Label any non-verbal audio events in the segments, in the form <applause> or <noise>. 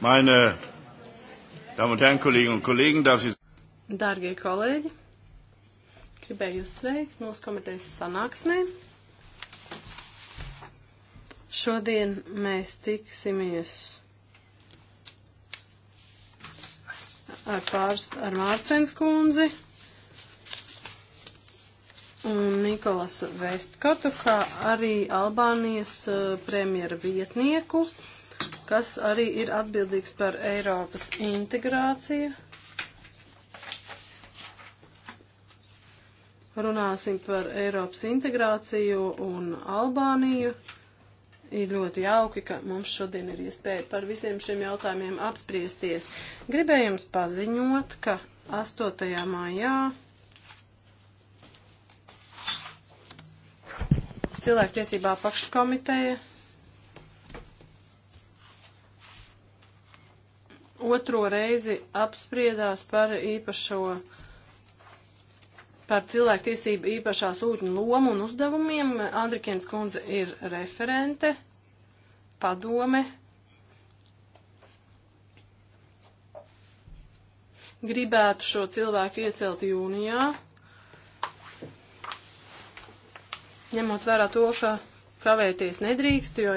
Meine Damen un Herren, Kolleginnen un Kollegen, darf ich... Dārgie kolēģi, gribēju jūs sveikt mūsu komitejas sanāksmē. Šodien mēs tiksimies ar pārst ar Mārcens kundzi un Nikolasu Vestkotu, kā arī Albānijas eh, premjera vietnieku. Uh, kas arī ir atbildīgs par Eiropas integrāciju. Runāsim par Eiropas integrāciju un Albāniju. Ir ļoti jauki, ka mums šodien ir iespēja par visiem šiem jautājumiem apspriesties. Gribēju jums paziņot, ka 8. maijā cilvēktiesībā pakškomiteja otro reizi apspriedās par īpašo, par cilvēktiesību īpašās ūdņu lomu un uzdevumiem. Andrikienas kundze ir referente, padome. Gribētu šo cilvēku iecelt jūnijā, ņemot vērā to, ka kavēties nedrīkst, jo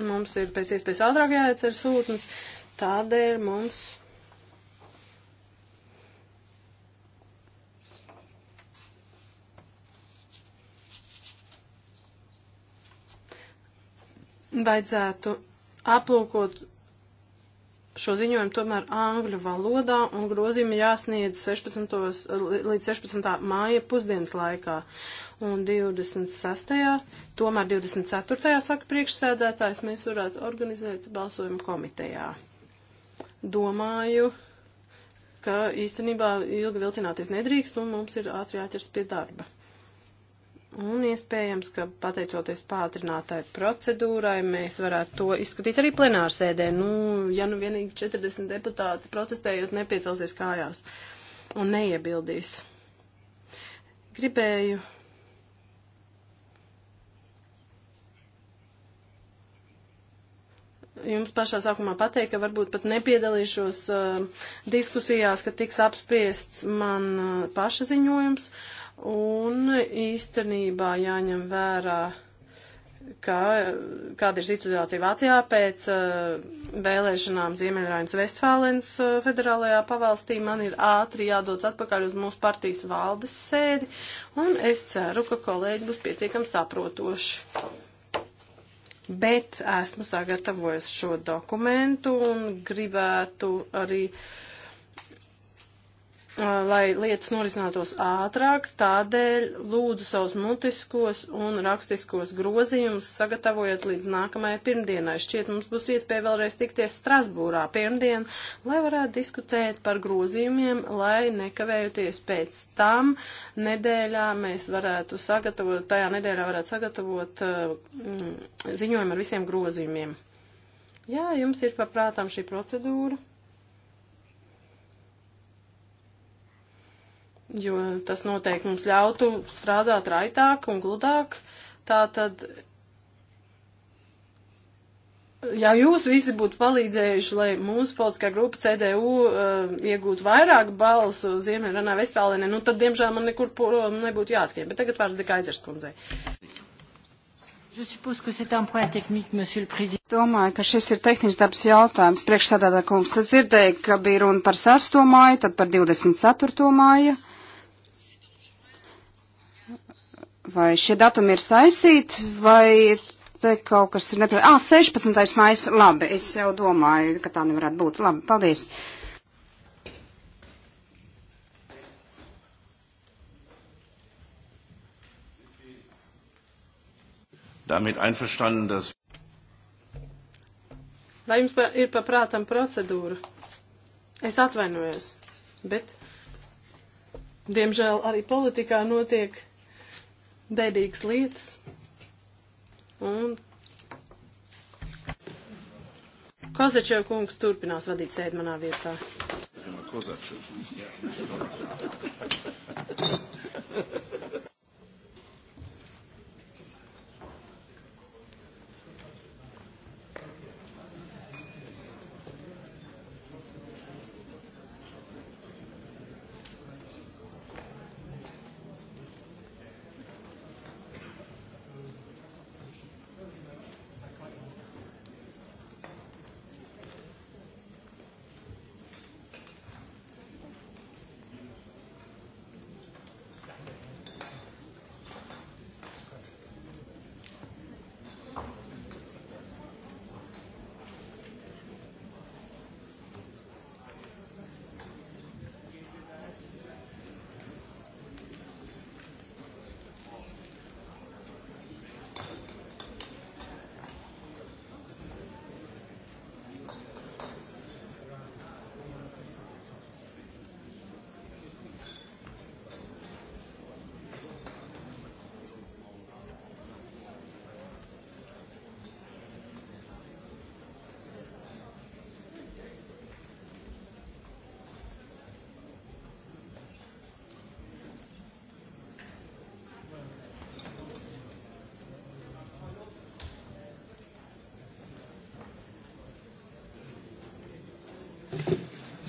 mums ir pēc iespējas ātrāk jāiet ar sūtnes. Uh, Tādēļ mums vajadzētu aplūkot šo ziņojumu tomēr angļu valodā un grozījumi jāsniedz 16. līdz 16. māja pusdienas laikā. Un 26. tomēr 24. saka priekšsēdētājs, mēs varētu organizēt balsojumu komitejā domāju, ka īstenībā ilgi vilcināties nedrīkst un mums ir ātri jāķers pie darba. Un iespējams, ka pateicoties pātrinātai procedūrai, mēs varētu to izskatīt arī plenārsēdē. Nu, ja nu vienīgi 40 deputāti protestējot nepiecelsies kājās un neiebildīs. Gribēju jums pašā sākumā pateikt, ka varbūt pat nepiedalīšos uh, diskusijās, kad tiks apspriests man uh, paša ziņojums. Un īstenībā jāņem vērā, ka, kāda ir situācija Vācijā pēc uh, vēlēšanām Ziemeļrainas Vestfālens uh, federālajā pavalstī. Man ir ātri jādodas atpakaļ uz mūsu partijas valdes sēdi, un es ceru, ka kolēģi būs pietiekami saprotoši bet esmu sagatavojis šo dokumentu un gribētu arī uh, lai lietas norisinātos ātrāk, tādēļ lūdzu savus mutiskos un rakstiskos grozījumus sagatavojiet līdz nākamajai pirmdienai. Šķiet, mums būs iespēja vēlreiz tikties Strasbūrā pirmdien, lai varētu diskutēt par grozījumiem, lai nekavējoties pēc tam nedēļā mēs varētu sagatavot, tajā nedēļā varētu sagatavot mm, ziņojumu ar visiem grozījumiem. Jā, jums ir paprātām šī procedūra. jo tas noteikti mums ļautu strādāt raitāk un gludāk. Tā tad, ja jūs visi būtu palīdzējuši, lai mūsu politiskā grupa CDU uh, eh, iegūtu vairāk balsu Ziemeļranā Vestālēnē, nu tad, diemžēl, man nekur prom nebūtu jāskrien. Bet tagad vārds Dekaizers kundzei. Domāju, ka šis ir tehnisks dabas jautājums. Priekšsādātā kungs, es dzirdēju, ka bija runa par 6. māju, tad par 24. māju. Vai šie datumi ir saistīti, vai te kaut kas ir neprāt... Ah, 16. mājas, labi, es jau domāju, ka tā nevarētu būt. Labi, paldies. Damit einverstanden, dass Vai jums ir paprātam procedūra? Es atvainojos, bet, diemžēl, arī politikā notiek bēdīgas lietas. Un Kozačev kungs turpinās vadīt sēdi manā vietā. Kozačev.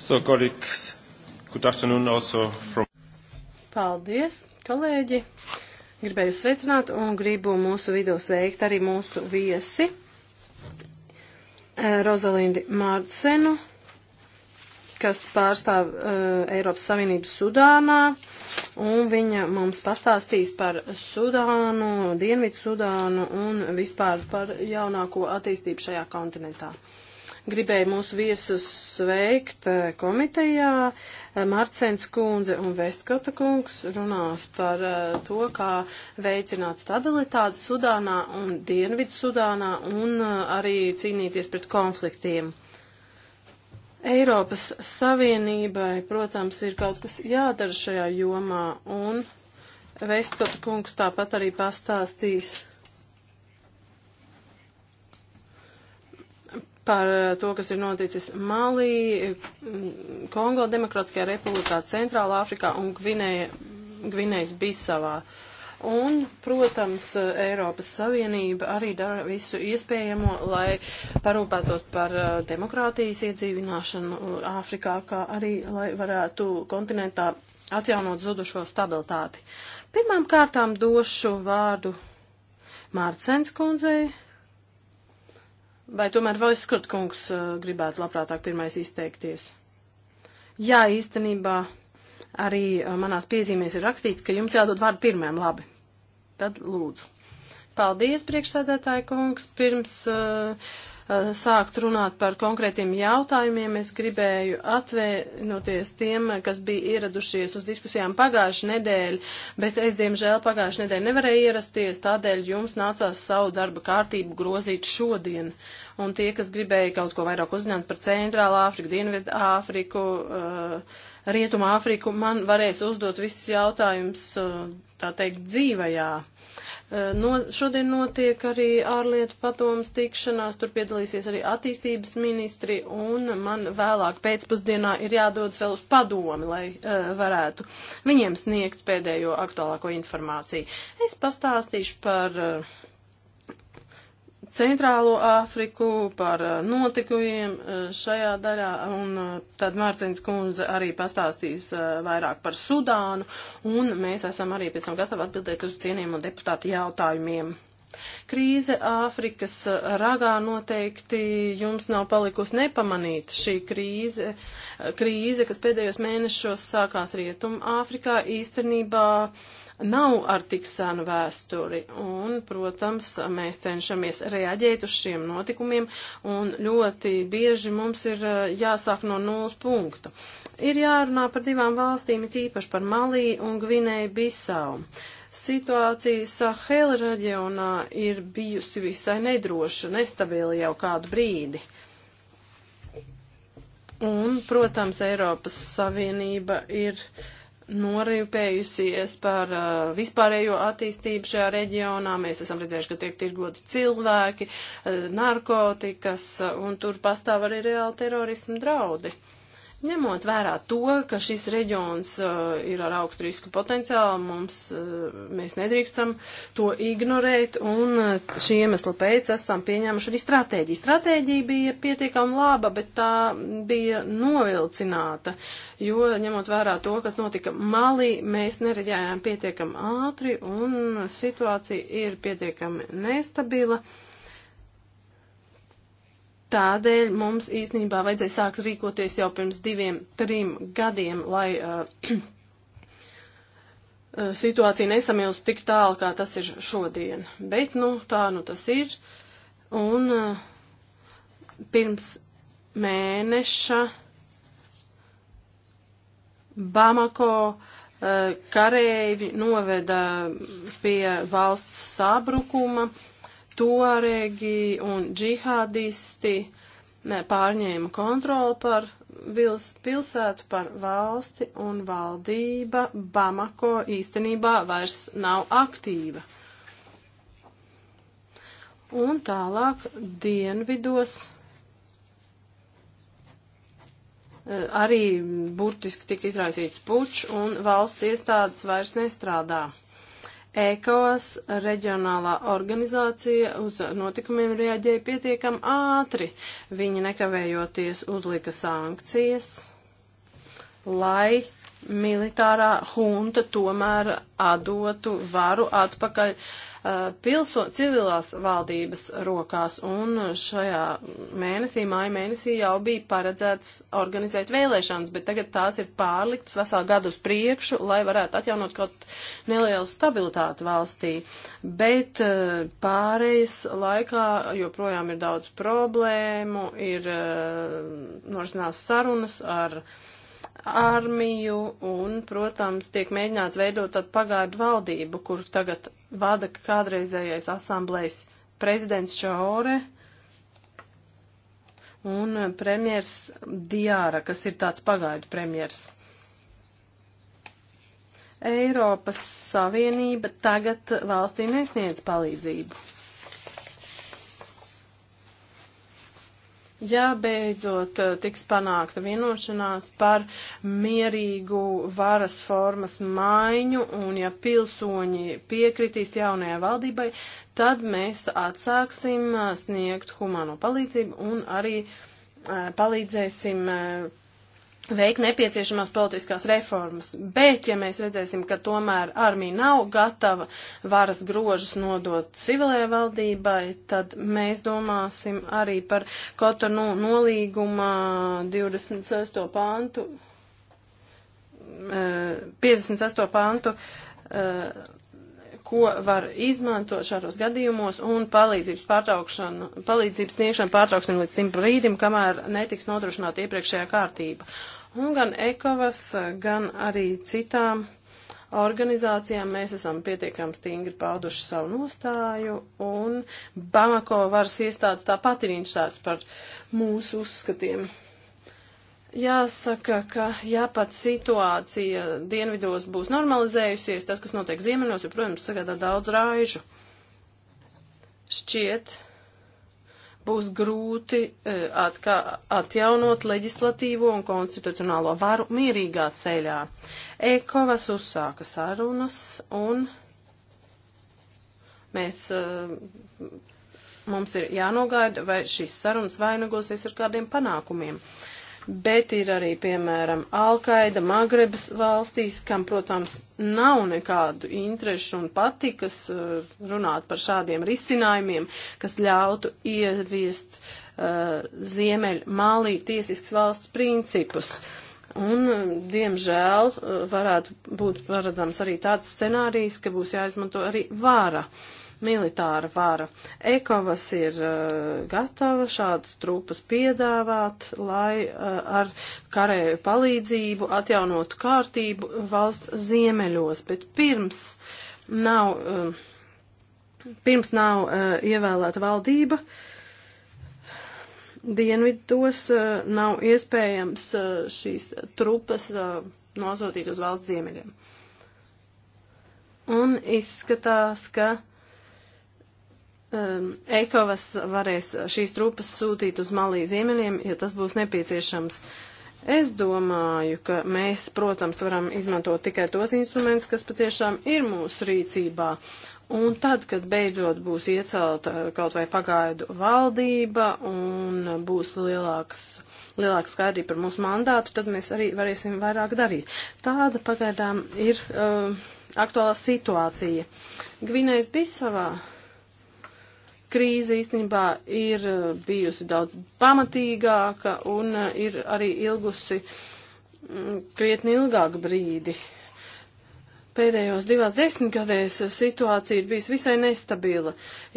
So, colleagues, good afternoon also from. Paldies, kolēģi! Gribēju sveicināt un gribu mūsu vidū sveikt arī mūsu viesi eh, Rozalindi Mārsenu, kas pārstāv uh, Eiropas Savienību Sudānā, un viņa mums pastāstīs par Sudānu, Dienvidu Sudānu un vispār par jaunāko attīstību šajā kontinentā. Uh, Gribēju mūsu viesus sveikt eh, komitejā. Eh, Marcens kundze un Vestkota kungs runās par eh, to, kā veicināt stabilitāti Sudānā un Dienvidu Sudānā un arī cīnīties pret konfliktiem. Eiropas Savienībai, protams, ir kaut kas jādara šajā jomā, un Vestkota kungs tāpat arī pastāstīs par eh, to, kas ir noticis Malī, mm, Kongo Demokrātiskajā republikā, Centrālā Afrikā un Gvinēja, Gvinējas Bisavā. Un, protams, eh, Eiropas Savienība arī dara visu iespējamo, lai parūpētos par eh, demokrātijas iedzīvināšanu Āfrikā, kā arī, lai varētu kontinentā atjaunot zudušo stabilitāti. Pirmām kārtām došu vārdu Mārcens kundzei. Vai tomēr Vaiskurt kungs eh, gribētu labprātāk pirmais izteikties? Jā, īstenībā arī eh, manās piezīmēs ir rakstīts, ka jums jādod vārdu pirmajam labi. Tad lūdzu. Paldies, priekšsēdētāji kungs, pirms uh, sākt runāt par konkrētiem jautājumiem. Es gribēju atvainoties tiem, kas bija ieradušies uz diskusijām pagājušajā nedēļā, bet es, diemžēl, pagājušajā nedēļā nevarēju ierasties, tādēļ jums nācās savu darba kārtību grozīt šodien. Un tie, kas gribēja kaut ko vairāk uzzināt par Centrālā Āfriku, Dienvidu Āfriku, uh, Rietumu Āfriku, man varēs uzdot visus jautājumus, uh, tā teikt, dzīvajā. Eh, no, šodien notiek arī ārlietu padomas tikšanās, tur piedalīsies arī attīstības ministri, un man vēlāk pēcpusdienā ir jādodas vēl uz padomi, lai uh, varētu viņiem sniegt pēdējo aktuālāko informāciju. Es pastāstīšu par uh, Centrālo Āfriku, par eh, notikumiem eh, šajā daļā, un eh, tad Mārciņas kundze arī pastāstīs vairāk par Sudānu, un mēs esam arī pēc tam gatavi atbildēt uz cienījumu deputātu jautājumiem. Krīze Āfrikas ragā noteikti jums nav palikusi nepamanīta. Šī krīze, krīze, kas pēdējos mēnešos sākās Rietum Āfrikā, īstenībā uh, nav ar tik senu vēsturi. Un, protams, mēs cenšamies reaģēt uz šiem notikumiem un ļoti bieži mums ir eh, jāsāk no nulles punkta. Ir jārunā par divām valstīm, it īpaši par Malī un Gvinēju Bisau. Situācija Sahel reģionā ir bijusi visai nedroša, nestabila jau kādu brīdi. Un, protams, Eiropas Savienība ir uh, norīpējusies par uh, vispārējo attīstību šajā reģionā. Mēs esam redzējuši, ka tiek tirgoti cilvēki, uh, narkotikas, uh, un tur pastāv arī reāli terorismu draudi. Uh, Ņemot vērā to, ka šis reģions uh, ir ar augstu risku potenciālu, mums, uh, mēs nedrīkstam to ignorēt, un uh, šī iemesla pēc esam pieņēmuši arī stratēģiju. Stratēģija bija pietiekami laba, bet tā bija novilcināta, jo ņemot vērā to, kas notika Malī, mēs nereģējām pietiekami ātri, un situācija ir pietiekami nestabila. Uh, Tādēļ mums īstenībā vajadzēja sākt rīkoties jau pirms diviem, trim gadiem, lai uh, <clears throat> uh, situācija nesamilst tik tālu, kā tas ir šodien. Bet, nu, tā nu tas ir. Un uh, pirms mēneša Bamako uh, karēvi noveda pie valsts sabrukuma. Uh, tuaregi un džihādisti pārņēma kontroli par vils, pilsētu, par valsti, un valdība Bamako īstenībā vairs nav aktīva. Un tālāk dienvidos e, arī burtiski tika izraisīts pučs, un valsts iestādes vairs nestrādā. ECOS reģionālā organizācija uz notikumiem reaģēja pietiekam ātri. Viņi nekavējoties uzlika sankcijas, lai militārā hunta tomēr atdotu varu atpakaļ uh, Uh, pilso, civilās valdības rokās, un šajā mēnesī, māja mēnesī jau bija paredzēts organizēt vēlēšanas, bet tagad tās ir pārliktas vesel gadu uz priekšu, lai varētu atjaunot kaut nelielu stabilitāti valstī. Bet uh, pārējais laikā joprojām ir daudz problēmu, ir uh, norisinās sarunas ar armiju un, protams, tiek mēģināts veidot tādu pagaidu valdību, kur tagad vada kādreizējais asamblējas prezidents Šaore un premjers Diāra, kas ir tāds pagaidu premjers. Eiropas Savienība tagad valstī nesniedz palīdzību. ja beidzot eh, tiks panākta vienošanās par mierīgu varas formas maiņu un ja pilsoņi piekritīs jaunajai valdībai, tad mēs atsāksim eh, sniegt humāno palīdzību un arī eh, palīdzēsim veikt nepieciešamās politiskās reformas. Bet, ja mēs redzēsim, ka tomēr armija nav gatava varas grožus nodot civilajai valdībai, tad mēs domāsim arī par Kotonu nolīguma 26. pāntu, 58. pāntu, ko var izmantot šādos gadījumos un palīdzības pārtraukšanu, palīdzības sniegšanu pārtraukšanu līdz tim brīdim, kamēr netiks nodrošināta iepriekšējā kārtība. Uh, Un nu, gan ECOVAS, gan arī citām organizācijām mēs esam pietiekami stingri pauduši savu nostāju, un Bamako varas iestādes tāpat ir interesētas par mūsu uzskatiem. Jāsaka, ka ja pat situācija dienvidos būs normalizējusies, tas, kas notiek ziemeļos, joprojām sagādā daudz rāžu. Šķiet, būs grūti e, atkā, atjaunot leģislatīvo un konstitucionālo varu mierīgā ceļā. Ekovas uzsāka sarunas un mēs, e, mums ir jānogaida, vai šīs sarunas vainagosies ar kādiem panākumiem. Uh, bet ir arī, piemēram, Alkaida Magrebas valstīs, kam, protams, nav nekādu interešu un patikas eh, runāt par šādiem risinājumiem, kas ļautu ieviest uh, eh, Ziemeļ Malī tiesisks valsts principus. Un, eh, diemžēl, varētu būt paredzams arī tāds scenārijs, ka būs jāizmanto arī vāra. Uh, militāra vara. Ekovas ir uh, gatava šādas trupas piedāvāt, lai uh, ar karēju palīdzību atjaunotu kārtību valsts ziemeļos, bet pirms nav, uh, pirms nav uh, ievēlēta valdība, dienvidos uh, nav iespējams uh, šīs trupas uh, nosūtīt uz valsts ziemeļiem. Un izskatās, ka uh, um, Eikovas varēs šīs trupas sūtīt uz Malī ziemeļiem, ja tas būs nepieciešams. Es domāju, ka mēs, protams, varam izmantot tikai tos instrumentus, kas patiešām ir mūsu rīcībā. Un tad, kad beidzot būs iecelta kaut vai pagaidu valdība un būs lielāks, lielāks skaidrība par mūsu mandātu, tad mēs arī varēsim vairāk darīt. Tāda pagaidām ir uh, um, aktuālā situācija. Gvinējas Bisavā krīze īstenībā ir eh, bijusi daudz pamatīgāka un eh, ir arī ilgusi mm, krietni ilgāku brīdi. Pēdējos divās desmitgadēs situācija ir bijusi visai nestabila.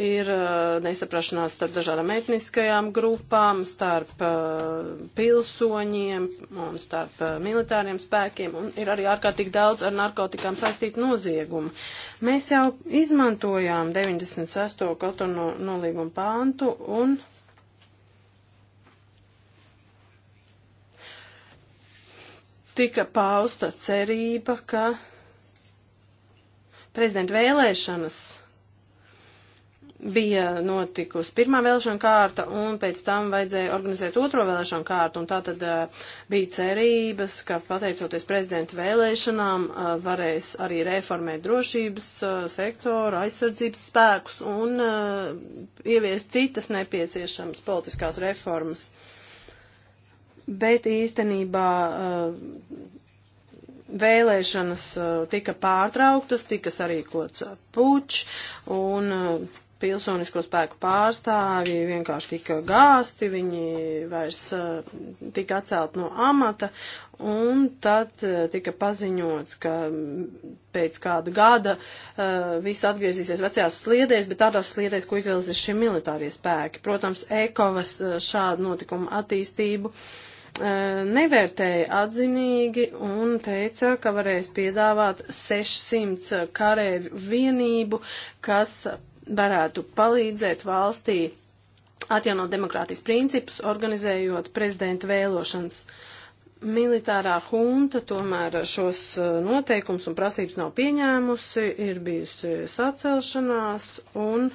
Ir uh, nesaprašanās starp dažādām etniskajām grupām, starp uh, pilsoņiem un starp uh, militāriem spēkiem, un ir arī ārkārtīgi daudz ar narkotikām saistītu noziegumu. Mēs jau izmantojām 96. katonu nolīgumu pāntu un tika pausta cerība, ka prezidenta vēlēšanas bija notikusi pirmā vēlēšana kārta, un pēc tam vajadzēja organizēt otro vēlēšanu kārtu, un tā tad uh, bija cerības, ka pateicoties prezidenta vēlēšanām uh, varēs arī reformēt drošības uh, sektoru, aizsardzības spēkus un ieviest citas nepieciešamas politiskās reformas. Bet īstenībā Vēlēšanas uh, tika pārtrauktas, tika sarīkots uh, puč, un uh, pilsonisko spēku pārstāvji vienkārši tika gāsti, viņi vairs tika atcelt no amata, un tad tika paziņots, ka pēc kāda gada viss atgriezīsies vecajās sliedēs, bet tādās sliedēs, ko izvēlēsies šie militārie spēki. Protams, Ekovas šādu notikumu attīstību uh, nevērtēja atzinīgi un teica, ka varēs piedāvāt 600 karēvu vienību, kas varētu palīdzēt valstī atjaunot demokrātijas principus, organizējot prezidenta vēlošanas. Militārā hunta tomēr šos noteikums un prasības nav pieņēmusi, ir bijusi sacelšanās un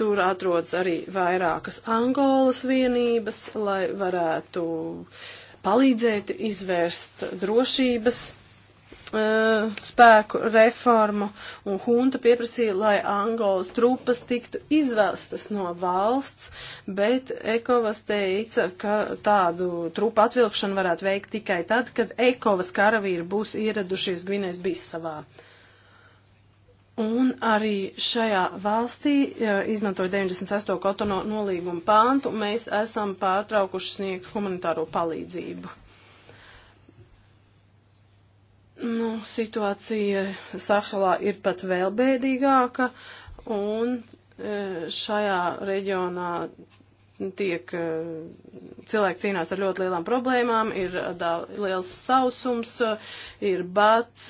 Tur atrodas arī vairākas Angolas vienības, lai varētu palīdzēt izvērst drošības uh, spēku reformu, un hunta pieprasīja, lai Angolas trupas tiktu izvestas no valsts, bet Ekovas teica, ka tādu trupu atvilkšanu varētu veikt tikai tad, kad Ekovas karavīri būs ieradušies Gvinēs Bisavā. Uh, Un arī šajā valstī, izmantojot 98. kotono nolīguma pāntu, mēs esam pārtraukuši sniegt humanitāro palīdzību. Nu, situācija Sahelā ir pat vēl bēdīgāka, un e, šajā reģionā tiek, eh, cilvēki cīnās ar ļoti lielām problēmām, ir eh, liels sausums, eh, ir bats,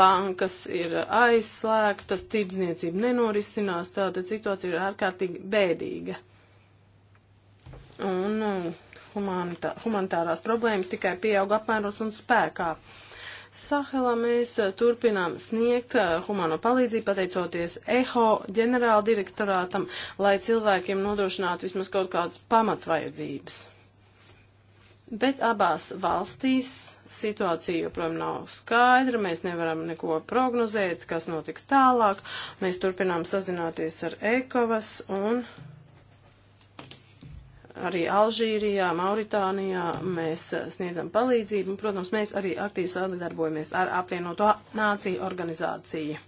bankas ir aizslēgtas, tirdzniecība nenorisinās, tātad situācija ir ārkārtīgi bēdīga. Un humanitā, humanitārās problēmas tikai pieauga apmēros un spēkā. Uh, Sahelā mēs eh, turpinām sniegt eh, humano palīdzību, pateicoties EHO ģenerāla direktorātam, lai cilvēkiem nodrošinātu vismaz kaut kādas pamatvajadzības. Bet abās valstīs situācija joprojām nav skaidra, mēs nevaram neko prognozēt, kas notiks tālāk. Mēs turpinām sazināties ar ECOVAS un arī Alžīrijā, Mauritānijā mēs sniedzam palīdzību, un, protams, mēs arī aktīvi sadarbojamies ar apvienoto nāciju organizāciju.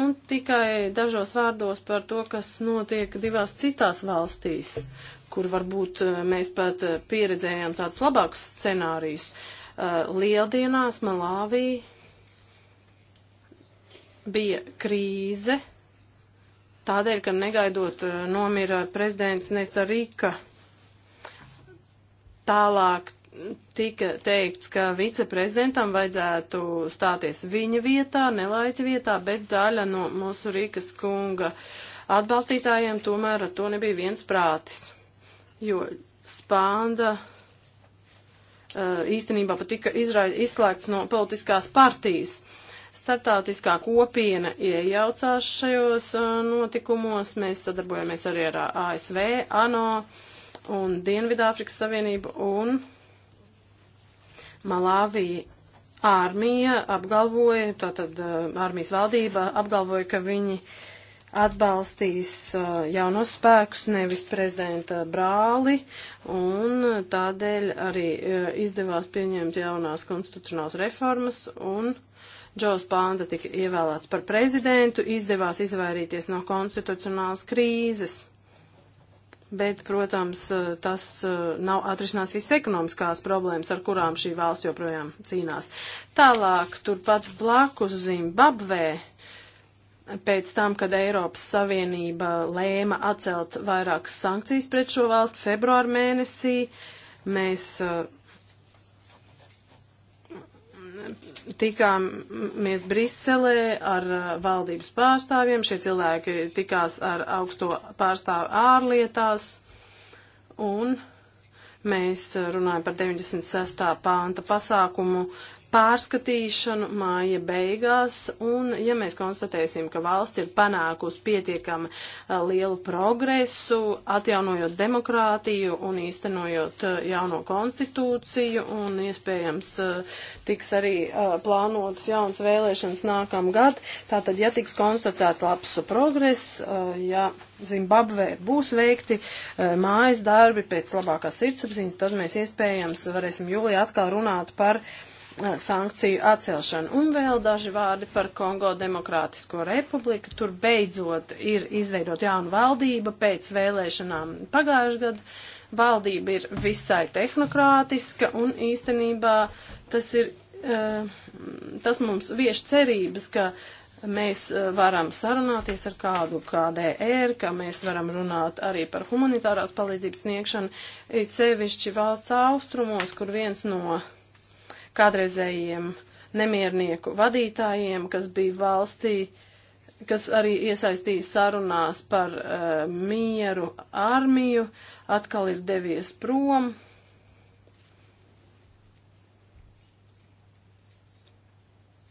Un tikai dažos vārdos par to, kas notiek divās citās valstīs, kur varbūt eh, mēs pat eh, pieredzējām tādus labākus scenārijus. Eh, lieldienās Malāvī bija krīze, tādēļ, ka negaidot eh, nomira prezidents Netarika. Tālāk tika teikts, ka viceprezidentam vajadzētu stāties viņa vietā, nelaiķa vietā, bet daļa no mūsu Rīgas kunga atbalstītājiem tomēr ar to nebija viens prātis, jo spānda eh, īstenībā pat tika izslēgts no politiskās partijas. Uh, Startautiskā kopiena iejaucās šajos notikumos. Mēs sadarbojamies arī ar ASV, ANO un Dienvidāfrikas Savienību un Malāvija armija apgalvoja, tātad armijas valdība apgalvoja, ka viņi atbalstīs jaunos spēkus, nevis prezidenta brāli, un tādēļ arī izdevās pieņemt jaunās konstitucionālas reformas, un uh, Džos Panda tika ievēlēts par prezidentu, izdevās izvairīties no konstitucionālas krīzes. Bet, protams, eh, tas eh, nav atrisinās visas ekonomiskās problēmas, ar kurām šī valsts joprojām cīnās. Tālāk, turpat blakus Zimbabvē, pēc tam, kad Eiropas Savienība lēma atcelt vairākas sankcijas pret šo valstu februāru mēnesī, mēs uh, tikāmies Briselē ar uh, valdības pārstāvjiem, šie cilvēki tikās ar augsto pārstāvu ārlietās, un mēs runājam par 96. pānta pasākumu pārskatīšanu māja beigās, un ja mēs konstatēsim, ka valsts ir panākusi pietiekami eh, lielu progresu, atjaunojot demokrātiju un īstenojot eh, jauno konstitūciju, un iespējams eh, tiks arī plānotas jaunas vēlēšanas nākamgad, tātad, ja tiks konstatēts labs progress, ja Zimbabvē būs veikti mājas darbi pēc labākās sirdsapziņas, tad mēs iespējams varēsim jūlijā atkal runāt par uh, Eh, sankciju atcelšanu. Un vēl daži vārdi par Kongo Demokrātisko republiku. Tur beidzot ir izveidot jaunu valdību pēc vēlēšanām pagājušajā gadā. Valdība ir visai tehnokrātiska un īstenībā tas ir, eh, tas mums vieš cerības, ka mēs eh, varam sarunāties ar kādu KDR, ka mēs varam runāt arī par humanitārās palīdzības sniegšanu, it sevišķi valsts austrumos, kur viens no kādreizējiem nemiernieku vadītājiem, kas bija valstī, kas arī iesaistīja sarunās par uh, mieru armiju, atkal ir devies prom.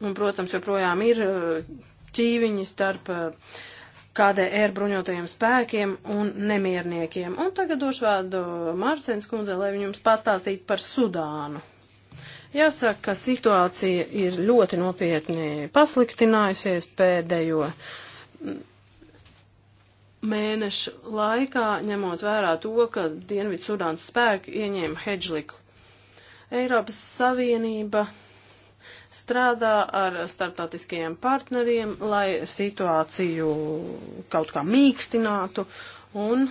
Un, protams, joprojām ir uh, ķīviņi starp uh, eh, KDR bruņotajiem spēkiem un nemierniekiem. Un tagad došu vārdu Mārsens kundzei, lai viņums pastāstītu par Sudānu. Jāsaka, ka situācija ir ļoti nopietni pasliktinājusies pēdējo mēnešu laikā, ņemot vērā to, ka Dienvidu Sudāns spēki ieņēma Hedžliku. Eiropas Savienība strādā ar starptautiskajiem partneriem, lai situāciju kaut kā mīkstinātu un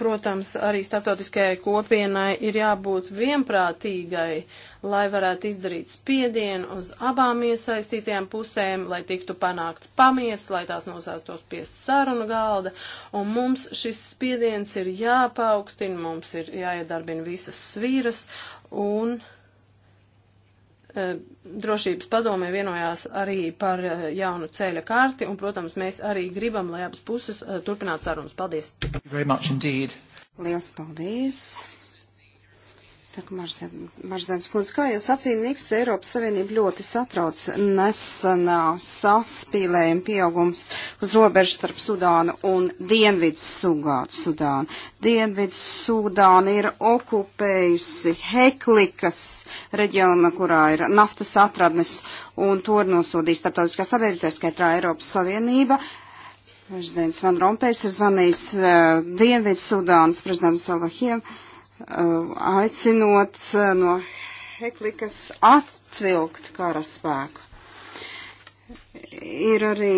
Protams, arī starptautiskajai kopienai ir jābūt vienprātīgai, lai varētu izdarīt spiedienu uz abām iesaistītajām pusēm, lai tiktu panākts pamiers, lai tās nosēstos pie sarunu galda, un mums šis spiediens ir jāpaukstina, mums ir jāiedarbina visas svīras, un uh, Eh, drošības padomē vienojās arī par eh, jaunu ceļa karti, un, protams, mēs arī gribam, lai abas puses eh, turpinātu sarunas. Paldies! Liels paldies! Saka Marždēns kundze, kā jau sacīnīgs, Eiropas Savienība ļoti satrauc nesenā saspīlējuma pieaugums uz robežu starp Sudānu un Dienvidu Sudānu. Dienvidu Sudāna ir okupējusi Heklikas reģiona, kurā ir naftas atradnes, un to ir nosodījis starptautiskā sabiedrība, skaitā Eiropas Savienība. Prezidents Van Rompējs ir zvanījis uh, Dienvidu Sudānas prezidentam Salvahiem. Uh, Uh, aicinot uh, no Heklikas atvilkt kara spēku. Ir arī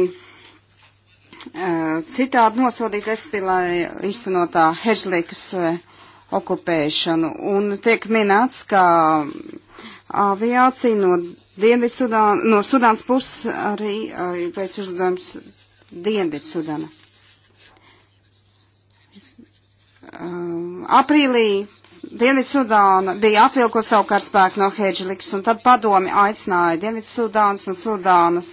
uh, citādi nosodīta Espilai iztenotā Hežlikas okupēšanu, un tiek minēts, ka aviācija no Dienvidsudāna, no Sudānas puses arī veic uzlidojums Dienvidsudāna. um, aprīlī Dienvidsudāna bija atvilko savu karaspēku no Hedžliks, un tad padomi aicināja Dienvidsudānas un Sudānas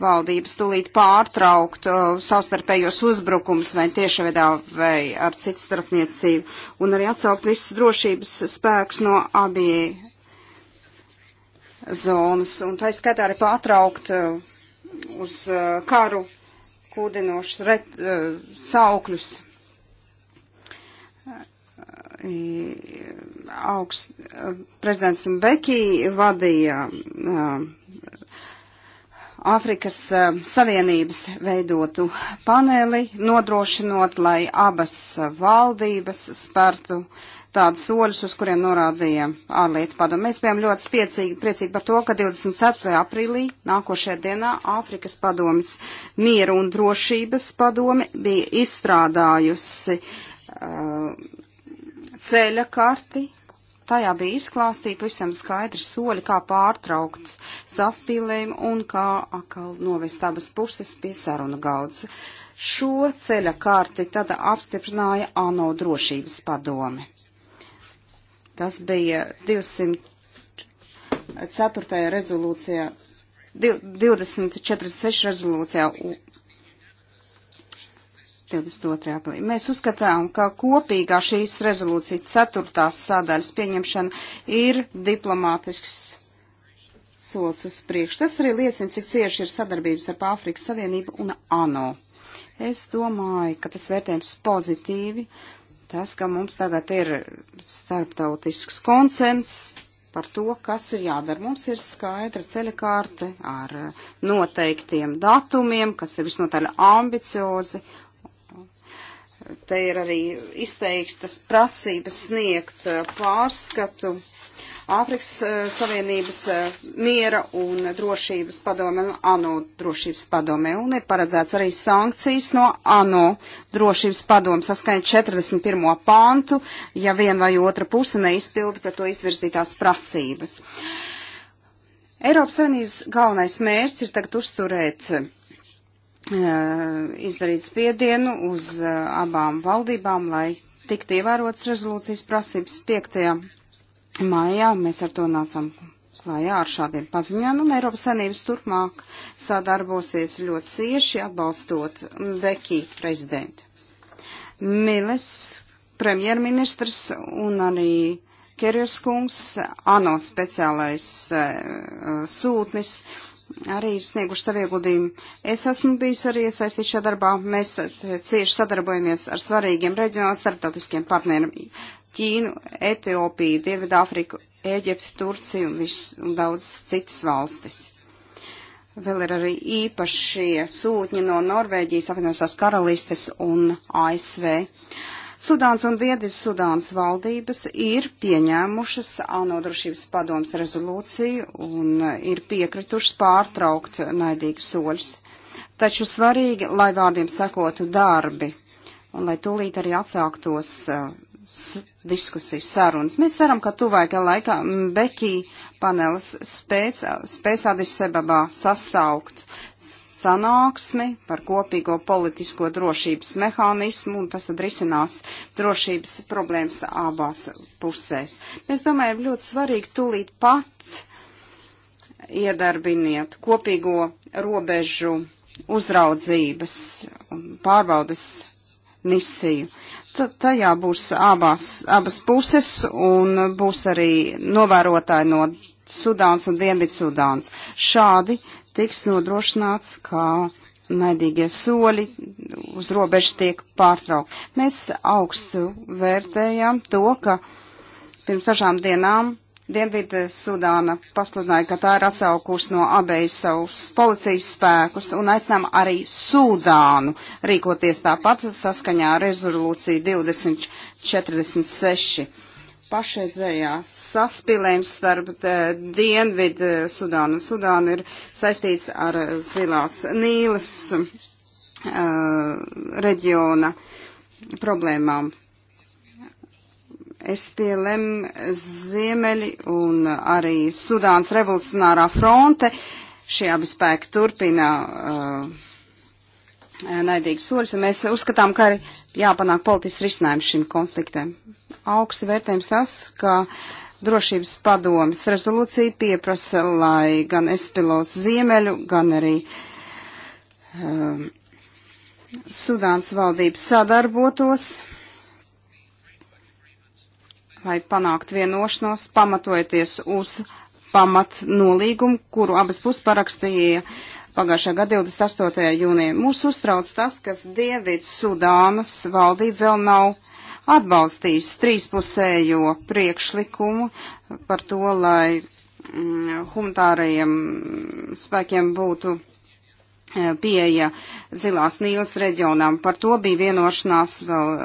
valdības tūlīt pārtraukt uh, savstarpējos uzbrukums vai tiešvedā vai ar citu starpniecību, un arī atsaukt visus drošības spēkus no abie zonas, un tā skatā arī pārtraukt uh, uz uh, karu kūdinošas uh, saukļus augst, prezidents Beki vadīja Āfrikas Savienības veidotu paneli, nodrošinot, lai abas valdības spērtu tādus soļus, uz kuriem norādīja ārlietu padomu. Mēs bijām ļoti spiecīgi, priecīgi par to, ka 24. aprīlī nākošajā dienā Āfrikas padomas mieru un drošības padome bija izstrādājusi uh, ceļa karti. Tajā bija izklāstīti visam skaidri soļi, kā pārtraukt saspīlējumu un kā atkal novest abas puses pie saruna galdas. Šo ceļa karti tad apstiprināja ANO drošības padome. Tas bija 204. rezolūcijā 24.6. rezolūcijā 22. aprīlī. Mēs uzskatām, ka kopīgā šīs rezolūcijas ceturtās sādaļas pieņemšana ir diplomātisks solis uz priekšu. Tas arī liecina, cik cieši ir sadarbības ar Āfrikas Savienību un ANO. Es domāju, ka tas vērtējums pozitīvi, tas, ka mums tagad ir starptautisks konsens par to, kas ir jādara. Mums ir skaidra ceļakārte ar noteiktiem datumiem, kas ir visnotaļ ambiciozi te ir arī izteiktas prasības sniegt eh, pārskatu Āfrikas eh, Savienības eh, miera un drošības padome, ANO drošības padome, un ir paredzēts arī sankcijas no ANO drošības padome saskaņot 41. pantu, ja vien vai otra puse neizpilda pret to izvirzītās prasības. Eiropas Savienības galvenais mērķis ir tagad uzturēt uh, Eh, izdarīt spiedienu uz eh, abām valdībām, lai tiktu ievērots rezolūcijas prasības 5. maijā. Mēs ar to nācam klājā ar šādiem paziņojumiem, un Eiropas Sanības turpmāk sadarbosies ļoti cieši atbalstot Beki prezidentu. Miles, premjerministrs un arī Kerjus kungs, ANO speciālais uh, sūtnis, uh, arī ir snieguši savu ieguldījumu. Es esmu bijis arī iesaistīts šajā darbā. Mēs cieši sadarbojamies ar svarīgiem reģionāli starptautiskiem partneriem - Ķīnu, Etiopiju, Dienvidāfriku, Ēģiptu, Turciju un, vis, un daudz citas valstis. Vēl ir arī īpašie sūtņi no Norvēģijas, apvienotās karalistes un ASV. Uh, Sudāns un Viedis Sudāns valdības ir pieņēmušas ANO drošības padomas rezolūciju un ir piekritušas pārtraukt naidīgus soļus. Taču svarīgi, lai vārdiem sekotu darbi un lai tūlīt arī atsāktos uh, diskusijas sarunas. Mēs ceram, ka tuvākā laikā Bekī panelis spēs, spēs Adisebabā sasaukt sanāksmi par kopīgo politisko drošības mehānismu, un tas tad risinās drošības problēmas abās pusēs. Mēs domājam, ļoti svarīgi tūlīt pat iedarbiniet kopīgo robežu uzraudzības un pārbaudes misiju. T tajā būs abās, abas puses un būs arī novērotāji no Sudāns un Dienvidsudāns. Šādi tiks nodrošināts, ka naidīgie soļi uz robežas tiek pārtraukti. Mēs augstu vērtējām to, ka pirms dažām dienām Dienvidu Sudāna pasludināja, ka tā ir atsaukus no abejas savus policijas spēkus un aicinām arī Sudānu rīkoties tāpat saskaņā rezolūcija 2046 pašreizējā saspilējums starp eh, Dienvidu Sudānu un Sudānu ir saistīts ar Zilās Nīles uh, reģiona problēmām. SPLM ziemeļi un arī Sudānas revolucionārā fronte, šie abi spēki turpina uh, eh, naidīgas soļus, un mēs uzskatām, ka ir jāpanāk politisks risinājums šim konfliktam augstu vērtējums tas, ka drošības padomas rezolūcija pieprasa, lai gan Espilos ziemeļu, gan arī um, Sudāns valdības sadarbotos, lai panāktu vienošanos, pamatojoties uz pamat nolīgumu, kuru abas puses parakstīja pagājušā gada 28. jūnijā. Mūs uztrauc tas, ka Dienvids Sudānas valdība vēl nav atbalstīs trīspusējo priekšlikumu par to, lai mm, humanitārajiem spēkiem būtu e, pieeja Zilās Nīlas reģionām. Par to bija vienošanās vēl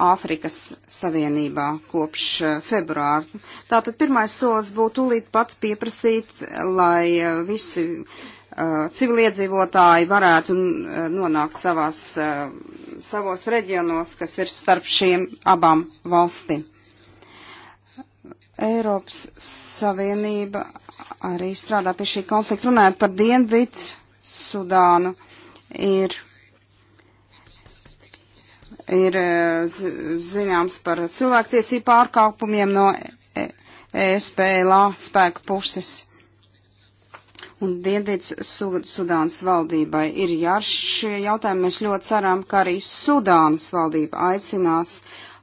Āfrikas Savienībā kopš e, februāra. Tātad pirmais solis būtu tūlīt pat pieprasīt, lai e, visi uh, Eh, civiliedzīvotāji varētu eh, nonākt savās, eh, savos reģionos, kas ir starp šiem abām valstīm. Eiropas Savienība arī strādā pie šī konflikta. Runājot par Dienvidu Sudānu, ir, ir ziņāms par cilvēktiesību pārkāpumiem no ESPLA e, spēku puses un Dienvids Sudānas valdībai ir jāršie jautājumi. Mēs ļoti ceram, ka arī Sudānas valdība aicinās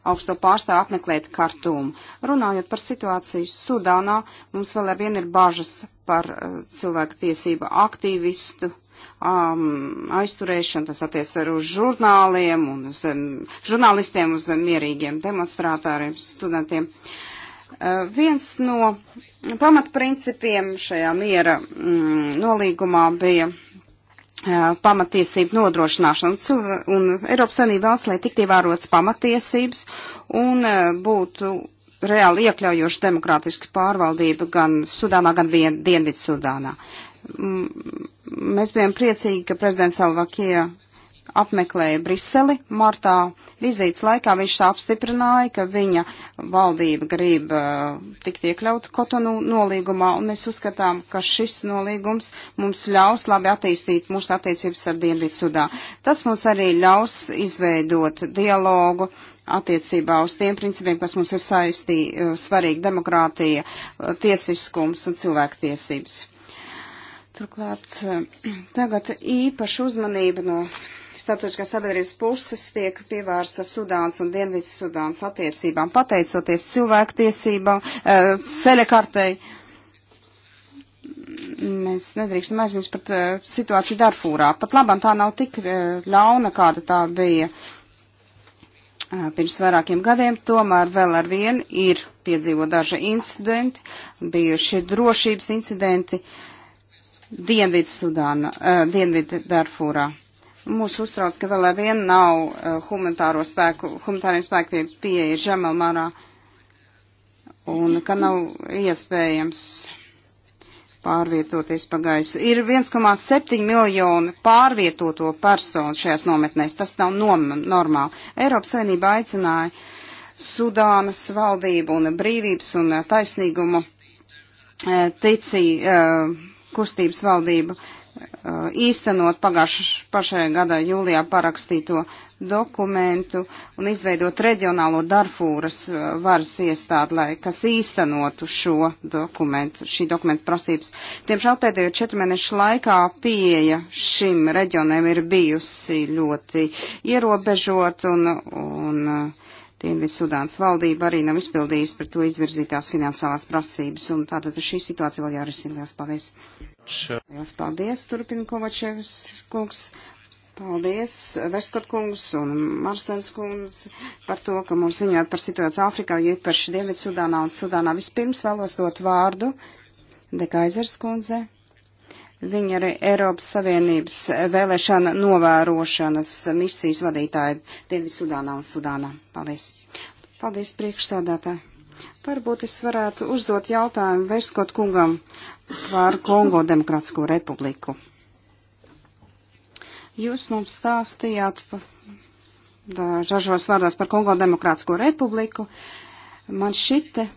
augsto pārstāvu apmeklēt kartumu. Runājot par situāciju Sudānā, mums vēl ar vienu ir bažas par uh, cilvēku tiesību aktīvistu um, aizturēšanu, tas attiec ar uz žurnāliem un uz um, žurnālistiem, uz um, mierīgiem demonstrātāriem, studentiem. Uh, viens no pamatprincipiem šajā miera mm, nolīgumā bija pamatiesību nodrošināšana. Un Eiropas Savienība vēlas, lai tiktu ievērotas pamatiesības un būtu reāli iekļaujoša demokrātiska pārvaldība gan Sudānā, gan Dienvidsudānā. Mēs bijām priecīgi, ka prezidents Alvakija apmeklēja Briseli martā. Vizītes laikā viņš apstiprināja, ka viņa valdība grib uh, tikt iekļaut Kotonu nolīgumā, un mēs uzskatām, ka šis nolīgums mums ļaus labi attīstīt mūsu attiecības ar Dienvidsudā. Tas mums arī ļaus izveidot dialogu attiecībā uz tiem principiem, kas mums ir saistī, uh, eh, svarīgi demokrātija, uh, tiesiskums un cilvēktiesības. Turklāt <clears throat> tagad īpaša uzmanība no starptautiskās sabiedrības puses tiek pievērsta Sudāns un Dienvidas Sudāns attiecībām, pateicoties cilvēktiesībām, eh, ceļa kartei. Mēs nedrīkstam aizmirst par eh, situāciju Darfūrā. Pat labam tā nav tik eh, ļauna, kāda tā bija pirms vairākiem gadiem, tomēr vēl ar vienu ir piedzīvo daži incidenti, bijuši drošības incidenti Dienvidu Sudāna, uh, Dienvidu Darfūrā. Mūs uztrauc, ka vēl vien nav eh, humanitāro spēku, humanitāriem spēku pie pieeja Žemelmarā un ka nav iespējams pārvietoties pa gaisu. Ir 1,7 miljoni pārvietoto personu šajās nometnēs. Tas nav nom normāli. Eiropas Savienība aicināja Sudānas valdību un brīvības un taisnīgumu eh, ticī eh, kustības valdību Uh, īstenot pagājušajā gadā jūlijā parakstīto dokumentu un izveidot reģionālo Darfūras uh, varas iestādi, lai, kas īstenotu šo dokumentu, šī dokumentu prasības. Tiemžēl pēdējo četru mēnešu laikā pieeja šim reģionam ir bijusi ļoti ierobežot un, un uh, Dienvidsudāns valdība arī nav izpildījusi par to izvirzītās finansiālās prasības, un tātad šī situācija vēl jārisina. Liels paldies! much. Lielas paldies, turpina Kovačevs kungs. Paldies, Vestkot kungs un Marsens kungs par to, ka mums ziņojāt par situāciju Āfrikā, jo īpaši Dienvidsudānā un Sudānā. Vispirms vēlos dot vārdu Dekaizers kundze. Viņa arī Eiropas Savienības vēlēšana novērošanas misijas vadītāja Dienvidsudānā un Sudānā. Paldies. Paldies, priekšsādātāji. Varbūt es varētu uzdot jautājumu Vestkot kungam par Kongo Demokrātisko republiku. Jūs mums stāstījāt dažos vārdos par Kongo Demokrātisko republiku. Man šite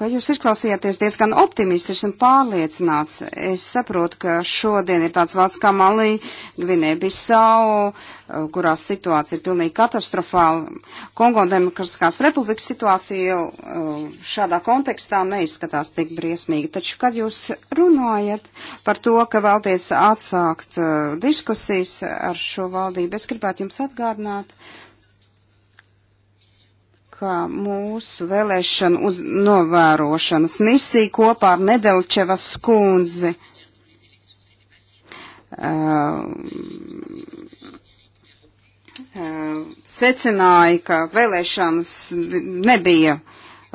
ka jūs izklausījāties diezgan optimistisks un pārliecināts. Es saprotu, ka šodien ir tāds valsts kā Malī, Gvinē Bisau, kurās situācija ir pilnīgi katastrofāla. Kongo Demokratiskās republikas situācija uh, šādā kontekstā neizskatās tik briesmīgi. Taču, kad jūs runājat par to, ka vēlties atsākt uh, diskusijas ar šo valdību, es gribētu jums atgādināt, ka mūsu vēlēšanu uz novērošanas misija kopā ar Nedelčevas kundzi uh, uh, secināja, ka vēlēšanas nebija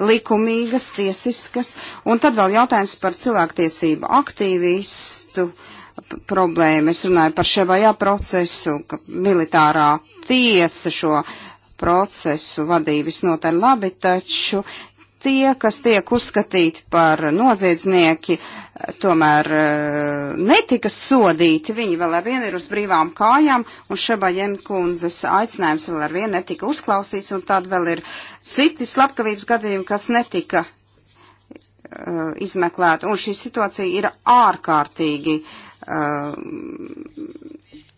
likumīgas, tiesiskas, un tad vēl jautājums par cilvēktiesību aktīvistu problēmu. Es runāju par ševajā procesu, ka militārā tiesa šo uh, procesu vadīja visnotaļ labi, taču tie, kas tiek uzskatīti par noziedznieki, tomēr e, netika sodīti. Viņi vēl ar vienu ir uz brīvām kājām, un Šabaģen kundzes aicinājums vēl ar vienu netika uzklausīts, un tad vēl ir citi slepkavības gadījumi, kas netika uh, izmeklēti. Un šī situācija ir ārkārtīgi. Uh,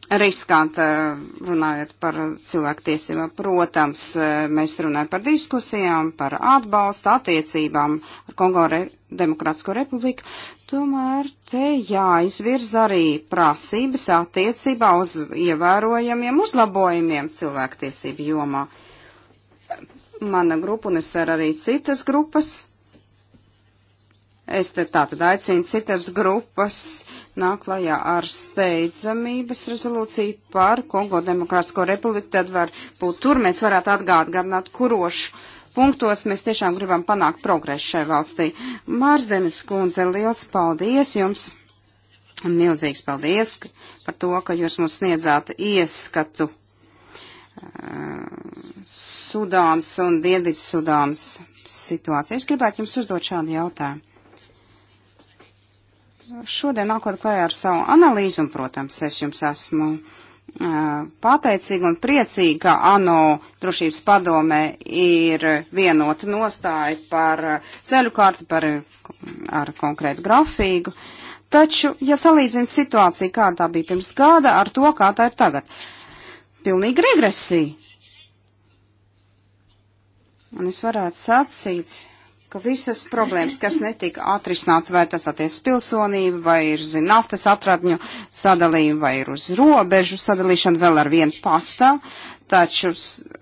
riskanta, eh, runājot par cilvēktiesībām. Protams, eh, mēs runājam par diskusijām, par atbalstu attiecībām ar Kongo Re Demokrātisko republiku. Tomēr te jāizvirza arī prasības attiecībā uz ievērojamiem uzlabojumiem cilvēktiesību jomā. Mana grupa un es ar arī citas grupas Es te tātad aicinu citas grupas nāk klajā ar steidzamības rezolūciju par Kongo Demokrātisko republiku, tad var būt tur, mēs varētu atgādināt, kurošu punktos mēs tiešām gribam panākt progresu šai valstī. Mārsdenes kundze, liels paldies jums! Milzīgs paldies par to, ka jūs mums sniedzāt ieskatu uh, eh, Sudāns un Dienvids Sudāns situācija. Es gribētu jums uzdot šādu jautājumu šodien nākot klajā ar savu analīzu, un, protams, es jums esmu uh, pateicīga un priecīga, ka ANO drošības padomē ir vienota nostāja par ceļu kārti par, ar konkrētu grafīgu. Taču, ja salīdzina situāciju, kā tā bija pirms gada, ar to, kā tā ir tagad, pilnīgi regresija. Un es varētu sacīt, ka visas problēmas, kas netika atrisināts, vai tas attiec pilsonību, vai ir zin, naftas atradņu sadalījumu, vai ir uz robežu sadalīšana, vēl ar vienu pastāv, taču uh,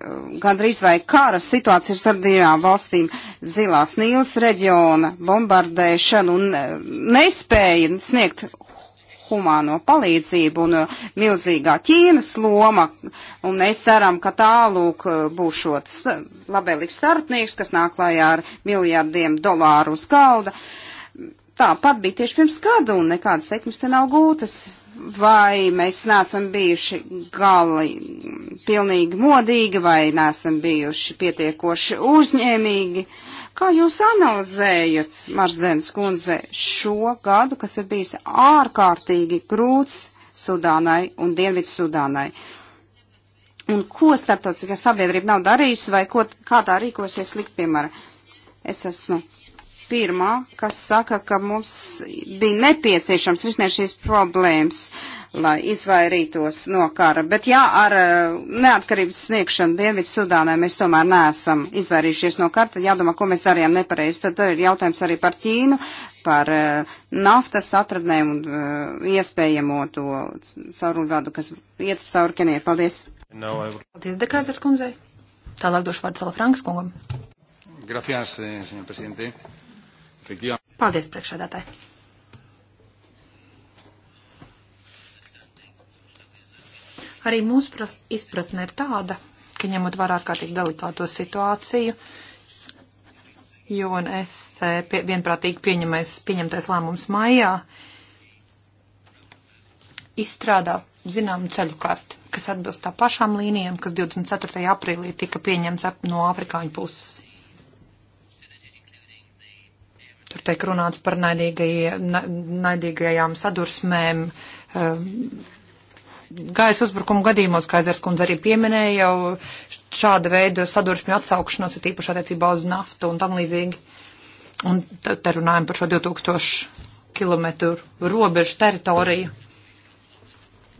gandrīz vai kara situācija ir starp divām valstīm zilās Nīlas reģiona bombardēšana un uh, nespēja sniegt humāno palīdzību un uh, milzīgā Ķīnas loma, un mēs ceram, ka tālūk uh, būšot labēlīgs starpnieks, kas nāk klājā ar miljardiem dolāru uz galda. Tāpat bija tieši pirms gadu, un nekādas sekmes te nav gūtas. Vai mēs neesam bijuši gali pilnīgi modīgi, vai neesam bijuši pietiekoši uzņēmīgi? Uh, Kā jūs analizējat, Marsdēnas kundze, šo gadu, kas ir bijis ārkārtīgi grūts Sudānai un Dienvidu Sudānai? Un ko starptautiskā sabiedrība nav darījusi vai ko, kā tā rīkosies likt, piemēram? Es esmu Pirmā, kas saka, ka mums bija nepieciešams risināt šīs problēmas, lai izvairītos no kara. Bet jā, ar uh, neatkarības sniegšanu Dienvidu Sudānai mēs tomēr neesam izvairījušies no kara, tad jādomā, ko mēs darījām nepareizi. Tad ir jautājums arī par Ķīnu, par uh, naftas atradnēm un uh, iespējamo to caurulgadu, kas iet cauri Kenijai. Paldies! No, I... Paldies, Dekāzers kundzei! Tālāk došu vārdu Salafrankas kungam. Gracias, eh, señor presidente. Paldies, priekšādātāji! Arī mūsu izpratne ir tāda, ka ņemot vērā ārkārtīgi delikāto situāciju, jo es eh, pie, vienprātīgi pieņemais, pieņemtais lēmums maijā izstrādā zināmu ceļu karti, kas atbilst tā pašām līnijām, kas 24. aprīlī tika pieņemts no afrikāņu puses. Tur tiek runāts par naidīgajām sadursmēm. Eh, gaisa uzbrukumu gadījumos, kā Ezers kundze arī pieminēja, jau šāda veida sadursmju atsaukšanos ir īpaši attiecībā uz naftu un tam līdzīgi. Un te runājam par šo 2000 km robežu teritoriju,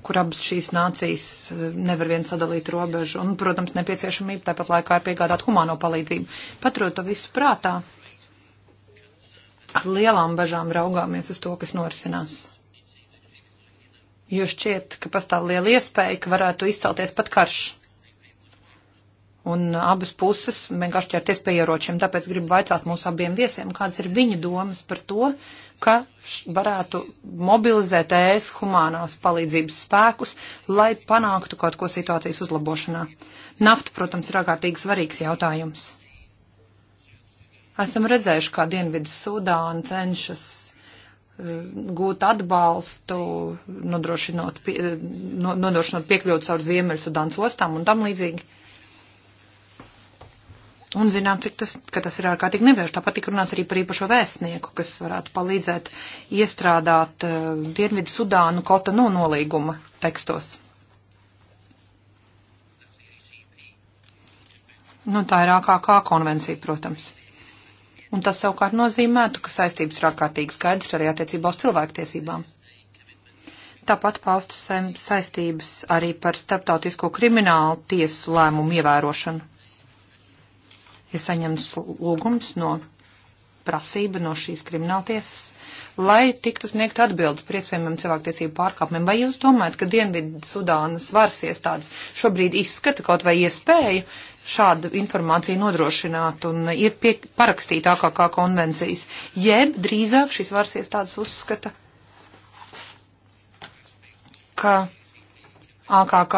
kur abas šīs nācijas eh, nevar vien sadalīt robežu. Un, protams, nepieciešamība tāpat laikā ir piegādāt humāno palīdzību. Paturot to visu prātā, ar lielām bažām raugāmies uz to, kas norisinās. Jo šķiet, ka pastāv liela iespēja, ka varētu izcelties pat karš. Un abas puses vienkārši ķerties pie ieročiem. Tāpēc gribu vaicāt mūsu abiem viesiem, kādas ir viņu domas par to, ka varētu mobilizēt ES humānās palīdzības spēkus, lai panāktu kaut ko situācijas uzlabošanā. Nafta, protams, ir ārkārtīgi svarīgs jautājums. Esam redzējuši, kā Dienvidu Sudāna cenšas eh, gūt atbalstu, nodrošinot, pie, eh, nodrošinot piekļūt caur Ziemeļsudānas ostām un tam līdzīgi. Un zinām, cik tas, ka tas ir ārkārtīgi nevienkārši. Tāpat tika runāts arī par īpašo vēstnieku, kas varētu palīdzēt iestrādāt uh, Dienvidu Sudānu kota no nolīguma tekstos. Nu, tā ir AKK konvencija, protams un tas savukārt nozīmētu, ka saistības ir ārkārtīgi skaidrs arī attiecībā uz cilvēktiesībām. Tāpat paustas saistības arī par starptautisko kriminālu tiesu lēmumu ievērošanu. Ir saņemts lūgums no prasība no šīs krimināltiesas, lai tiktu sniegt atbildes par iespējamiem cilvēktiesību pārkāpumiem. Vai jūs domājat, ka Dienvidu Sudānas varas iestādes šobrīd izskata kaut vai iespēju šādu informāciju nodrošināt un ir pie, parakstītā kā, kā konvencijas, jeb drīzāk šīs varas iestādes uzskata, ka AKK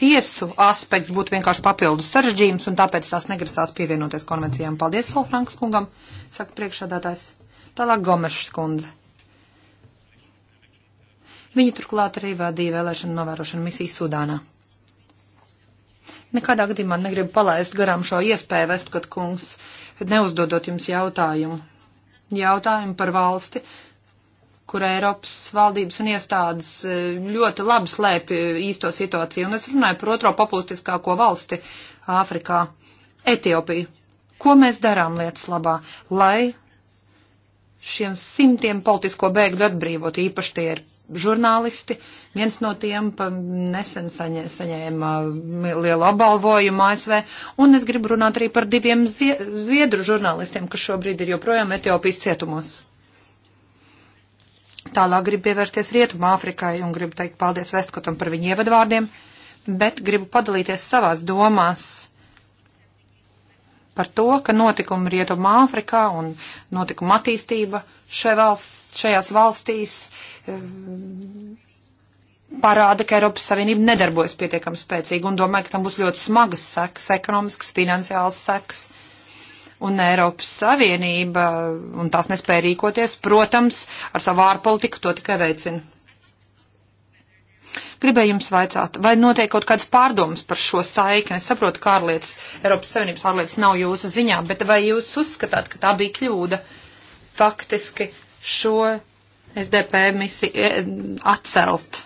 tiesu aspekts būtu vienkārši papildus sarežģījums, un tāpēc tās negrasās pievienoties konvencijām. Paldies, Solfranks kungam, saka priekšādātājs. Tālāk Gomešs kundze. Viņa turklāt arī vadīja vēlēšanu novērošanu misiju Sudānā. Nekādā gadījumā negribu palaist garām šo iespēju, Vestkat kungs, neuzdodot jums jautājumu. Jautājumu par valsti, kur Eiropas valdības un iestādes e, ļoti labi slēpj e, īsto situāciju. Un es runāju par otro populistiskāko valsti Āfrikā - Etiopiju. Ko mēs darām lietas labā, lai šiem simtiem politisko bēgļu atbrīvot, īpaši tie ir žurnālisti. Viens no tiem nesen saņē, saņēma lielu apbalvojumu ASV. Un es gribu runāt arī par diviem zviedru žurnālistiem, kas šobrīd ir joprojām Etiopijas cietumos. Tālāk gribu pievērsties Rietumā Afrikai un gribu teikt paldies Vestkotam par viņu ievadvārdiem, bet gribu padalīties savās domās par to, ka notikumi Rietumā Āfrikā un notikuma attīstība šai valsts, šajās valstīs eh, parāda, ka Eiropas Savienība nedarbojas pietiekami spēcīgi un domāju, ka tam būs ļoti smagas sekas, ekonomiskas, finansiālas sekas un Eiropas Savienība un tās nespēja rīkoties, protams, ar savu ārpolitiku to tikai veicina. Gribēju jums vaicāt, vai notiek kaut kādas pārdomas par šo saikni? Es saprotu, ka ārlietas, Eiropas Savienības ārlietas nav jūsu ziņā, bet vai jūs uzskatāt, ka tā bija kļūda faktiski šo SDP misiju eh, atcelt?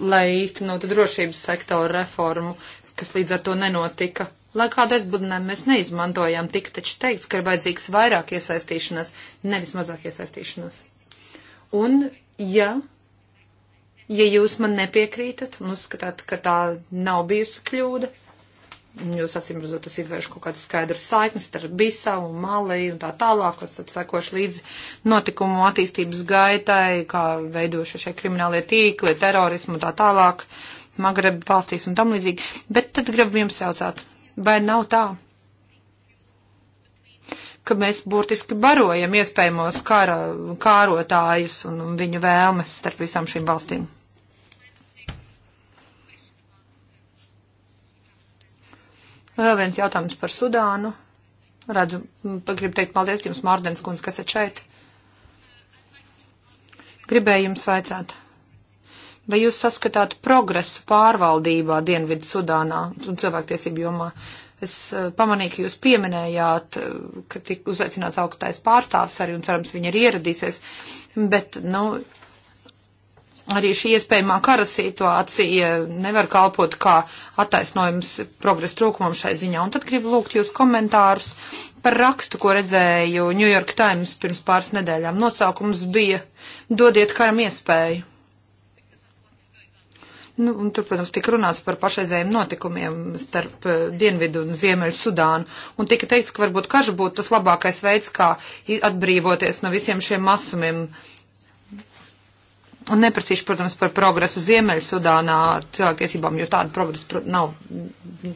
lai īstenotu drošības sektora reformu, kas līdz ar to nenotika. Lai kādu aizbudinājumu mēs neizmantojām, tika taču teikts, ka ir vajadzīgs vairāk iesaistīšanās, nevis mazāk iesaistīšanās. Un, ja, ja jūs man nepiekrītat un uzskatāt, ka tā nav bijusi kļūda, jūs acīm redzot, tas izvērš kaut kādas skaidras saiknes ar Bisavu, Maliju un tā tālāk, kas tad sekoši līdz notikumu attīstības gaitai, kā veidošie šie kriminālie tīkli, terorismu un tā tālāk, Magreba valstīs un tam līdzīgi. Bet tad gribu jums jautāt, vai nav tā? ka mēs burtiski barojam iespējamos kara, kārotājus un viņu vēlmes starp visām šīm valstīm. Vēl viens jautājums par Sudānu. Redzu, gribu teikt paldies jums, Mārdens kundze, kas ir šeit. Gribēju jums vaicāt, vai jūs saskatāt progresu pārvaldībā Dienvidu Sudānā un cilvēktiesību jomā? Es e, pamanīju, ka jūs pieminējāt, e, ka tika uzveicināts augstais pārstāvs arī un cerams viņa ir ieradīsies, bet, nu, arī šī iespējamā kara situācija nevar kalpot kā attaisnojums progresa trūkumam šai ziņā. Un tad gribu lūgt jūs komentārus par rakstu, ko redzēju New York Times pirms pāris nedēļām. Nosaukums bija Dodiet karam iespēju. Nu, un tur, protams, tika runāts par pašreizējiem notikumiem starp eh, Dienvidu un Ziemeļu Sudānu. Un tika teikts, ka varbūt karš būtu tas labākais veids, kā atbrīvoties no visiem šiem masumiem. Uh, Un neprasīšu, protams, par progresu Ziemeļsudānā ar cilvēktiesībām, jo tāda progresa nav,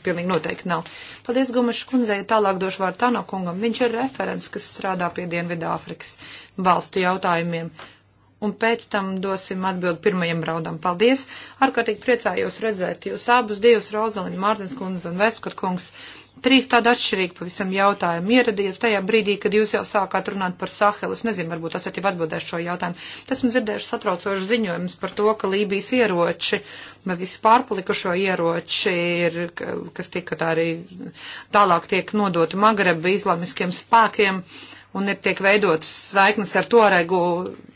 pilnīgi noteikti nav. Paldies Gumašs kundzei, tālāk došu vārdu Tano kungam. Viņš ir referents, kas strādā pie Dienvidāfrikas valstu jautājumiem. Un pēc tam dosim atbildi pirmajam raudam. Paldies! Ārkārtīgi priecājos redzēt jūs abus divus, Rozalina Mārtins kundze un Veskot kungs. Uh, trīs tādi atšķirīgi pavisam jautājumi ieradies tajā brīdī, kad jūs jau sākāt runāt par Sahelu. Es nezinu, varbūt esat jau atbildējuši šo jautājumu. Esmu dzirdējuši satraucošu ziņojumus par to, ka Lībijas ieroči vai visi pārpalikušo ieroči ir, kas tika tā arī tālāk tiek nodoti Magreba islamiskiem spēkiem un ir tiek veidotas saiknes ar toregu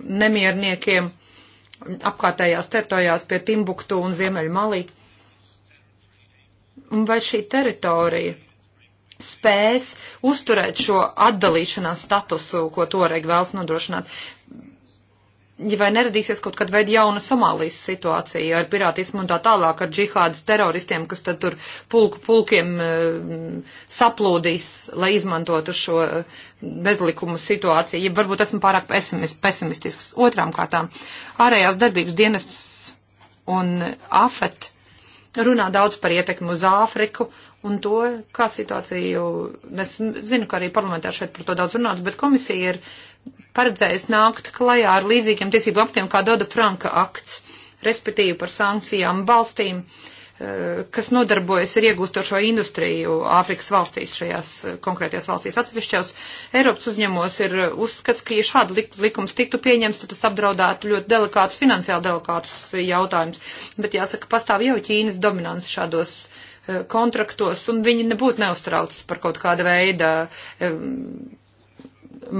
nemierniekiem apkārtējās teritorijās pie Timbuktu un Ziemeļu Malī. Un vai šī teritorija spēs uzturēt šo atdalīšanās statusu, ko toreiz vēlas nodrošināt. Ja vai neradīsies kaut kad veida jauna Somālijas situācija ar pirātismu un tā tālāk, ar džihādas teroristiem, kas tad tur pulku pulkiem eh, saplūdīs, lai izmantotu šo eh, bezlikumu situāciju. Ja varbūt esmu pārāk pesimistisks. Otrām kārtām, ārējās darbības dienests un AFET runā daudz par ietekmi uz Āfriku. Uh, un to, kā situāciju, es zinu, ka arī parlamentā šeit par to daudz runāts, bet komisija ir paredzējusi nākt klajā ar līdzīgiem tiesību aktiem kā Doda Franka akts, respektīvi par sankcijām valstīm, eh, kas nodarbojas ar iegūstošo industriju Āfrikas valstīs, šajās eh, konkrētajās valstīs atsevišķos. Eiropas uzņemos ir eh, uzskats, ka, ja šāda likums tiktu pieņems, tad tas apdraudētu ļoti delikātus, finansiāli delikātus jautājumus. Bet jāsaka, pastāv jau Ķīnas dominants šādos uh, Eh, kontraktos, un viņi nebūtu neuztraucas par kaut kāda veida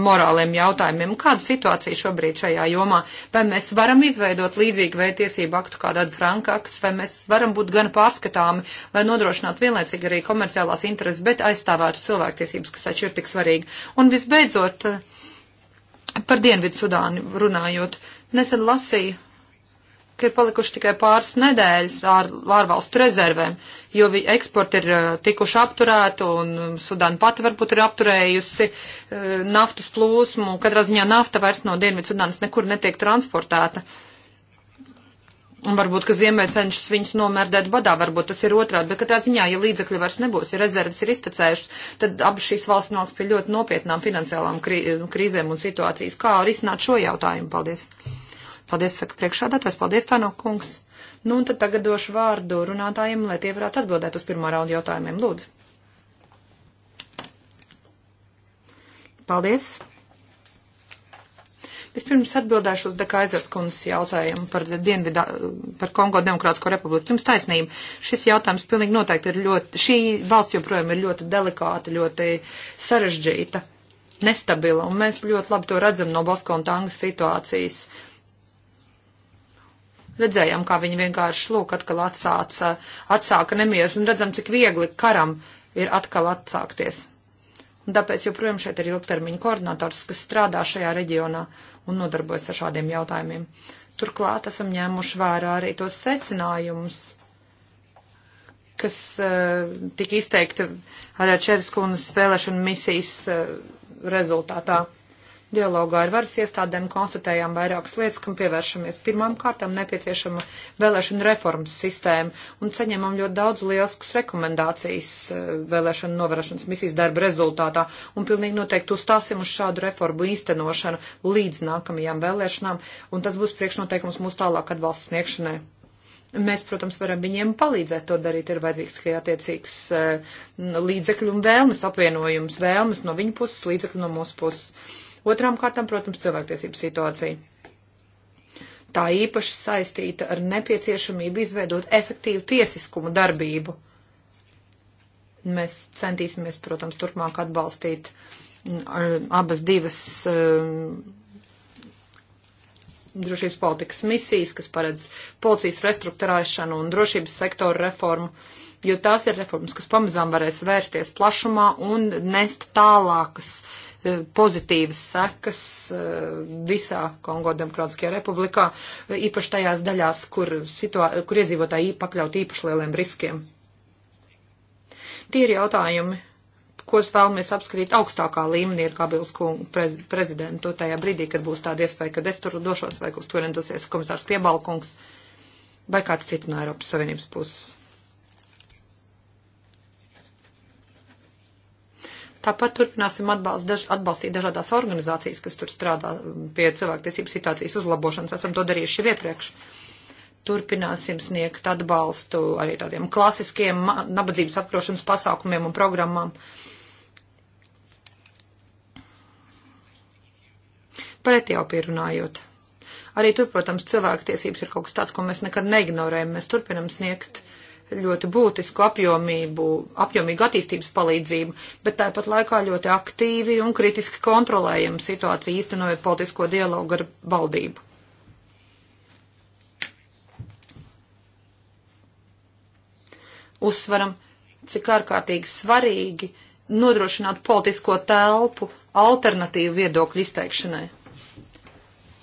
morāliem jautājumiem. Kāda situācija šobrīd šajā jomā? Vai mēs varam izveidot līdzīgu vai tiesību aktu kā tādu frankakas, vai mēs varam būt gan pārskatāmi, lai nodrošinātu vienlaicīgi arī komerciālās intereses, bet aizstāvētu cilvēktiesības, kas taču ir tik svarīgi. Un visbeidzot, eh, par Dienvidu Sudānu runājot, nesen lasīju, ka ir palikuši tikai pāris nedēļas ār, ārvalstu rezervēm jo eksporti ir eh, tikuši apturēti un um, Sudāna pati varbūt ir apturējusi eh, naftas plūsmu. Katrā ziņā nafta vairs no Dienvidu Sudānas nekur netiek transportēta. Un varbūt, ka ziemē cenšas viņus nomērdēt badā, varbūt tas ir otrādi, bet katrā ziņā, ja līdzekļi vairs nebūs, ja rezerves ir iztecējušas, tad abas šīs valsts nāks pie ļoti nopietnām finansiālām krī um, krīzēm un situācijas. Kā risināt šo jautājumu? Paldies! Paldies, saka priekšādātājs, paldies, Tāno kungs! Nu, un tad tagad došu vārdu runātājiem, lai tie varētu atbildēt uz pirmā raunda jautājumiem. Lūdzu. Paldies. Vispirms atbildēšu uz Dekaizers kundzes jautājumu par, Dienvidā, par Kongo Demokrātisko republiku. Jums taisnība, šis jautājums pilnīgi noteikti ir ļoti, šī valsts joprojām ir ļoti delikāta, ļoti sarežģīta, nestabila, un mēs ļoti labi to redzam no Bosko un Tangas situācijas Redzējām, kā viņi vienkārši lūk atkal atsāca, atsāka nemieris un redzam, cik viegli karam ir atkal atsākties. Un tāpēc joprojām šeit ir ilgtermiņa koordinators, kas strādā šajā reģionā un nodarbojas ar šādiem jautājumiem. Turklāt esam ņēmuši vērā arī tos secinājumus, kas uh, tika izteikti arī Čevskunas vēlēšanu misijas uh, rezultātā. Mm. Dialogā ar varas iestādēm konstatējām vairākas lietas, kam pievēršamies. Pirmām kārtām nepieciešama vēlēšana reformas sistēma un saņemam ļoti daudz lieliskas rekomendācijas eh, vēlēšana novērošanas misijas darba rezultātā un pilnīgi noteikti uzstāsim uz šādu reformu īstenošanu līdz nākamajām vēlēšanām un tas būs priekšnoteikums mūsu tālāk atbalsts sniegšanai. Mēs, protams, varam viņiem palīdzēt to darīt, ir vajadzīgs tikai attiecīgs eh, līdzekļu un vēlmes apvienojums, vēlmes no viņa puses, līdzekļu no mūsu puses. Otrām kārtām, protams, cilvēktiesību situācija. Tā īpaši saistīta ar nepieciešamību izveidot efektīvu tiesiskumu darbību. Mēs centīsimies, protams, turpmāk atbalstīt mm, abas divas mm, drošības politikas misijas, kas paredz policijas restruktūrēšanu un drošības sektora reformu, jo tās ir reformas, kas pamazām varēs vērsties plašumā un nest tālākas uh, pozitīvas sekas eh, visā Kongo Demokrātiskajā republikā, īpaši tajās daļās, kur, situā, kur iedzīvotāji pakļaut īpaši lieliem riskiem. Tie ir jautājumi, ko vēlamies apskatīt augstākā līmenī ar Kabils prez, prezidentu tajā brīdī, kad būs tāda iespēja, kad es tur došos vai uz turien dosies komisārs Piebalkungs vai kāds cits no Eiropas Savienības puses. Tāpat turpināsim atbalst, daž, atbalstīt dažādās organizācijas, kas tur strādā pie cilvēktiesību situācijas uzlabošanas. Esam to darījuši jau iepriekš. Turpināsim sniegt atbalstu arī tādiem klasiskiem nabadzības apkrošanas pasākumiem un programmām. Par Etiopiju runājot. Arī tur, protams, cilvēktiesības ir kaut kas tāds, ko mēs nekad neignorējam. Mēs turpinam sniegt uh, ļoti būtisku apjomību, apjomīgu attīstības palīdzību, bet tāpat laikā ļoti aktīvi un kritiski kontrolējam situāciju, īstenojot politisko dialogu ar valdību. Uzsveram, cik ārkārtīgi svarīgi nodrošināt politisko telpu alternatīvu viedokļu izteikšanai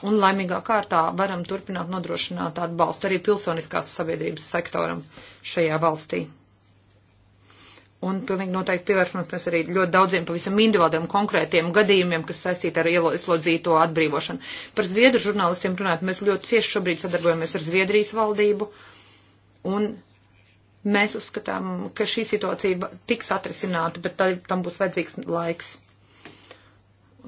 un laimīgā kārtā varam turpināt nodrošināt atbalstu arī pilsoniskās sabiedrības sektoram šajā valstī. Un pilnīgi noteikti pievēršamies arī ļoti daudziem pavisam individuāliem konkrētiem gadījumiem, kas saistīti ar ieslodzīto atbrīvošanu. Par zviedru žurnālistiem runājot, mēs ļoti cieši šobrīd sadarbojamies ar Zviedrijas valdību. Un mēs uzskatām, ka šī situācija tiks atrisināta, bet tam būs vajadzīgs laiks.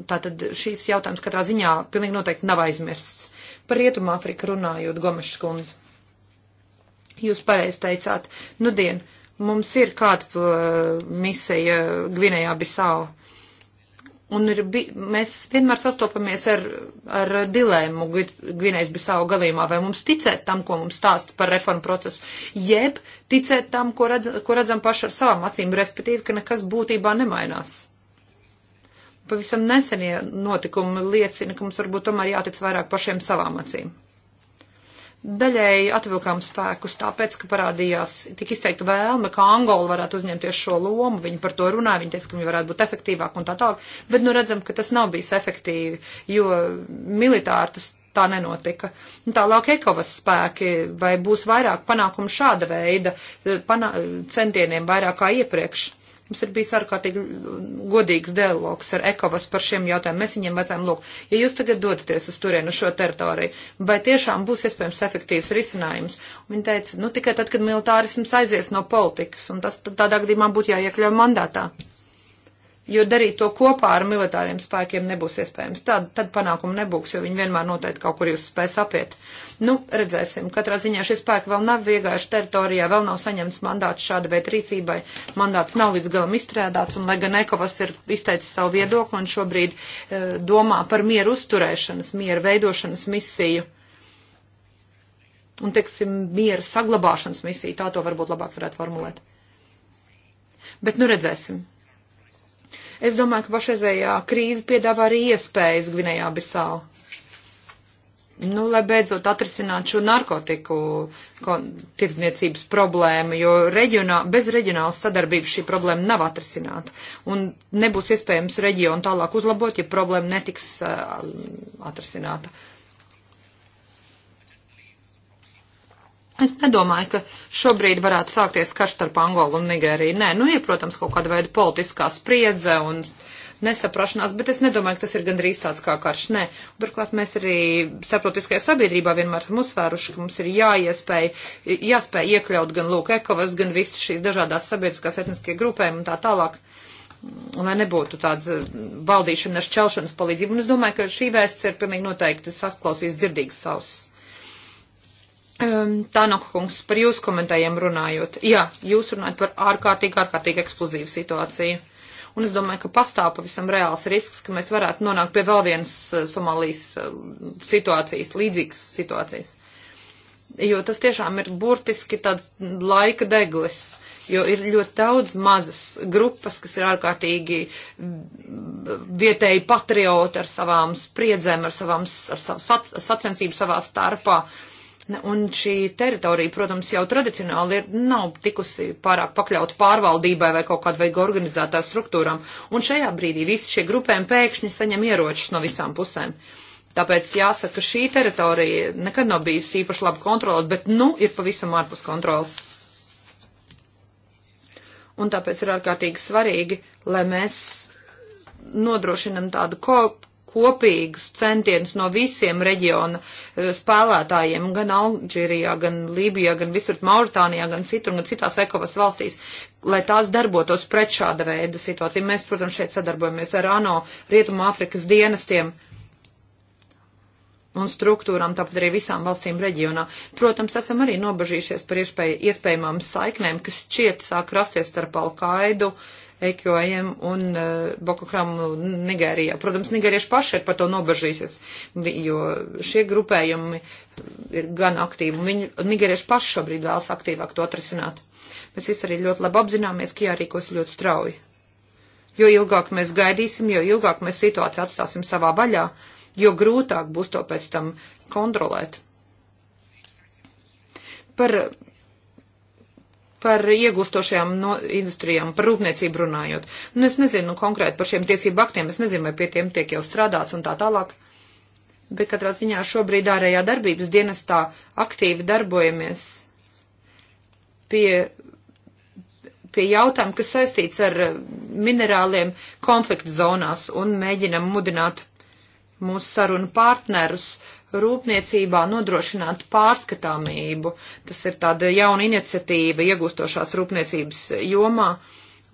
Tātad šīs jautājums katrā ziņā pilnīgi noteikti nav aizmirsts. Par Rietumu Afriku runājot, Gomešs kundze. Jūs pareizi teicāt, nu dien, mums ir kāda uh, misija Gvinējā Bisau. Un ir, bi mēs vienmēr sastopamies ar, ar dilēmu Gvinējas Bisau galījumā, vai mums ticēt tam, ko mums stāsta par reformu procesu, jeb ticēt tam, ko, redz, ko redzam paši ar savām acīm, respektīvi, ka nekas būtībā nemainās pavisam nesenie notikumi liecina, ka mums varbūt tomēr jātic vairāk pašiem savām acīm. Daļēji atvilkām spēkus tāpēc, ka parādījās tik izteikta vēlme, ka Angola varētu uzņemties šo lomu, viņi par to runāja, viņi teica, ka viņi varētu būt efektīvāk un tā tālāk, bet nu redzam, ka tas nav bijis efektīvi, jo militāri tas tā nenotika. Tālāk ekovas spēki, vai būs vairāk panākumu šāda veida panā, centieniem vairāk kā iepriekš? Mums ir bijis ārkārtīgi godīgs dialogs ar Ekovas par šiem jautājumiem. Mēs viņiem vecām, lūk, ja jūs tagad dodaties uz turienu šo teritoriju, vai tiešām būs iespējams efektīvs risinājums? Un viņi teica, nu tikai tad, kad militārisms aizies no politikas, un tas tādā gadījumā būtu jāiekļauj mandātā jo darīt to kopā ar militāriem spēkiem nebūs iespējams. Tad, tad panākumu nebūs, jo viņi vienmēr noteikti kaut kur jūs spēs apiet. Nu, redzēsim. Katrā ziņā šie spēki vēl nav iegājuši teritorijā, vēl nav saņemts mandāts šāda veida rīcībai. Mandāts nav līdz galam izstrādāts, un lai gan Ekovas ir izteicis savu viedokli un šobrīd e, domā par mieru uzturēšanas, mieru veidošanas misiju. Un, teiksim, mieru saglabāšanas misiju, tā to varbūt labāk varētu formulēt. Bet nu redzēsim. Es domāju, ka pašreizējā krīze piedāvā arī iespējas Gvinējā Bisālu. Nu, lai beidzot atrisinātu šo narkotiku tirdzniecības problēmu, jo reģionā, bez reģionālas sadarbības šī problēma nav atrisināta. Un nebūs iespējams reģionu tālāk uzlabot, ja problēma netiks uh, atrisināta. Uh, Es nedomāju, ka šobrīd varētu sākties karš starp Angolu un Nigēriju. Nē, nu ir, protams, kaut kāda veida politiskā spriedze un nesaprašanās, bet es nedomāju, ka tas ir gandrīz tāds kā karš. Nē, turklāt mēs arī starptautiskajā sabiedrībā vienmēr esam uzsvēruši, ka mums ir jāiespēj, jāspēj iekļaut gan lūk ekovas, gan visas šīs dažādās sabiedriskās etniskie grupējumi un tā tālāk. Un lai nebūtu tāds eh, valdīšana ar šķelšanas palīdzību. Un es domāju, ka šī vēsts ir pilnīgi noteikti sasklausījis dzirdīgs sauss. Um, ehm, Tanokungs, par jūsu komentējiem runājot. Jā, jūs runājat par ārkārtīgi, ārkārtīgi eksplozīvu situāciju. Un es domāju, ka pastāv pavisam reāls risks, ka mēs varētu nonākt pie vēl vienas eh, Somālijas eh, situācijas, līdzīgas situācijas. Jo tas tiešām ir burtiski tāds laika deglis, jo ir ļoti daudz mazas grupas, kas ir ārkārtīgi mm, vietēji patrioti ar savām spriedzēm, ar, savām, ar savu sac, sacensību savā starpā. Uh, Nu, un šī teritorija, protams, jau tradicionāli ir, nav tikusi pārāk pakļauta pārvaldībai vai kaut kādu veidu organizētā struktūrām. Un šajā brīdī visi šie grupējumi pēkšņi saņem ieročus no visām pusēm. Tāpēc jāsaka, ka šī teritorija nekad nav bijusi īpaši labi kontrolēta, bet nu ir pavisam ārpus kontrolas. Un tāpēc ir ārkārtīgi svarīgi, lai mēs nodrošinam tādu ko kopīgus centienus no visiem reģiona eh, spēlētājiem, gan Alģīrijā, gan Lībijā, gan visur Mauritānijā, gan citur, gan citās ekovas valstīs, lai tās darbotos pret šāda veida situāciju. Mēs, protams, šeit sadarbojamies ar ANO, Rietumu Āfrikas dienestiem un struktūrām, tāpat arī visām valstīm reģionā. Protams, esam arī nobažījušies par iespēj, iespējamām saiknēm, kas šķiet sāk rasties starp Alkaidu. Uh, EQM un uh, Boko Hramu Nigērijā. Protams, nigērieši paši ir par to nobežījusies, jo šie grupējumi ir gan aktīvi, un viņi, nigērieši paši šobrīd vēlas aktīvāk to atrisināt. Mēs visi arī ļoti labi apzināmies, ka jārīkos ļoti strauji. Jo ilgāk mēs gaidīsim, jo ilgāk mēs situāciju atstāsim savā vaļā, jo grūtāk būs to pēc tam kontrolēt. Par par iegūstošajām no industrijām, par rūpniecību runājot. Nu, es nezinu nu, konkrēti par šiem tiesību aktiem, es nezinu, vai pie tiem tiek jau strādāts un tā tālāk. Bet katrā ziņā šobrīd ārējā darbības dienestā aktīvi darbojamies pie pie jautājuma, kas saistīts ar minerāliem konflikta zonās un mēģinam mudināt mūsu sarunu partnerus rūpniecībā nodrošināt pārskatāmību. Tas ir tāda jauna iniciatīva iegūstošās rūpniecības jomā,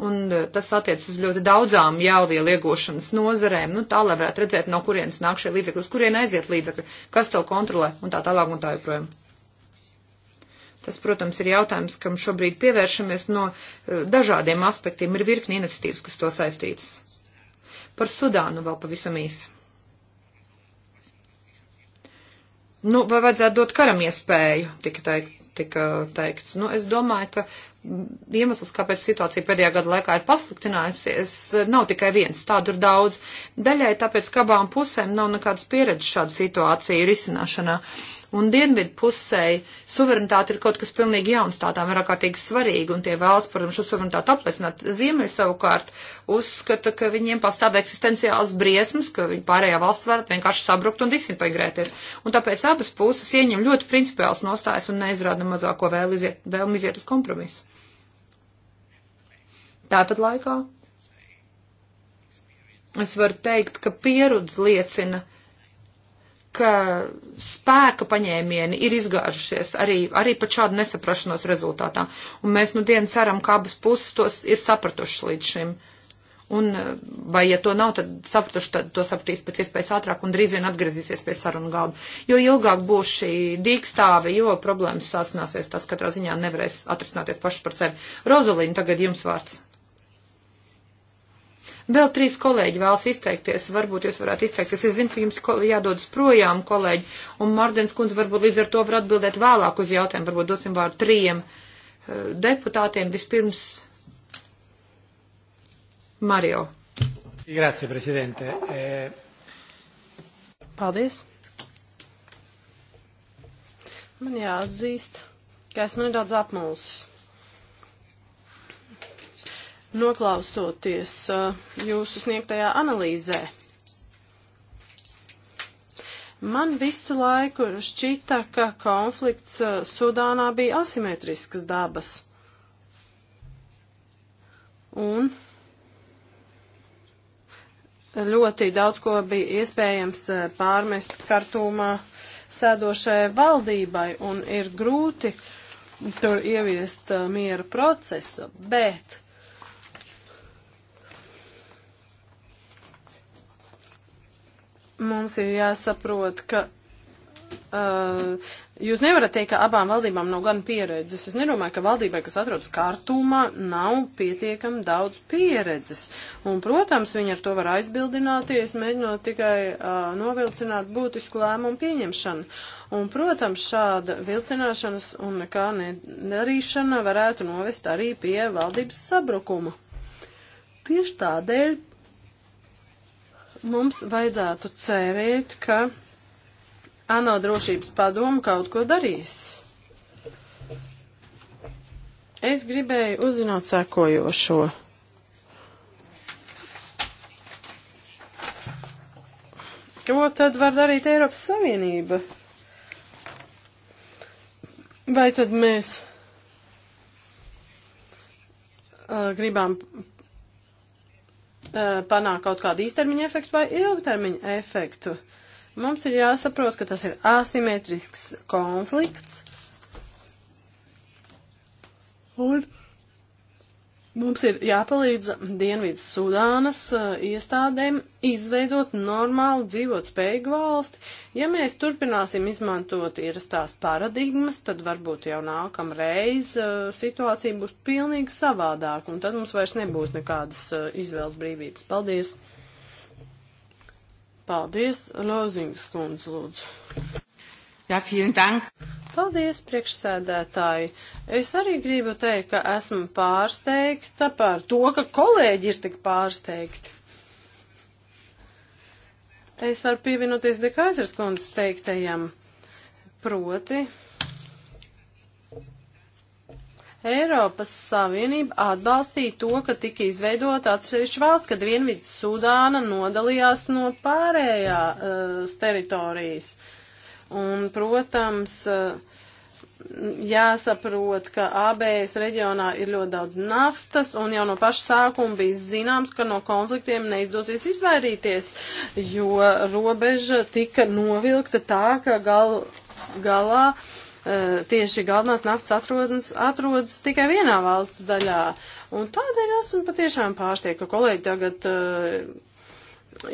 un eh, tas attiec uz ļoti daudzām jēlvielu iegūšanas nozarēm, nu tā, lai varētu redzēt, no kurienes nāk šie līdzekļi, uz kurien aiziet līdzekļi, kas to kontrolē, un tā tālāk un tā joprojām. Tas, protams, ir jautājums, kam šobrīd pievēršamies no eh, dažādiem aspektiem. Ir virkni iniciatīvas, kas to saistītas. Par Sudānu vēl pavisam īsi. Nu, vai vajadzētu dot karam iespēju, tika, teik, tika teikts. Nu, es domāju, ka iemesls, kāpēc situācija pēdējā gada laikā ir pasliktinājusies, nav tikai viens, tādu ir daudz. Daļai tāpēc, ka abām pusēm nav nekādas pieredzes šādu situāciju risināšanā. Uh, un dienvidu pusēji suverenitāte ir kaut kas pilnīgi jauns, tā tām ir ārkārtīgi svarīgi, un tie vēlas, protams, šo suverenitāti apliecināt. Ziemeļi savukārt uzskata, ka viņiem pastāv eksistenciāls briesmas, ka viņi pārējā valsts var vienkārši sabrukt un disintegrēties. Un tāpēc abas puses ieņem ļoti principiāls nostājas un neizrāda mazāko vēlmi iziet, vēl iziet uz kompromisu. Tāpat laikā es varu teikt, ka pieredze liecina, ka spēka paņēmieni ir izgāžušies arī, arī pat šādu nesaprašanos rezultātā. Un mēs nu dienu ceram, ka abas puses tos ir sapratušas līdz šim. Un vai, ja to nav, tad sapratuši, tad to sapratīs pēc iespējas ātrāk un drīz vien atgriezīsies pie sarunu galda. Jo ilgāk būs šī dīkstāve, jo problēmas sāsināsies, tas katrā ziņā nevarēs atrisināties paši par sevi. Rozalīna, tagad jums vārds. Vēl trīs kolēģi vēlas izteikties, varbūt jūs varētu izteikties. Es zinu, ka jums jādodas projām, kolēģi, un Mārdens kundze varbūt līdz ar to var atbildēt vēlāk uz jautājumu, varbūt dosim vārdu trījiem eh, deputātiem. Vispirms Mario. Grazie, prezidente. Eh, Paldies. Man jāatzīst, ka esmu nedaudz apmulsis noklausoties uh, jūsu sniegtajā analīzē. Man visu laiku šķita, ka konflikts uh, Sudānā bija asimetrisks dabas. Un ļoti daudz ko bija iespējams uh, pārmest kartūmā sēdošajai valdībai un ir grūti tur ieviest miera procesu, bet Mums ir jāsaprot, ka Uh, jūs nevarat teikt, ka abām valdībām nav gan pieredzes. Es nedomāju, ka valdībai, kas atrodas kārtumā, nav pietiekami daudz pieredzes. Un, protams, viņi ar to var aizbildināties, mēģinot tikai uh, novilcināt būtisku lēmumu pieņemšanu. Un, protams, šāda vilcināšanas un nekā nedarīšana varētu novest arī pie valdības sabrukuma. Tieši tādēļ Mums vajadzētu cerēt, ka ANO drošības padoma kaut ko darīs. Es gribēju uzzināt sekojošo. Ko tad var darīt Eiropas Savienība? Vai tad mēs uh, gribam Eh, panākt kaut kādu īstermiņa efektu vai ilgtermiņa efektu. Mums ir jāsaprot, ka tas ir asimetrisks konflikts. Un Mums ir jāpalīdz Dienvidas Sudānas uh, iestādēm izveidot normālu dzīvot spējīgu valsti. Ja mēs turpināsim izmantot ierastās paradigmas, tad varbūt jau nākamreiz uh, situācija būs pilnīgi savādāka, un tad mums vairs nebūs nekādas uh, izvēles brīvības. Paldies! Paldies, Lozingas kundze, lūdzu. Jā, vielen dank. Paldies, priekšsēdētāji. Es arī gribu teikt, ka esmu pārsteigta par to, ka kolēģi ir tik pārsteigti. Es varu pievienoties Dekaizers kundzes teiktajam. Proti, Eiropas Savienība atbalstīja to, ka tika izveidota atsevišķa valsts, kad Dienvidu Sudāna nodalījās no pārējās uh, teritorijas. Uh, Un, protams, jāsaprot, ka ABS reģionā ir ļoti daudz naftas, un jau no paša sākuma bija zināms, ka no konfliktiem neizdosies izvairīties, jo robeža tika novilkta tā, ka gal, galā e, tieši galvenās naftas atrodnes atrodas tikai vienā valsts daļā. Un tādēļ esmu patiešām pārsteigta, ka kolēģi tagad uh,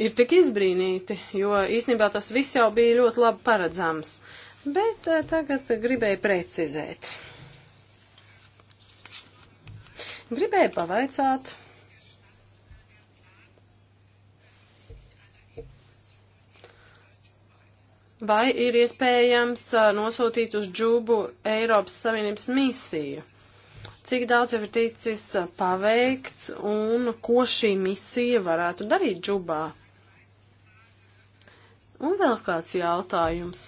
ir tik izbrīnīti, jo īstenībā tas viss jau bija ļoti labi paredzams. Bet eh, tagad gribēju precizēt. Gribēju pavaicāt. Vai ir iespējams eh, nosūtīt uz džubu Eiropas Savienības misiju? cik daudz jau ir ticis paveikts un ko šī misija varētu darīt džubā. Un vēl kāds jautājums.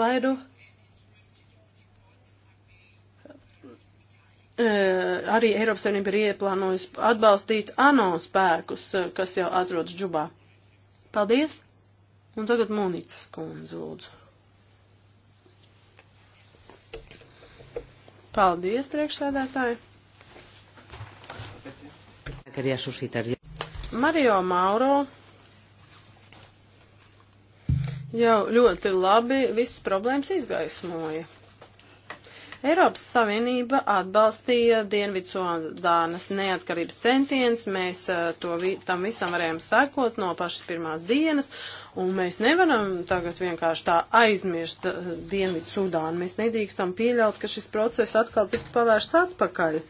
Vai nu e, arī Eiropas Savienība ir ieplānojusi atbalstīt ANO spēkus, kas jau atrodas džubā? Paldies! Un tagad Monītas kundze lūdzu. Paldies, priekšsēdētāji! Mario Mauro jau ļoti labi visas problēmas izgaismoja. Eiropas Savienība atbalstīja Dienvidsudānas neatkarības centienus, mēs uh, to, tam visam varējām sekot no pašas pirmās dienas, un mēs nevaram tagad vienkārši tā aizmirst uh, Dienvidsudānu. Mēs nedrīkstam pieļaut, ka šis process atkal tiktu pavērsts atpakaļ.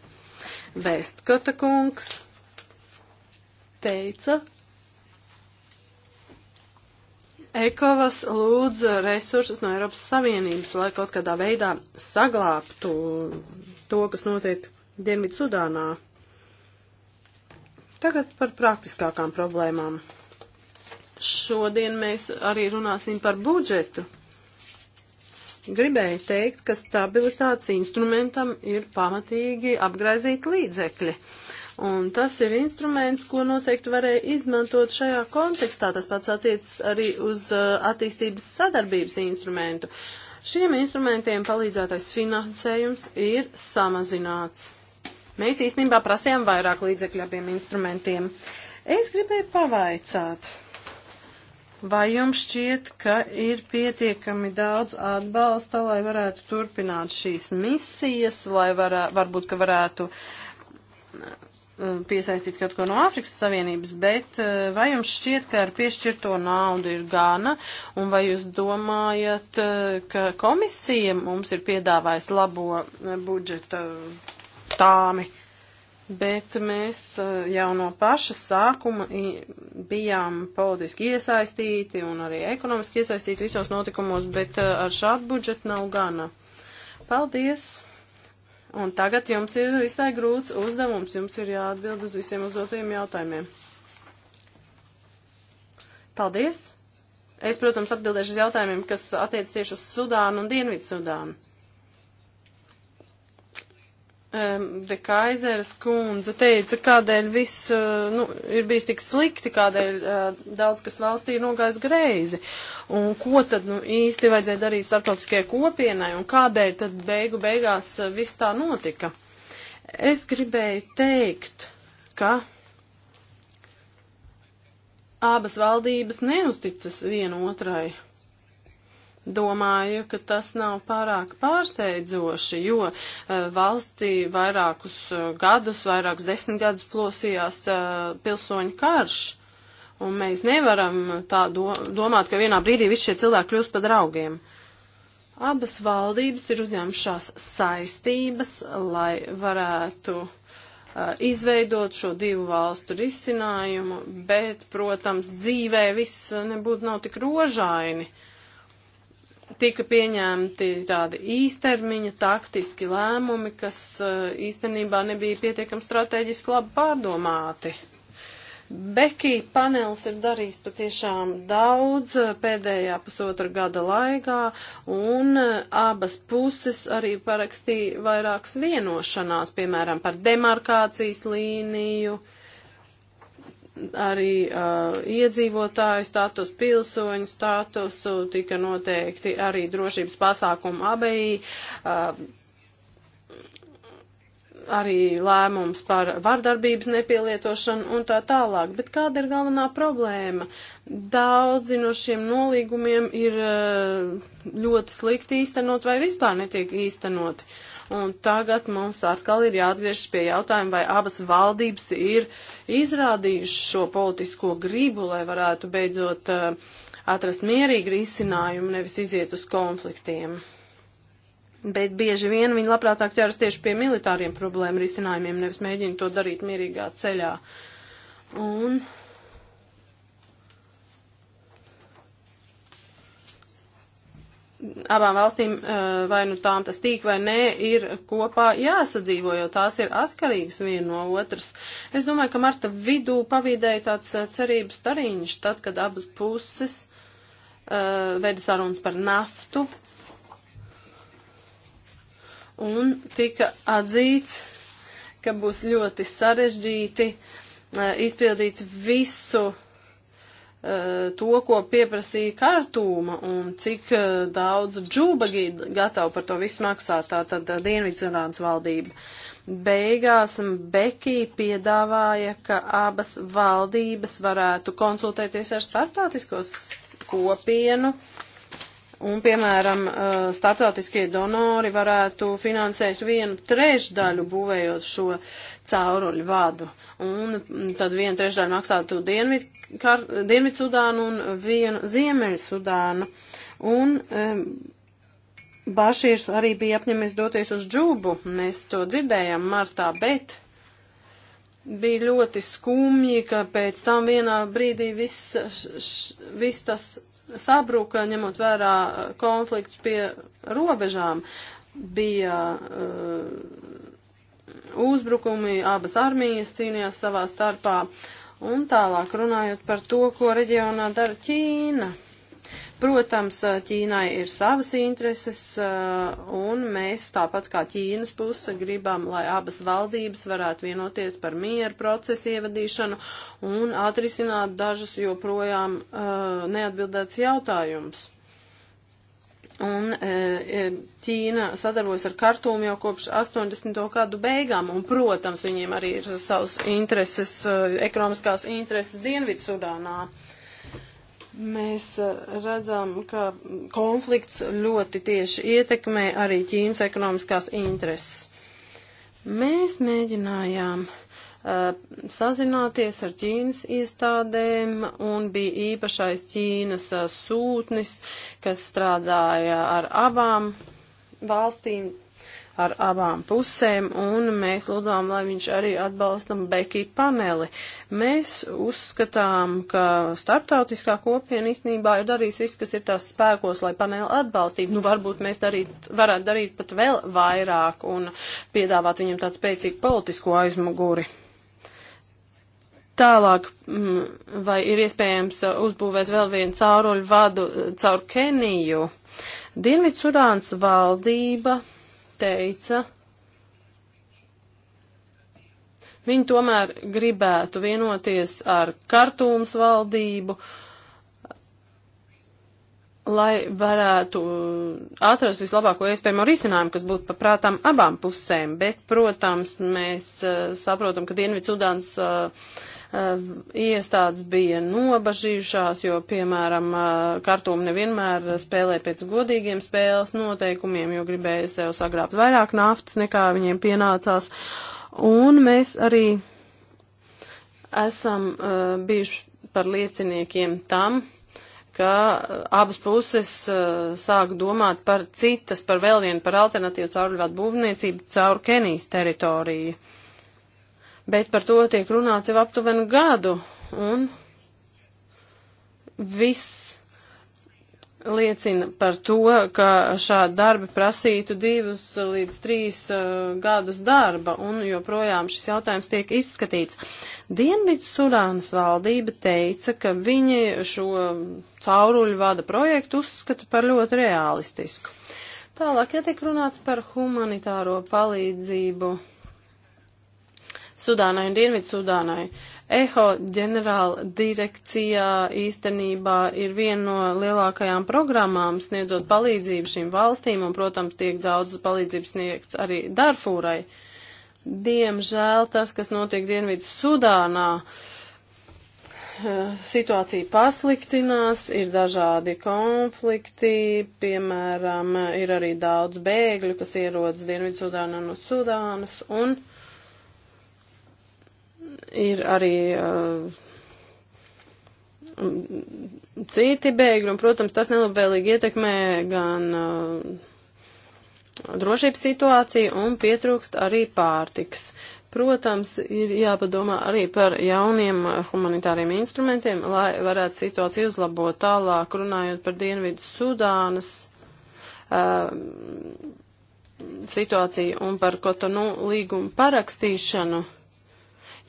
Vestkata kungs teica, Ekovas lūdz resursus no Eiropas Savienības, lai kaut kādā veidā saglābtu to, kas notiek Dienvidu Sudānā. Tagad par praktiskākām problēmām. Šodien mēs arī runāsim par budžetu. Gribēju teikt, ka stabilitātes instrumentam ir pamatīgi apgraizīt līdzekļi. Uh, Un tas ir instruments, ko noteikti varēja izmantot šajā kontekstā. Tas pats attiecas arī uz uh, attīstības sadarbības instrumentu. Šiem instrumentiem palīdzētais finansējums ir samazināts. Mēs īstenībā prasījām vairāk līdzekļu abiem instrumentiem. Es gribēju pavaicāt, vai jums šķiet, ka ir pietiekami daudz atbalsta, lai varētu turpināt šīs misijas, lai varā, varbūt, ka varētu Eh, piesaistīt kaut ko no Āfrikas Savienības, bet eh, vai jums šķiet, ka ar piešķirto naudu ir gana, un vai jūs domājat, eh, ka komisija mums ir piedāvājis labo budžeta tāmi? Bet mēs jau no paša sākuma bijām politiski iesaistīti un arī ekonomiski iesaistīti visos notikumos, bet ar šādu budžetu nav gana. Paldies! Un tagad jums ir visai grūts uzdevums, jums ir jāatbild uz visiem uzdotajiem jautājumiem. Paldies! Es, protams, atbildēšu uz jautājumiem, kas attiec tieši uz Sudānu un Dienvidu Sudānu. De Kaizeras kundze teica, kādēļ viss eh, nu, ir bijis tik slikti, kādēļ eh, daudz kas valstī ir nogājis greizi. Un ko tad nu, īsti vajadzēja darīt starptautiskajai kopienai un kādēļ tad beigu beigās eh, viss tā notika? Es gribēju teikt, ka abas valdības neusticas viena otrai. Domāju, ka tas nav pārāk pārsteidzoši, jo eh, valstī vairākus eh, gadus, vairākus desmit gadus plosījās eh, pilsoņu karš. Un mēs nevaram tā do domāt, ka vienā brīdī visi šie cilvēki kļūs par draugiem. Abas valdības ir uzņēmušās saistības, lai varētu izveidot šo divu valstu risinājumu, bet, protams, dzīvē viss nebūtu nav tik rožaini. Uh, tika pieņemti tādi īstermiņa taktiski lēmumi, kas eh, īstenībā nebija pietiekami strateģiski labi pārdomāti. Beki panels ir darījis patiešām daudz eh, pēdējā pusotra gada laikā, un eh, abas puses arī parakstīja vairākas vienošanās, piemēram, par demarkācijas līniju, uh, arī uh, iedzīvotāju status, pilsoņu statusu, tika noteikti arī drošības pasākumu abejī, uh, arī lēmums par vardarbības nepielietošanu un tā tālāk. Bet kāda ir galvenā problēma? Daudzi no šiem nolīgumiem ir uh, ļoti slikti īstenot vai vispār netiek īstenoti. Uh, Un tagad mums atkal ir jāatgriežas pie jautājuma, vai abas valdības ir izrādījušas šo politisko gribu, lai varētu beidzot eh, atrast mierīgu risinājumu, nevis iziet uz konfliktiem. Bet bieži vien viņi labprātāk ķeras tieši pie militāriem problēmu risinājumiem, nevis mēģina to darīt mierīgā ceļā. Un abām valstīm, eh, vai nu tām tas tīk vai nē, ir kopā jāsadzīvo, jo tās ir atkarīgas viena no otras. Es domāju, ka marta vidū pavīdēja tāds eh, cerības tariņš, tad, kad abas puses uh, veda sarunas par naftu un tika atzīts, ka būs ļoti sarežģīti uh, izpildīt visu Eh, to, ko pieprasīja Kartūma un cik eh, daudz džūbagi gatavu par to visu maksāt, tā tad eh, Dienvidzirāns valdība. Beigās Bekī piedāvāja, ka abas valdības varētu konsultēties ar starptautiskos kopienu un, piemēram, starptautiskie donori varētu finansēt vienu trešdaļu būvējot šo cauruļu vadu un tad vienu trešdaļu maksātu Dienvid, kar, Dienvid Sudānu un vienu Ziemeļu Sudānu. Un um, Bašīrs arī bija apņemies doties uz džubu, mēs to dzirdējām martā, bet bija ļoti skumji, ka pēc tam vienā brīdī viss, š, š, viss tas sabruka, ņemot vērā eh, konflikts pie robežām. Bija uh, uzbrukumi, abas armijas cīnījās savā starpā. Un tālāk runājot par to, ko reģionā dara Ķīna. Protams, Ķīnai ir savas intereses, eh, un mēs tāpat kā Ķīnas puse gribam, lai abas valdības varētu vienoties par mieru procesu ievadīšanu un atrisināt dažus joprojām eh, neatbildēts jautājumus un e, e, Ķīna sadarbojas ar Kartūmu jau kopš 80. gadu beigām, un, protams, viņiem arī ir savas intereses, e, ekonomiskās intereses Dienvidsudānā. Mēs redzam, ka konflikts ļoti tieši ietekmē arī Ķīnas ekonomiskās intereses. Mēs mēģinājām uh, Uh, sazināties ar Ķīnas iestādēm un bija īpašais Ķīnas uh, sūtnis, kas strādāja ar abām valstīm, ar abām pusēm, un mēs lūdām, lai viņš arī atbalstam Beki paneli. Mēs uzskatām, ka starptautiskā kopiena īstenībā ir darījis viss, kas ir tās spēkos, lai paneli atbalstītu. Nu, varbūt mēs darīt, varētu darīt pat vēl vairāk un piedāvāt viņam tādu spēcīgu politisko aizmuguri. Tālāk, mm, vai ir iespējams uzbūvēt vēl vienu cauruļu vadu eh, caur Keniju? Dienvidsudāns valdība teica, viņi tomēr gribētu vienoties ar Kartūmas valdību, lai varētu atrast vislabāko iespējamo risinājumu, kas būtu paprātām abām pusēm. Bet, protams, mēs eh, saprotam, ka Dienvidsudāns. Uh, Eh, iestādes bija nobažījušās, jo, piemēram, eh, kartumi nevienmēr spēlē pēc godīgiem spēles noteikumiem, jo gribēja sev sagrābt vairāk naftas nekā viņiem pienācās. Un mēs arī esam uh, bijuši par lieciniekiem tam, ka abas puses uh, sāk domāt par citas, par vēl vienu, par alternatīvu caurļuvātu būvniecību caur Kenijas teritoriju. Uh, bet par to tiek runāts jau aptuvenu gadu, un viss liecina par to, ka šādi darbi prasītu divus līdz trīs uh, gadus darba, un joprojām šis jautājums tiek izskatīts. Dienvidu Sudānas valdība teica, ka viņi šo cauruļu vada projektu uzskata par ļoti realistisku. Tālāk, ja tiek runāts par humanitāro palīdzību Sudānai un Dienvidsudānai. EHO ģenerāla direkcijā īstenībā ir viena no lielākajām programmām sniedzot palīdzību šīm valstīm, un, protams, tiek daudz palīdzības sniegts arī Darfūrai. Diemžēl tas, kas notiek Dienvidu Sudānā, eh, situācija pasliktinās, ir dažādi konflikti, piemēram, ir arī daudz bēgļu, kas ierodas Dienvidu Sudānā no Sudānas, un ir arī uh, citi bēgļi, un, protams, tas nelabvēlīgi ietekmē gan uh, drošības situāciju un pietrūkst arī pārtiks. Protams, ir jāpadomā arī par jauniem uh, humanitāriem instrumentiem, lai varētu situāciju uzlabot tālāk, runājot par Dienvidu Sudānas uh, situāciju un par Kotonu līgumu parakstīšanu. Uh,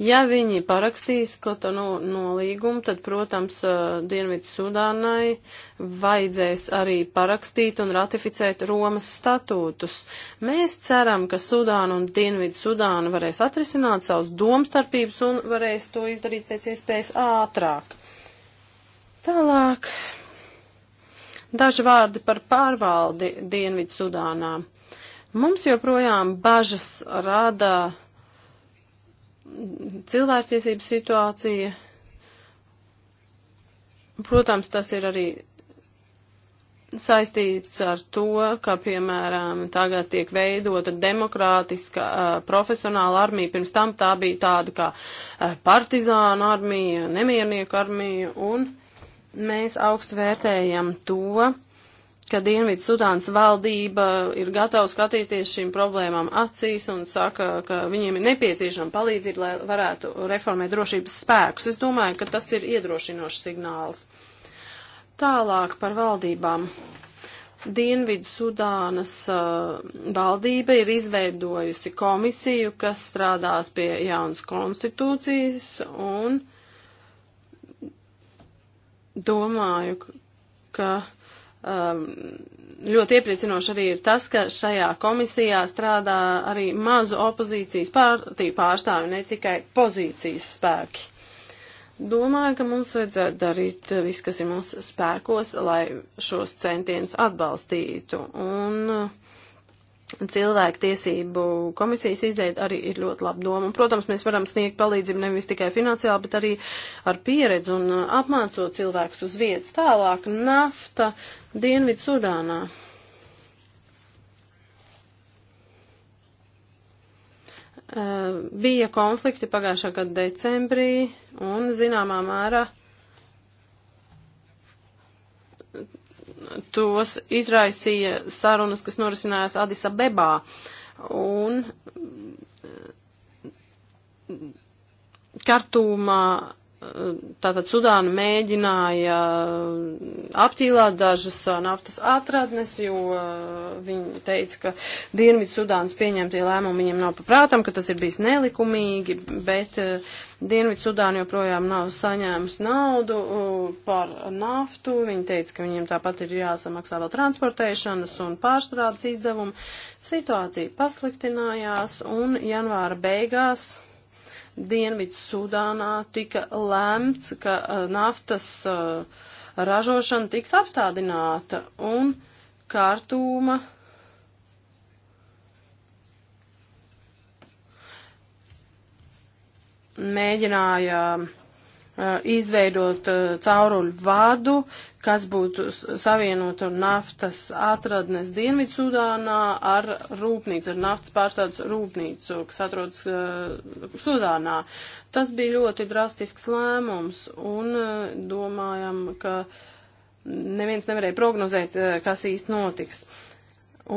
Ja viņi parakstīs Kotonu nolīgumu, tad, protams, eh, Dienvidu Sudānai vajadzēs arī parakstīt un ratificēt Romas statūtus. Mēs ceram, ka Sudāna un Dienvidu Sudāna varēs atrisināt savus domstarpības un varēs to izdarīt pēc iespējas ātrāk. Tālāk. Daži vārdi par pārvaldi Dienvidu Sudānā. Mums joprojām bažas rada cilvēktiesību situācija. Protams, tas ir arī saistīts ar to, ka, piemēram, tagad tiek veidota demokrātiska uh, profesionāla armija. Pirms tam tā bija tāda kā uh, partizāna armija, nemiernieku armija, un mēs augstu vērtējam to, uh, ka Dienvidu Sudānas valdība ir gatava skatīties šīm problēmām acīs un saka, ka viņiem ir nepieciešama palīdzība, lai varētu reformēt drošības spēkus. Es domāju, ka tas ir iedrošinošs signāls. Tālāk par valdībām. Dienvidu Sudānas uh, valdība ir izveidojusi komisiju, kas strādās pie jaunas konstitūcijas un domāju, ka Um, ļoti iepriecinoši arī ir tas, ka šajā komisijā strādā arī mazu opozīcijas pārtīju pārstāvi, ne tikai pozīcijas spēki. Domāju, ka mums vajadzētu darīt viss, kas ir mūsu spēkos, lai šos centienus atbalstītu. Un uh, cilvēku tiesību komisijas izdeid arī ir ļoti laba doma. Un, protams, mēs varam sniegt palīdzību nevis tikai finansiāli, bet arī ar pieredzi un uh, apmācot cilvēkus uz vietas. Tālāk nafta Dienvidu Sudānā. Uh, bija konflikti pagājušā gada decembrī un zināmā mērā tos izraisīja sarunas, kas norisinājās Adisa Bebā. Un mm, Kartūmā tātad Sudāna mēģināja aptīlāt dažas uh, naftas atradnes, jo uh, viņi teica, ka Dienvidu Sudānas pieņemtie lēmumi viņiem nav paprātam, ka tas ir bijis nelikumīgi, bet uh, Dienvidu Sudāna joprojām nav saņēmusi naudu par naftu. Viņi teica, ka viņiem tāpat ir jāsamaksā vēl transportēšanas un pārstrādes izdevumi. Situācija pasliktinājās un janvāra beigās Dienvidu Sudānā tika lemts, ka uh, naftas uh, ražošana tiks apstādināta un kārtūma mēģināja uh, Uh, izveidot uh, cauruļu vadu, kas būtu savienota naftas atradnes Dienvidsudānā ar rūpnīcu, ar naftas pārstādes rūpnīcu, kas atrodas uh, Sudānā. Tas bija ļoti drastisks lēmums un uh, domājam, ka neviens nevarēja prognozēt, uh, kas īsti notiks.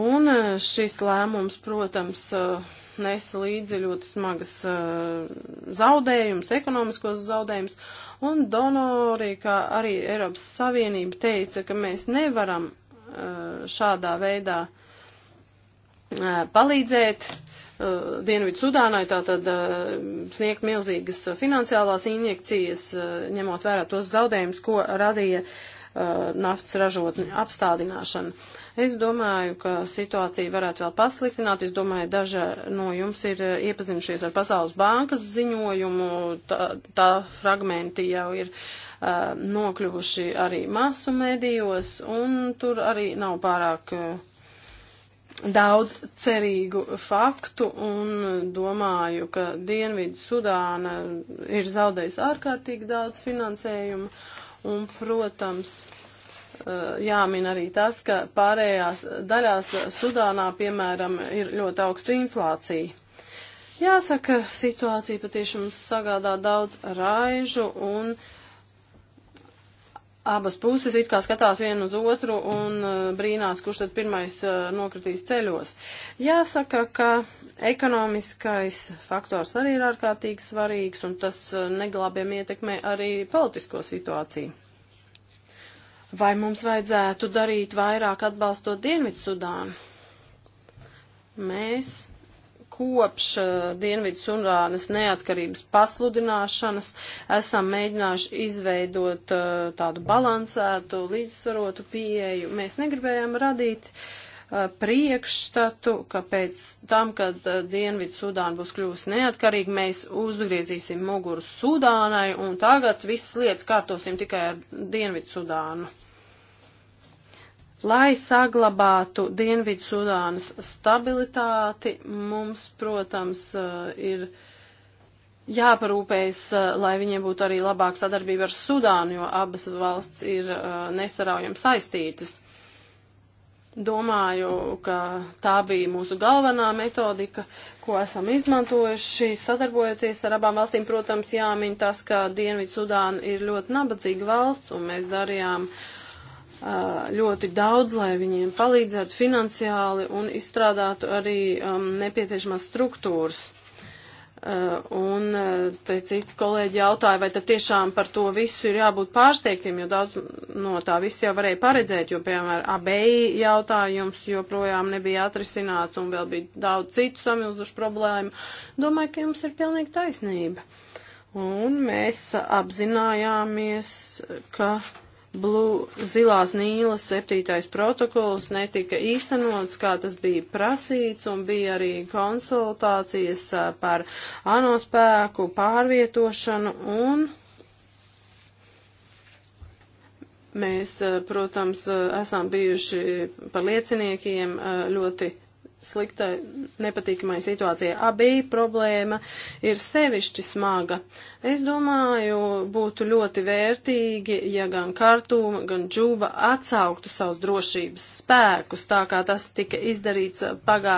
Un uh, šis lēmums, protams, uh, nesa līdzi ļoti smagas uh, eh, zaudējumus, ekonomiskos zaudējumus, un donori, kā arī Eiropas Savienība teica, ka mēs nevaram uh, šādā veidā uh, palīdzēt. Uh, Dienvidu Sudānai tātad uh, sniegt milzīgas finansiālās injekcijas, uh, ņemot vērā tos zaudējumus, ko radīja naftas ražotņu apstādināšana. Es domāju, ka situācija varētu vēl pasliktināt. Es domāju, daži no jums ir eh, iepazinušies ar Pasaules bankas ziņojumu. Tā, tā fragmenti jau ir uh, nokļuvuši arī masu medijos, un tur arī nav pārāk. Uh, daudz cerīgu faktu un domāju, ka Dienvidu Sudāna ir zaudējusi ārkārtīgi daudz finansējumu un, protams, Eh, jāmin arī tas, ka pārējās daļās Sudānā, piemēram, ir ļoti augsta inflācija. Jāsaka, situācija patiešām sagādā daudz raižu un abas puses it kā skatās vienu uz otru un eh, brīnās, kurš tad pirmais eh, nokritīs ceļos. Jāsaka, ka ekonomiskais faktors arī ir ārkārtīgi svarīgs un tas neglābiem ietekmē arī politisko situāciju. Vai mums vajadzētu darīt vairāk atbalstot Dienvidsudānu? Mēs kopš uh, Dienvidsudānas neatkarības pasludināšanas esam mēģinājuši izveidot uh, tādu balansētu, līdzsvarotu pieeju. Mēs negribējām radīt uh, priekšstatu, ka pēc tam, kad uh, Dienvidu Sudāna būs kļuvusi neatkarīga, mēs uzgriezīsim muguru Sudānai un tagad visas lietas kārtosim tikai ar Dienvidu Sudānu. Lai saglabātu Dienvidu Sudānas stabilitāti, mums, protams, eh, ir jāparūpējas, eh, lai viņiem būtu arī labāka sadarbība ar Sudānu, jo abas valsts ir eh, nesaraujami saistītas. Domāju, ka tā bija mūsu galvenā metodika, ko esam izmantojuši, sadarbojoties ar abām valstīm. Protams, jāmin tas, ka Dienvidsudāna ir ļoti nabadzīga valsts, un mēs darījām uh, ļoti daudz, lai viņiem palīdzētu finansiāli un izstrādātu arī um, nepieciešamās struktūras. Uh, un te citi kolēģi jautāja, vai tad tiešām par to visu ir jābūt pārsteigtiem, jo daudz no tā viss jau varēja paredzēt, jo, piemēram, abeji jautājums joprojām nebija atrisināts un vēl bija daudz citu samilzušu problēmu. Domāju, ka jums ir pilnīgi taisnība. Un mēs apzinājāmies, ka Blu, zilās nīlas septītais protokols netika īstenots, kā tas bija prasīts, un bija arī konsultācijas par anospēku pārvietošanu, un mēs, protams, esam bijuši par lieciniekiem ļoti sliktai, nepatīkamai situācijai. Abī problēma ir sevišķi smaga. Es domāju, būtu ļoti vērtīgi, ja gan Kartūma, gan Džūba atsauktu savus drošības spēkus, tā kā tas tika izdarīts pagā,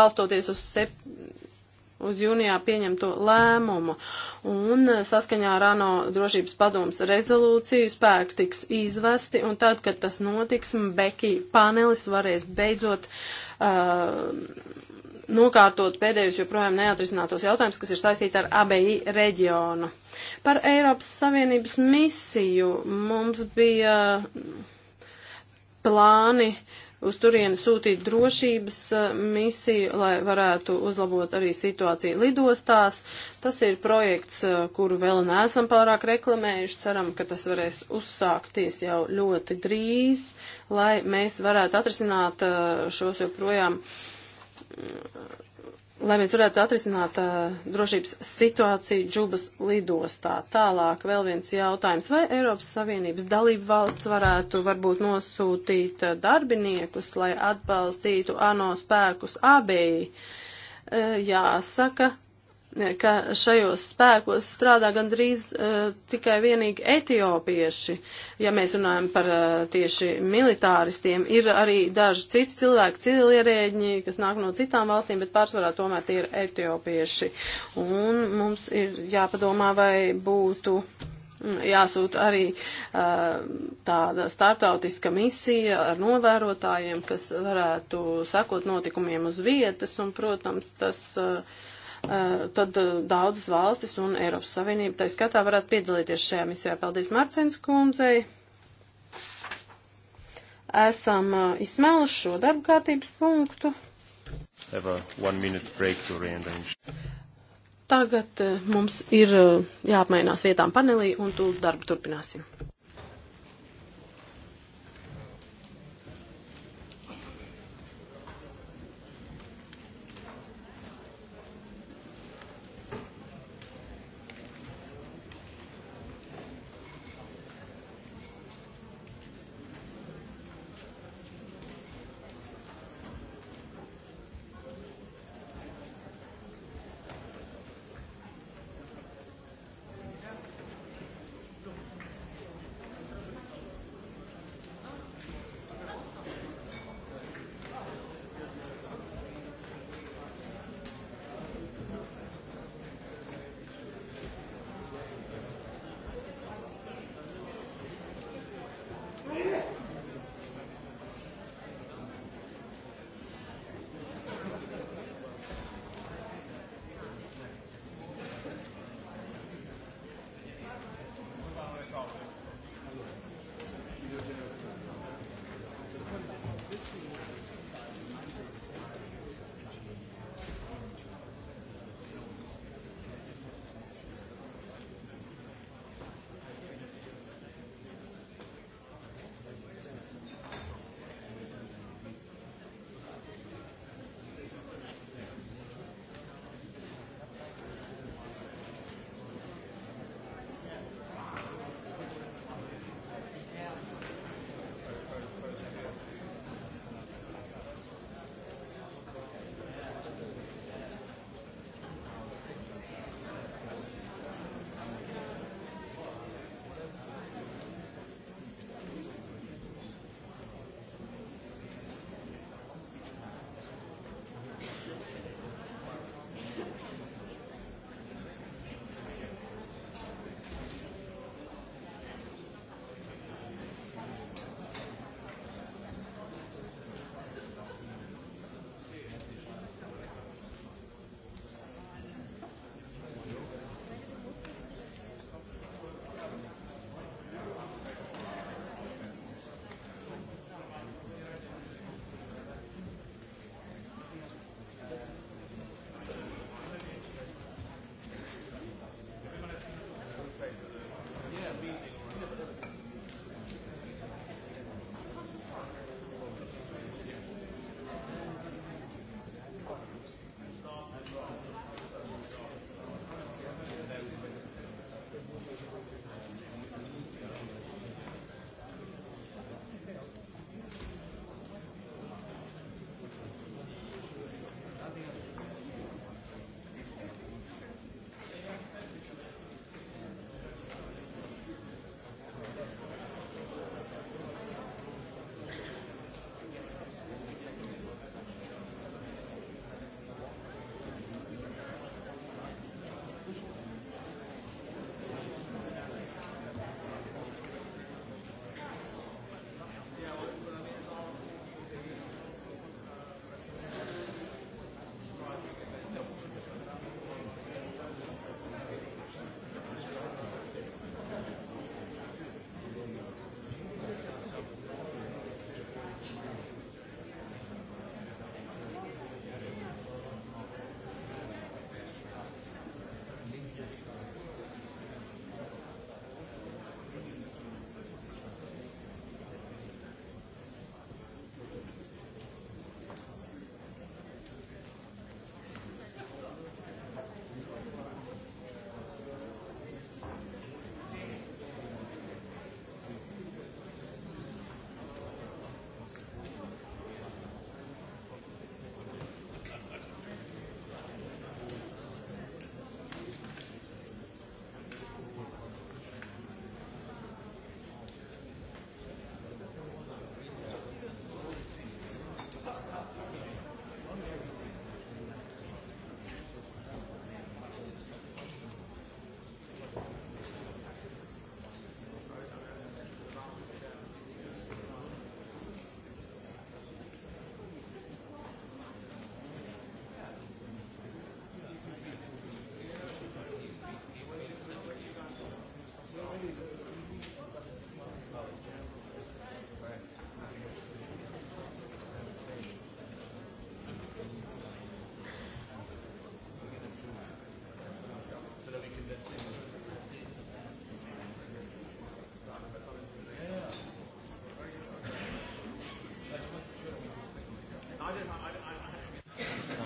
balstoties uz sep uz jūnijā pieņemto lēmumu. Un saskaņā ar ANO drošības padomas rezolūciju spēku tiks izvesti, un tad, kad tas notiks, Beki panelis varēs beidzot uh, Uh, nokārtot pēdējos joprojām neatrisinātos jautājumus, kas ir saistīti ar ABI reģionu. Par Eiropas Savienības misiju mums bija plāni uh, uz turieni sūtīt drošības uh, misiju, lai varētu uzlabot arī situāciju lidostās. Tas ir projekts, uh, kuru vēl neesam pārāk reklamējuši. Ceram, ka tas varēs uzsākties jau ļoti drīz, lai mēs varētu atrisināt uh, šos joprojām lai mēs varētu atrisināt uh, drošības situāciju Džubas lidostā. Tālāk vēl viens jautājums. Vai Eiropas Savienības dalību valsts varētu varbūt nosūtīt uh, darbiniekus, lai atbalstītu ANO spēkus abēji? Uh, jāsaka, ka šajos spēkos strādā gandrīz uh, tikai vienīgi etiopieši. Ja mēs runājam par uh, tieši militāristiem, ir arī daži citi cilvēki, civilierēģi, kas nāk no citām valstīm, bet pārsvarā tomēr tie ir etiopieši. Un mums ir jāpadomā, vai būtu jāsūt arī uh, tāda starptautiska misija ar novērotājiem, kas varētu sakot notikumiem uz vietas, un, protams, tas uh, Eh, tad eh, daudzas valstis un Eiropas Savienība tā skatā varētu piedalīties šajā misijā. Paldies Marcens kundzei. Esam eh, izsmēluši šo darba kārtības punktu. Tagad mums ir jāapmainās vietām panelī un tūlīt darbu turpināsim.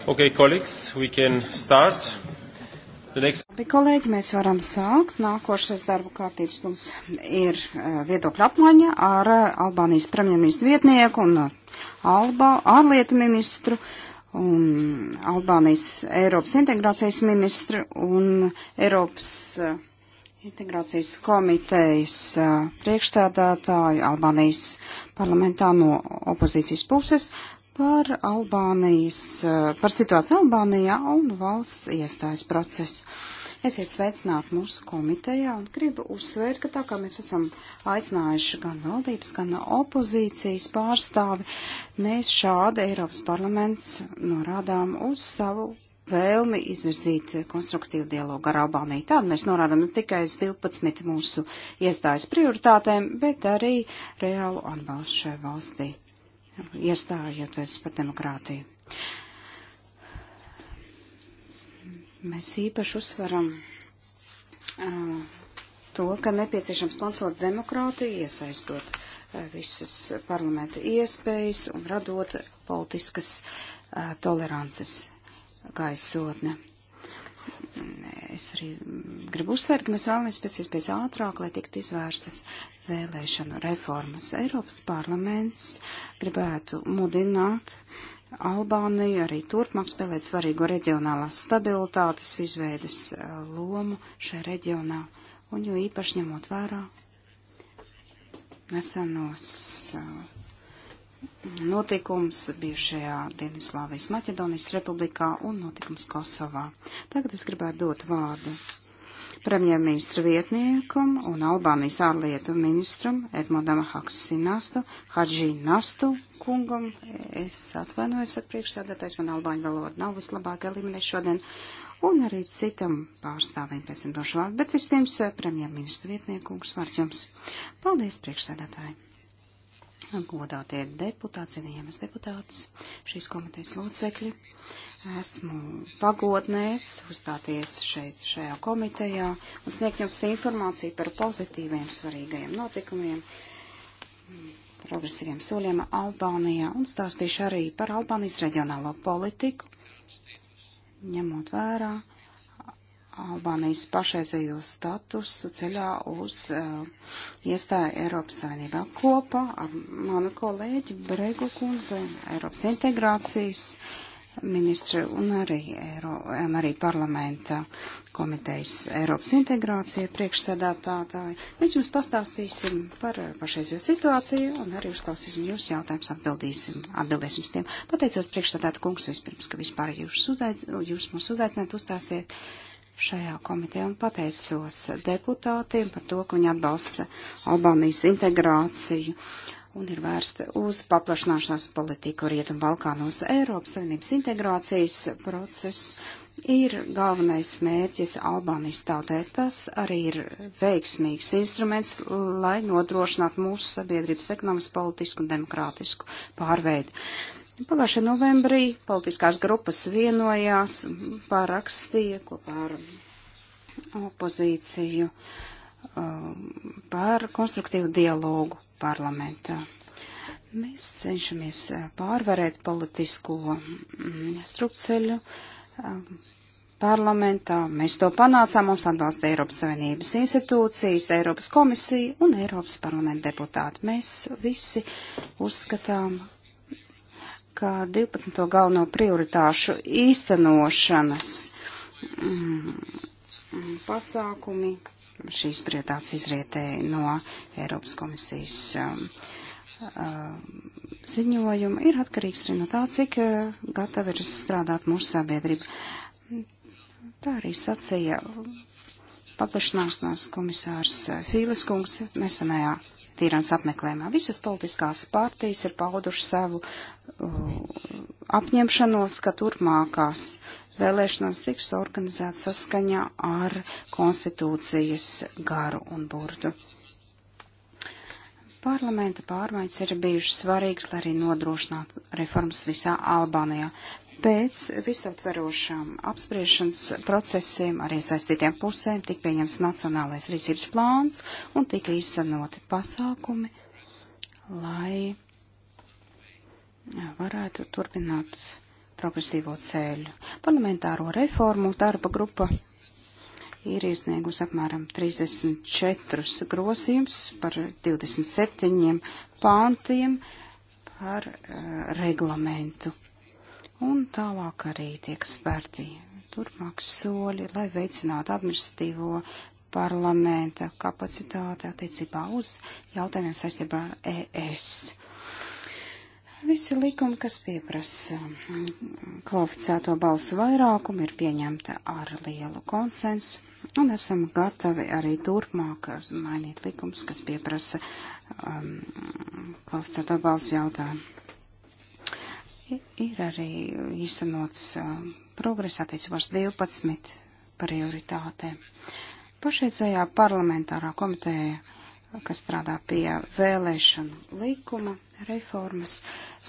Okay, colleagues, we can start. The next... Labi, kolēģi, mēs varam sākt. Nākošais darba kārtības punkts ir eh, viedokļa apmaiņa ar eh, Albānijas premjerministru vietnieku un eh, Alba ārlietu ministru un Albānijas Eiropas integrācijas ministru un Eiropas integrācijas komitejas priekšstādātāju Albānijas parlamentā no opozīcijas puses par Albānijas, eh, par situāciju Albānijā un valsts iestājas procesu. Esiet sveicināti mūsu komitejā un gribu uzsvērt, ka tā kā mēs esam aicinājuši gan valdības, gan opozīcijas pārstāvi, mēs šādi Eiropas parlaments norādām uz savu vēlmi izvirzīt konstruktīvu dialogu ar Albāniju. Tādu mēs norādām ne tikai uz 12 mūsu iestājas prioritātēm, bet arī reālu atbalstu šai valstī iestājoties par demokrātiju. Mēs īpaši uzsveram uh, to, ka nepieciešams konsolidēt demokrātiju, iesaistot uh, visas parlamenta iespējas un radot politiskas uh, tolerances gaisotne. Es arī gribu uzsvērt, ka mēs vēlamies pēc iespējas ātrāk, lai tiktu izvērstas vēlēšanu reformas. Eiropas parlaments gribētu mudināt Albāniju arī turpmāk spēlēt svarīgo reģionālās stabilitātes izveidas eh, lomu šajā reģionā, un jo īpaši ņemot vērā nesenos eh, notikums bijušajā Dienvidslāvijas Maķedonijas republikā un notikums Kosovā. Tagad es gribētu dot vārdu premjerministra vietniekam un Albānijas ārlietu ministram Edmondam Haksinastu, Hadži Nastu kungam. Es atvainojos ar priekšsēdētājs, man albāņu valoda nav vislabākā līmenī šodien. Un arī citam pārstāvēm pēc tam došu vārdu, bet vispirms eh, premjerministra vietniekums vārds jums. Paldies, priekšsēdētāji! Godātie deputāti, cienījamas deputātes, šīs komitejas locekļi. Esmu pagodnēts uzstāties šeit, šajā komitejā un sniegt jums informāciju par pozitīviem svarīgajiem notikumiem, progresīviem soļiem Albānijā un stāstīšu arī par Albānijas reģionālo politiku, ņemot vērā Albānijas pašreizējo statusu ceļā uz uh, iestāju Eiropas Savienībā kopā ar manu kolēģi Bregu kundze Eiropas integrācijas. Uh, ministru un arī, Eiro, un arī parlamenta komitejas Eiropas integrācija priekšsēdētātāji. Mēs jums pastāstīsim par pašreizējo situāciju un arī uzklausīsim jūsu jautājumus, atbildīsim, atbildēsim uz tiem. Pateicos priekšsēdētāju kungs vispirms, ka vispār jūs, uzaic, jūs mūs uzaicināt uzstāsiet šajā komitejā un pateicos deputātiem par to, ka viņi atbalsta Albānijas integrāciju. Uh, un ir vērsta uz paplašināšanās politiku Rietumu Balkānos. Eiropas Savienības integrācijas process ir galvenais mērķis Albānijas tautē. Tas arī ir veiksmīgs instruments, lai nodrošinātu mūsu sabiedrības ekonomisku, politisku un demokrātisku pārveidu. Pagājušajā novembrī politiskās grupas vienojās, pārakstīja kopā ar opozīciju um, par konstruktīvu dialogu parlamentā. Mēs cenšamies eh, pārvarēt politisko mm, strupceļu eh, parlamentā. Mēs to panācām, mums atbalsta Eiropas Savienības institūcijas, Eiropas komisija un Eiropas parlamenta deputāti. Mēs visi uzskatām, ka 12. galveno prioritāšu īstenošanas mm, pasākumi šīs prioritātes izrietēja no Eiropas komisijas um, um, ziņojuma, ir atkarīgs arī no tā, cik uh, gatavi ir strādāt mūsu sabiedrība. Tā arī sacīja paplašanāšanās komisārs uh, Fīles kungs nesenajā tīrans apmeklējumā. Visas politiskās partijas ir pauduši savu uh, apņemšanos, ka turpmākās vēlēšanas tiks organizēts saskaņā ar konstitūcijas garu un burdu. Parlamenta pārmaiņas ir bijušas svarīgas, lai arī nodrošinātu reformas visā Albānijā. Pēc visaptverošām apspriešanas procesiem ar iesaistītiem pusēm tika pieņems nacionālais rīcības plāns un tika izsanoti pasākumi, lai varētu turpināt progresīvo ceļu. Parlamentāro reformu darba grupa ir iesniegusi apmēram 34 grosījums par 27 pāntiem par uh, reglamentu. Un tālāk arī tiek spērti turpmāk soļi, lai veicinātu administratīvo parlamenta kapacitāti attiecībā uz jautājumiem saistībā ar ES. Visi likumi, kas pieprasa kvalificēto balsu vairākumu, ir pieņemta ar lielu konsensu, un esam gatavi arī turpmāk mainīt likums, kas pieprasa um, kvalificēto balsu jautājumu. Ir arī īstenots um, progress attiecībās 12 prioritātēm. Pašreizējā parlamentārā komiteja kas strādā pie vēlēšanu likuma reformas,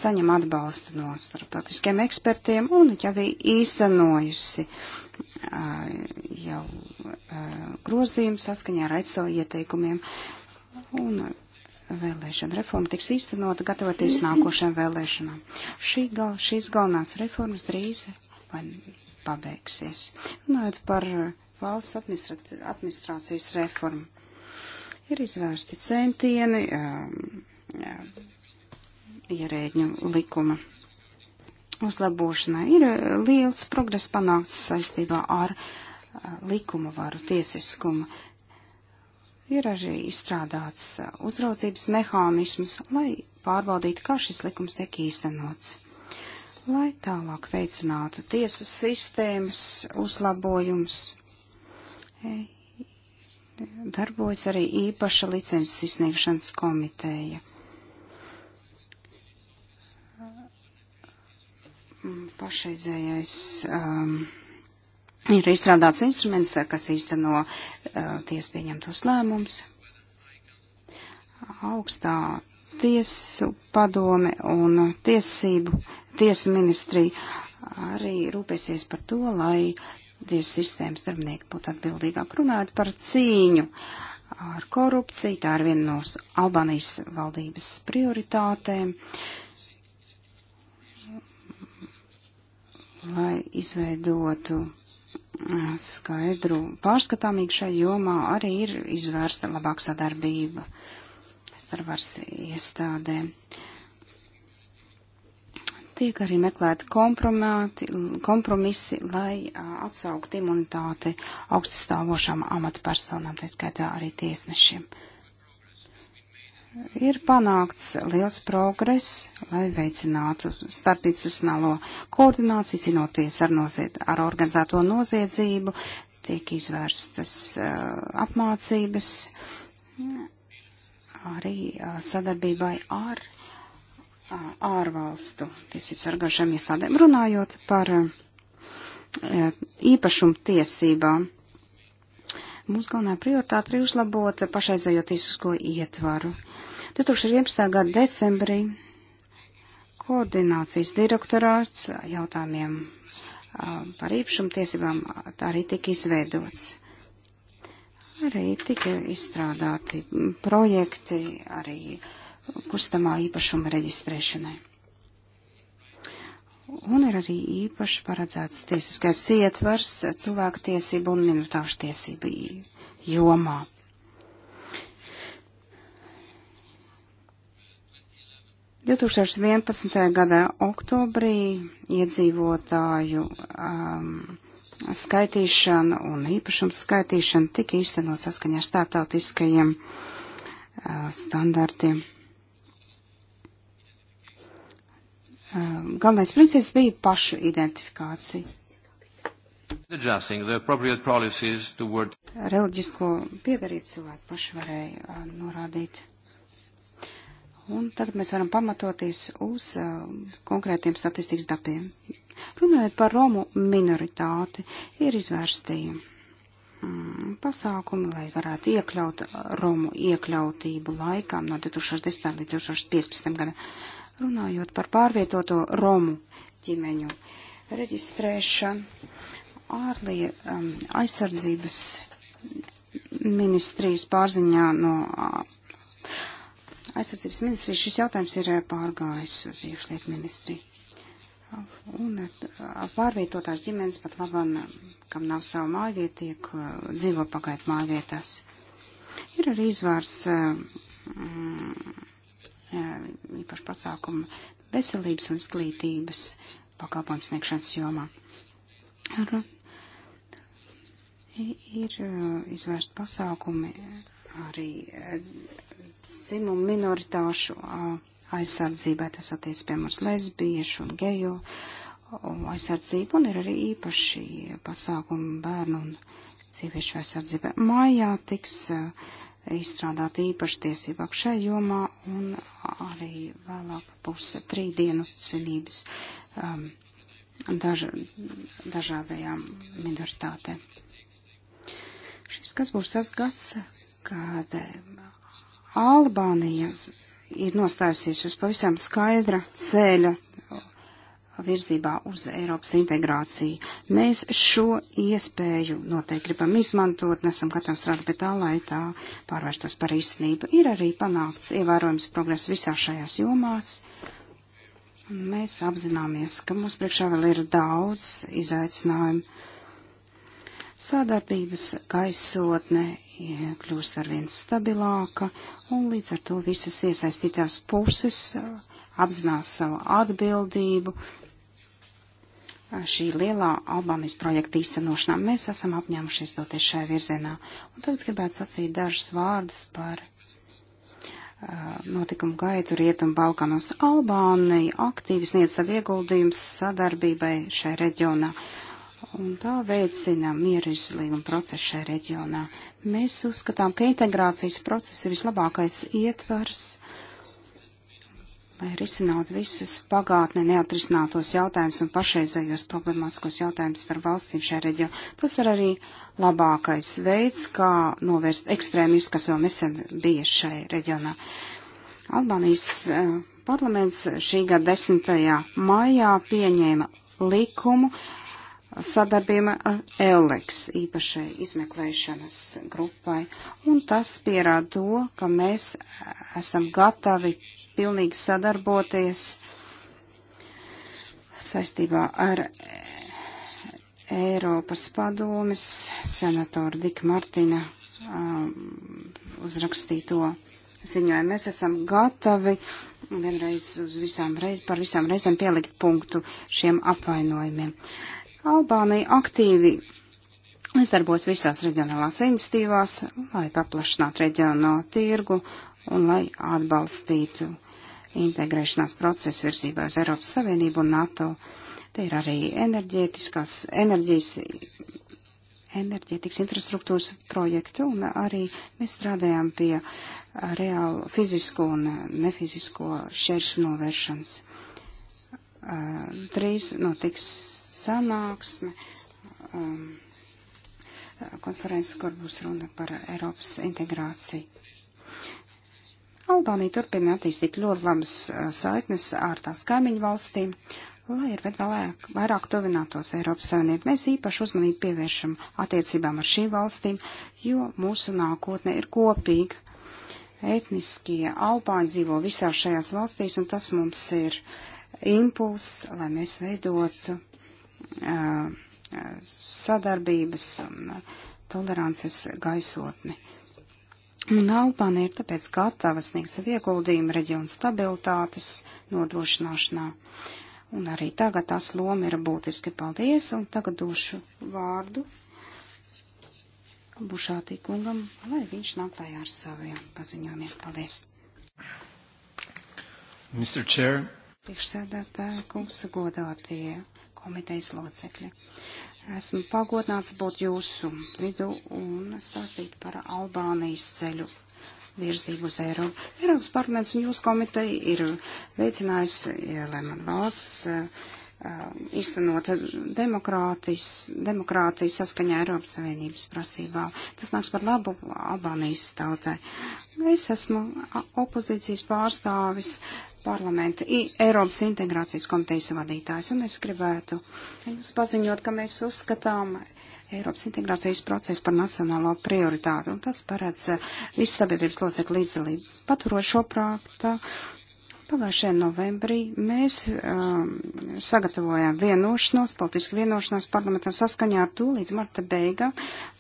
saņem atbalstu no starptautiskiem ekspertiem un jau bija īstenojusi jau grozījumu saskaņā ar ECO ieteikumiem. Un vēlēšana reforma tiks īstenota, gatavoties nākošajām vēlēšanām. Šī gal, šīs galvenās reformas drīz vai pabeigsies. Runājot par valsts administrācijas reformu Ir izvērsti centieni um, ierēģņu likuma uzlabošanai. Ir uh, liels progress panākts saistībā ar uh, likuma varu tiesiskumu. Ir arī izstrādāts uh, uzraudzības mehānisms, lai pārbaudītu, kā šis likums tiek īstenots lai tālāk veicinātu tiesas sistēmas uzlabojums. E, darbojas arī īpaša licences izsniegšanas komiteja. Pašreizējais um, ir izstrādāts instruments, kas īsteno uh, tiesu pieņemtos lēmumus. Augstā tiesu padome un tiesību tiesu ministrija arī rūpēsies par to, lai divu sistēmas darbinieki būtu atbildīgāk runāt par cīņu ar korupciju. Tā ir viena no Albanijas valdības prioritātēm, lai izveidotu skaidru pārskatāmību šai jomā arī ir izvērsta labāka sadarbība starp varas iestādēm. Uh, tiek arī meklēti kompromisi, lai atsaukt imunitāti augstu stāvošām amatpersonām, tā skaitā arī tiesnešiem. Ir panākts liels progress, lai veicinātu starpinstitucionālo koordināciju, cīnoties ar, nozied, ar organizēto noziedzību, tiek izvērstas uh, apmācības, arī uh, sadarbībai ar ārvalstu tiesību sargājušām iestādēm. Runājot par īpašumu tiesībām, mūsu galvenā prioritāte ir uzlabot pašreizējo tiesisko ietvaru. 2011. gada decembrī koordinācijas direktorāts jautājumiem par īpašumu tiesībām arī tika izveidots. Arī tika izstrādāti projekti, arī uh, kustamā īpašuma reģistrēšanai. Un ir arī īpaši paredzēts tiesiskais ietvars cilvēku tiesību un minoritāšu tiesību jomā. Jo 2011. gada oktobrī iedzīvotāju um, skaitīšana un īpašums skaitīšana tika īstenot saskaņā ar starptautiskajiem uh, standartiem. Um, galvenais princips bija pašu identifikācija. Reliģisko piedarību cilvēki paši varēja uh, norādīt. Un tagad mēs varam pamatoties uz uh, konkrētiem statistikas datiem. Runājot par Romu minoritāti, ir izvērsti mm, pasākumi, lai varētu iekļaut uh, Romu iekļautību laikām no 2010. līdz 2015. gadam. Runājot par pārvietoto Romu ģimeņu reģistrēšanu, ārlie um, aizsardzības ministrijas pārziņā no aizsardzības ministrijas šis jautājums ir uh, pārgājis uz iekšlietu ministriju. Un uh, pārvietotās ģimenes pat labam, kam nav savu mājvietu, tiek uh, dzīvo pagaidu mājvietās. Ir arī izvārs mm, Um, īpaši pasākumu veselības un izglītības pakalpojumu sniegšanas jomā. Ar, ir uh, izvērst pasākumi arī uh, dzimumu minoritāšu uh, aizsardzībai, tas attiec pie mums lesbiešu un geju aizsardzību, un ir arī īpaši pasākumi bērnu un sieviešu aizsardzībai. Mājā tiks uh, izstrādāt īpaštiesību apšai jomā un arī vēlāk būs trīdienu cenības um, daž, dažādajām minoritātēm. Šis kas būs tas gads, kad Albānija ir nostājusies uz pavisam skaidra ceļa virzībā uz Eiropas integrāciju. Mēs šo iespēju noteikti gribam izmantot, nesam gatavi strādāt pie tā, lai tā pārvērstos par īstenību. Ir arī panākts ievērojams progress visā šajās jomās. Mēs apzināmies, ka mums priekšā vēl ir daudz izaicinājumu. Sādarbības gaisotne kļūst arvien stabilāka, un līdz ar to visas iesaistītās puses apzinās savu atbildību šī lielā Albānijas projekta īstenošanā. Mēs esam apņēmušies doties šajā virzienā. Un tagad gribētu sacīt dažus vārdus par notikumu gaitu Rietumu Balkanos. Albānija aktīvi sniedz savu ieguldījumu sadarbībai šajā reģionā. Un tā veicina mieru izlīguma procesu šajā reģionā. Mēs uzskatām, ka integrācijas process ir vislabākais ietvars, uh, lai risinātu visus pagātnē neatrisinātos jautājumus un pašreizējos problemātiskos jautājumus ar valstīm šajā reģionā. Tas ir arī labākais veids, kā novērst ekstrēmistus, kas jau nesen bija šajā reģionā. Albānijas uh, parlaments šī gada 10. maijā pieņēma likumu sadarbība ar ELEX īpašai izmeklēšanas grupai, un tas pierāda to, ka mēs esam gatavi pilnīgi sadarboties saistībā ar Eiropas padomis senatora Dika Martina um, uzrakstīto ziņojumu. Mēs esam gatavi vienreiz uz visām reiz, par visām reizēm pielikt punktu šiem apvainojumiem. Albānija aktīvi izdarbos visās reģionālās iniciatīvās, lai paplašinātu reģionālo tirgu un lai atbalstītu integrēšanās procesu virzībā uz Eiropas Savienību un NATO. Te ir arī enerģētiskās, enerģijas enerģētikas infrastruktūras projektu, un arī mēs strādājām pie reālu fizisko un nefizisko šķēršu novēršanas. Drīz notiks sanāksme, um, konferences, kur būs runa par Eiropas integrāciju. Albānija turpina attīstīt ļoti labas eh, saiknes ar tās kaimiņu valstīm, lai ir vairāk, vairāk tuvinātos Eiropas Savienību. Mēs īpaši uzmanību pievēršam attiecībām ar šīm valstīm, jo mūsu nākotne ir kopīga. Etniskie Albāņi dzīvo visās šajās valstīs, un tas mums ir impuls, lai mēs veidotu uh, sadarbības un tolerances gaisotni. Uh, Un Albānija ir tāpēc gatava sniegt savu ieguldījumu reģionu stabilitātes nodrošināšanā. Un arī tagad tās loma ir būtiski. Paldies, un tagad došu vārdu Bušātī kungam, lai viņš nāk tajā ar saviem paziņojumiem. Paldies. Mr. Chair. Priekšsēdētāja kungs, godātie komitejas locekļi. Esmu pagodināts būt jūsu vidu un stāstīt par Albānijas ceļu virzību uz Eiropu. Eiropas parlaments un jūsu komiteja ir veicinājis, lai man valsts eh, eh, iztenot demokrātiju saskaņā Eiropas Savienības prasībā. Tas nāks par labu Albānijas tautai. Es esmu opozīcijas pārstāvis. Uh, parlamenta Eiropas integrācijas komitejas vadītājs, un es gribētu jums paziņot, ka mēs uzskatām Eiropas integrācijas procesu par nacionālo prioritātu, un tas paredz eh, visu sabiedrības locekļu līdzdalību. Paturot šo prātā, pagājušajā novembrī mēs um, sagatavojām vienošanos, politisku vienošanos parlamentā saskaņā ar to līdz marta beigām.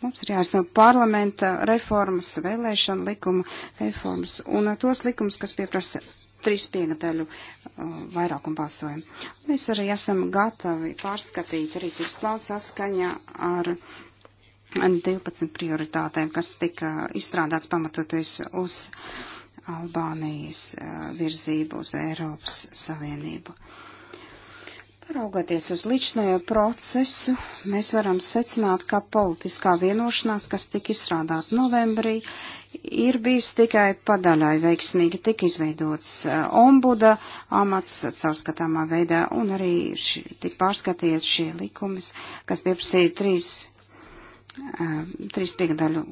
Mums ir jāizno parlamenta reformas, vēlēšana likuma reformas un tos likumus, kas pieprasa trīs piekdaļu uh, vairākumu balsojumu. Mēs arī esam gatavi pārskatīt rīcības plānu saskaņā ar 12 prioritātēm, kas tika izstrādāts pamatoties uz Albānijas uh, virzību uz Eiropas Savienību. Raugoties uz līdzinājo procesu, mēs varam secināt, ka politiskā vienošanās, kas tika izstrādāta novembrī, ir bijusi tikai padaļai veiksmīgi, tika izveidots e, ombuda amats caurskatāmā veidā, un arī ši, tika pārskatīts šie likumi, kas pieprasīja trīs, e, trīs piekdaļu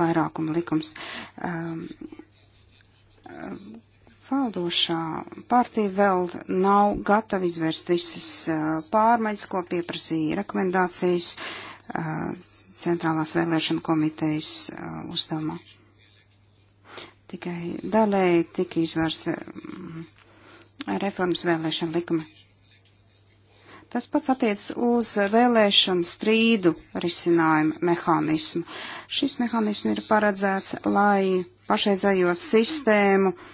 vairākuma likums e, Valdošā partija vēl nav gatava izvērst visas pārmaiņas, ko pieprasīja rekomendācijas centrālās vēlēšana komitejas uzdevumā. Tikai daļēji tika izvērsta reformas vēlēšana likuma. Tas pats attiec uz vēlēšanu strīdu risinājumu mehānismu. Šis mehānismu ir paredzēts, lai pašreizējo sistēmu uh,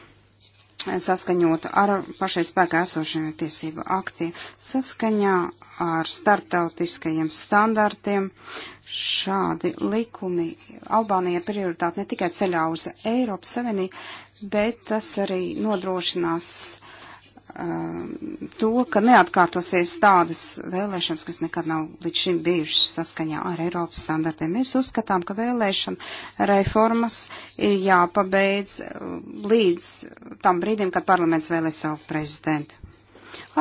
saskaņotu ar pašai spēkā esošiem tiesību akti saskaņā ar starptautiskajiem standartiem. Šādi likumi Albānija prioritāte ne tikai ceļā uz Eiropas Savienību, bet tas arī nodrošinās to, ka neatkārtosies tādas vēlēšanas, kas nekad nav līdz šim bijušas saskaņā ar Eiropas standartiem. Mēs uzskatām, ka vēlēšana reformas ir jāpabeidz uh, līdz tam brīdim, kad parlaments vēlēs savu prezidentu.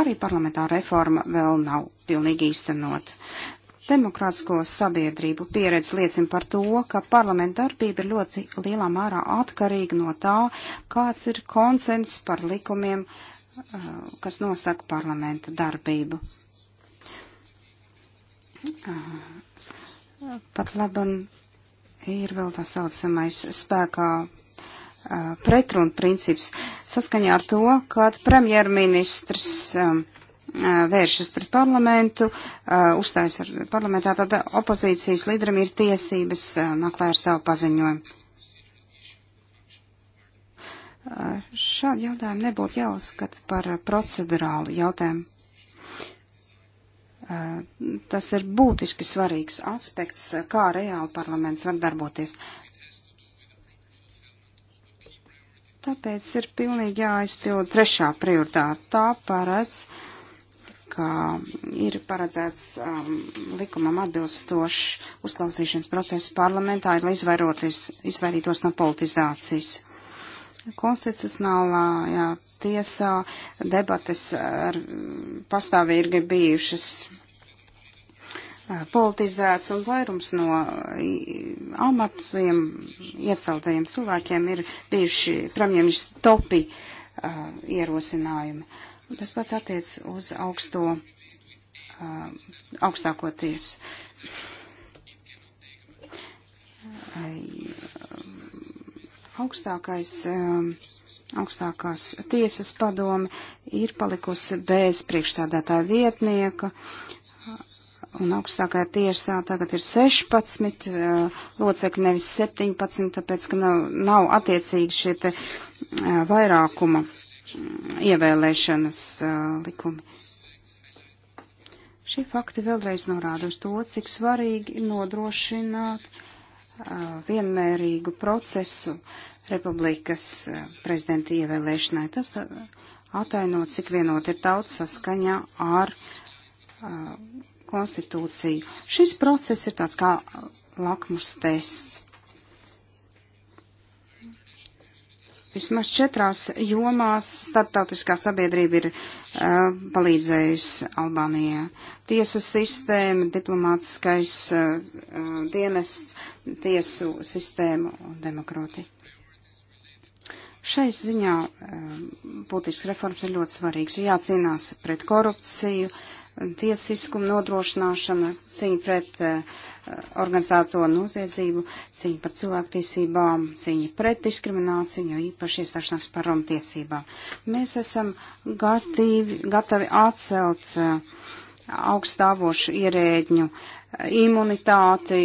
Arī parlamentā reforma vēl nav pilnīgi īstenot. Demokrātsko sabiedrību pieredze liecina par to, ka parlamenta darbība ir ļoti lielā mērā atkarīga no tā, kāds ir konsens par likumiem, uh, Uh, kas nosaka parlamenta darbību. Uh, pat labam ir vēl tā saucamais spēkā uh, pretruna princips saskaņā ar to, kad premjerministrs um, vēršas pret parlamentu, uzstājas ar parlamentā, tad opozīcijas līderam ir tiesības naklē ar savu paziņojumu šādi jautājumi nebūtu jāuzskata par eh, procedurālu jautājumu. Eh, tas ir būtiski svarīgs aspekts, eh, kā reāli parlaments var darboties. Tāpēc ir pilnīgi jāaizpild trešā prioritāte. Tā paredz, ka ir paredzēts um, likumam atbilstošs uzklausīšanas process parlamentā, lai izvairoties, izvairītos no politizācijas. Konstitucionālajā tiesā debates ar pastāvīgi ir bijušas politizēts un vairums no amatiem ieceltajiem cilvēkiem ir bijuši premjerministra topi uh, ierosinājumi. Tas pats attiec uz augsto, uh, augstāko tiesu. Uh, Augstākais, um, augstākās tiesas padome ir palikusi bez priekšstādātāja vietnieka, un augstākajā tiesā tagad ir 16 uh, locekļi, nevis 17, tāpēc, ka nav, nav attiecīgi šie te uh, vairākuma mm, ievēlēšanas uh, likumi. Šie fakti vēlreiz norāda uz to, cik svarīgi ir nodrošināt vienmērīgu procesu republikas prezidenta ievēlēšanai. Tas atainot, cik vienot ir tauts saskaņā ar uh, konstitūciju. Šis process ir tāds kā lakmus tests. Vismaz četrās jomās starptautiskā sabiedrība ir uh, palīdzējusi Albānijai. Tiesu sistēma, diplomātiskais uh, dienests, tiesu sistēma un demokrātija. Šai ziņā uh, būtisks reformas ir ļoti svarīgs. Jācīnās pret korupciju, tiesiskumu nodrošināšana, cīņa pret uh, organizēto noziedzību, cīņa par cilvēktiesībām, cīņa pret diskrimināciju, jo īpaši iestāšanās par romtiesībām. Mēs esam gatavi, gatavi atcelt eh, augstāvošu ierēģņu eh, imunitāti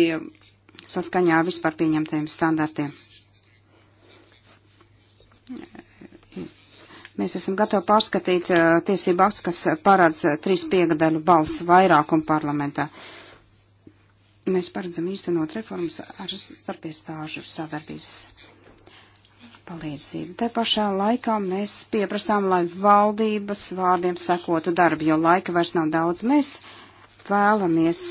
saskaņā ar vispār pieņemtajiem standartiem. Mēs esam gatavi pārskatīt eh, tiesību akts, kas parāds trīs piegadaļu balsu vairākumu parlamentā. Uh, mēs paredzam īstenot reformas ar starpiestāžu sadarbības palīdzību. Te pašā laikā mēs pieprasām, lai valdības vārdiem sekotu darbi, jo laika vairs nav daudz. Mēs vēlamies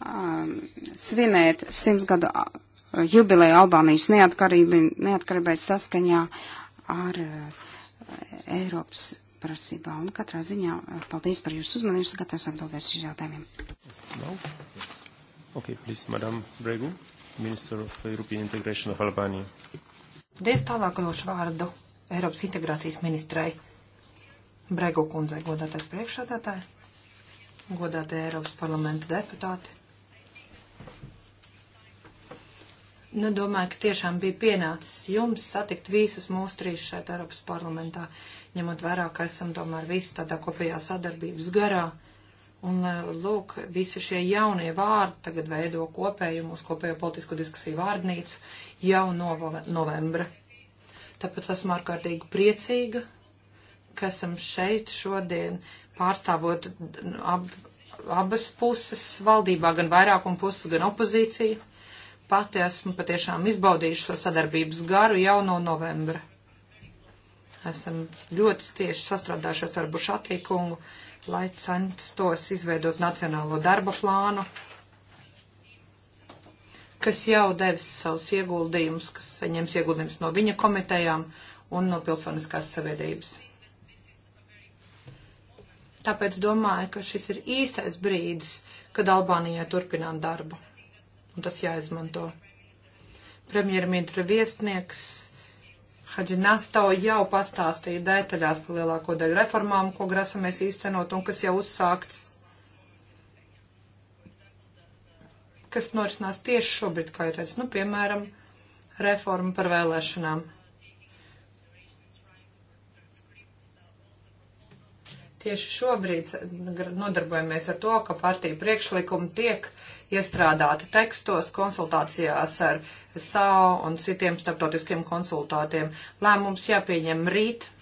um, svinēt simts gadu uh, jubileju Albānijas neatkarībai saskaņā ar uh, Eiropas prasībā. Un katrā ziņā eh, paldies par jūsu uzmanību, skatās atbildēs uz jautājumiem. No? Okay, please, Madam Bregu, Minister of European Integration of Albania. Paldies tālāk došu vārdu Eiropas integrācijas ministrai Bregu kundzei, godātais priekšsādātāji, godātie Eiropas parlamenta deputāti. Nu, domāju, ka tiešām bija pienācis jums satikt visus mūsu trīs šeit Eiropas parlamentā. Uh, ņemot vērā, ka esam tomēr visi tādā kopējā sadarbības garā. Un, lūk, visi šie jaunie vārdi tagad veido kopēju mūsu kopējo politisko diskusiju vārdnīcu jau no novembra. Tāpēc esmu ārkārtīgi priecīga, ka esam šeit šodien pārstāvot ab, abas puses valdībā, gan vairākumu puses, gan opozīciju. Pati esmu patiešām izbaudījuši šo sadarbības garu jau no novembra. Esam ļoti tieši sastrādājušies ar Bušatī kungu, lai centos izveidot nacionālo darba plānu, kas jau devis savus ieguldījumus, kas saņems ieguldījumus no viņa komitejām un no pilsoniskās saviedrības. Tāpēc domāju, ka šis ir īstais brīdis, kad Albānijai turpināt darbu. Un tas jāizmanto. Premjerministra viesnieks Hadži Nasto jau pastāstīja detaļās par lielāko daļu reformām, ko grasamies īstenot un kas jau uzsākts, kas norisinās tieši šobrīd, kā jau teicu, nu, piemēram, reforma par vēlēšanām. Tieši šobrīd nodarbojamies ar to, ka partiju priekšlikumi tiek iestrādāti tekstos, konsultācijās ar SAO un citiem starptautiskiem konsultātiem. Lēmums jāpieņem rīt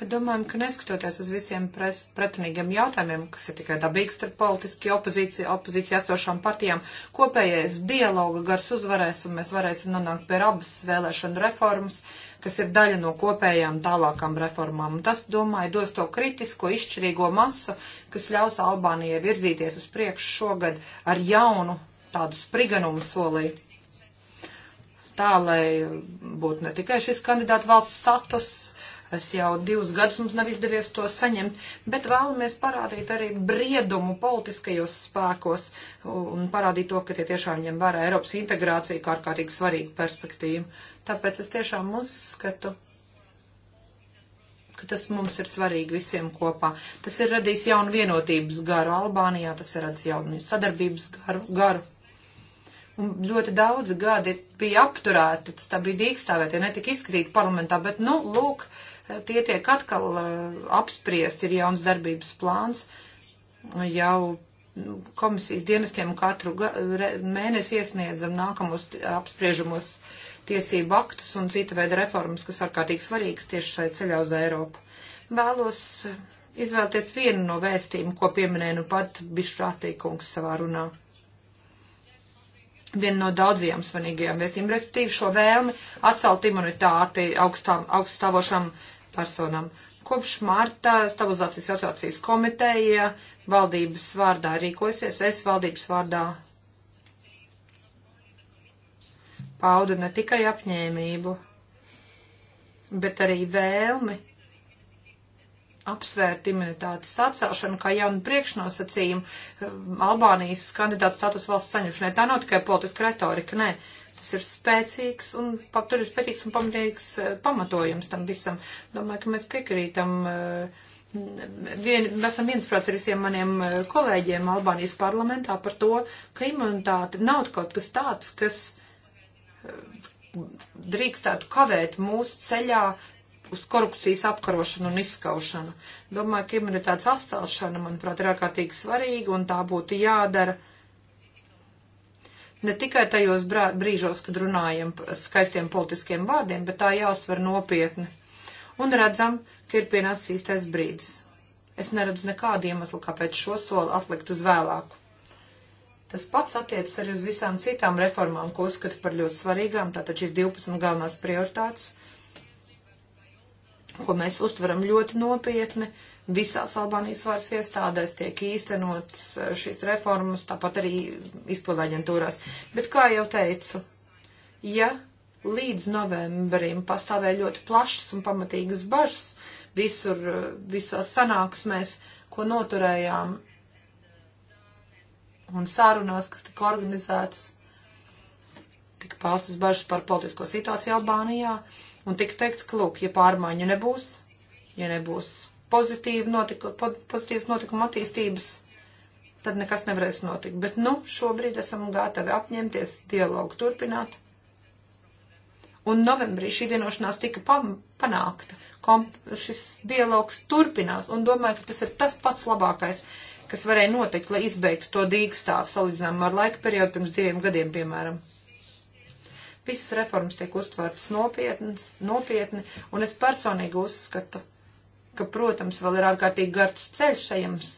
bet domājam, ka neskatoties uz visiem pres, pretinīgiem jautājumiem, kas ir tikai dabīgs starp politiski opozīcija, opozīcija esošām partijām, kopējais dialoga gars uzvarēs un mēs varēsim nonākt pie abas vēlēšanu reformas, kas ir daļa no kopējām tālākām reformām. Un tas, domāju, dos to kritisko, izšķirīgo masu, kas ļaus Albānijai virzīties uz priekšu šogad ar jaunu tādu spriganumu solī tā, lai būtu ne tikai šis kandidāta valsts status, Es jau divus gadus mums nav izdevies to saņemt, bet vēlamies parādīt arī briedumu politiskajos spēkos un parādīt to, ka tie tiešām ņem vērā Eiropas integrāciju kā ārkārtīgi svarīgu perspektīvu. Tāpēc es tiešām uzskatu ka tas mums ir svarīgi visiem kopā. Tas ir radījis jaunu vienotības garu Albānijā, tas ir radījis jaunu sadarbības garu. garu. Un ļoti daudz gadi bija apturēti, tas tā bija dīkstāvētie, netika izskatīti parlamentā, bet, nu, lūk, tie tiek atkal apspriest, ir jauns darbības plāns, jau nu, komisijas dienestiem katru mēnesi iesniedzam nākamos apspriežamos tiesību aktus un cita veida reformas, kas ārkārtīgi svarīgas tieši šai ceļā uz Eiropu. Vēlos izvēlēties vienu no vēstījumu, ko pieminēja nu pat Bišrātī kungs savā runā. Viena no daudzajām svarīgajām vēstījumiem, respektīvi šo vēlmi atcelt imunitāti augstāvošam personām. Kopš marta stabilizācijas asociācijas komiteja valdības vārdā rīkosies, es valdības vārdā paudu ne tikai apņēmību, bet arī vēlmi apsvērt imunitātes atcelšanu kā jaunu priekšnosacījumu eh, Albānijas kandidāta status valsts saņemšanai. Tā nav tikai politiska retorika, nē. Ne Tas ir spēcīgs un, tur ir spēcīgs un pamatīgs eh, pamatojums tam visam. Domāju, ka mēs piekrītam. Eh, vien, esam viensprāts ar visiem maniem eh, kolēģiem Albānijas parlamentā par to, ka imunitāte nav kaut kas tāds, kas drīkstētu kavēt mūsu ceļā uz korupcijas apkarošanu un izskaušanu. Domāju, ka imunitātes atcelšana, manuprāt, ir ārkārtīgi svarīga un tā būtu jādara ne tikai tajos brīžos, kad runājam skaistiem politiskiem vārdiem, bet tā jāuztver nopietni. Un redzam, ka ir pienācis īstais brīdis. Es neredzu nekādu iemeslu, kāpēc šo soli atlikt uz vēlāku. Tas pats attiecas arī uz visām citām reformām, ko uzskata par ļoti svarīgām, tātad šīs 12 galvenās prioritātes, ko mēs uztveram ļoti nopietni visās Albānijas varas iestādēs tiek īstenots eh, šīs reformas, tāpat arī izpildaģentūrās. Bet, kā jau teicu, ja līdz novembrim pastāvēja ļoti plašas un pamatīgas bažas visur, eh, visās sanāksmēs, ko noturējām un sārunās, kas tika organizētas, tika paustas bažas par politisko situāciju Albānijā un tika teikts, ka, lūk, ja pārmaiņa nebūs, ja nebūs notiku, pozitīvas notikuma attīstības, tad nekas nevarēs notikt. Bet nu, šobrīd esam gatavi apņemties dialogu turpināt. Un novembrī šī vienošanās tika pam, panākta. Kom, šis dialogs turpinās un domāju, ka tas ir tas pats labākais, kas varēja notikt, lai izbeigtu to dīkstāvu salīdzinājumu ar laika periodu pirms diviem gadiem, piemēram visas reformas tiek uztvērtas nopietni, nopietni, un es personīgi uzskatu, ka, protams, vēl ir ārkārtīgi gards ceļš ejams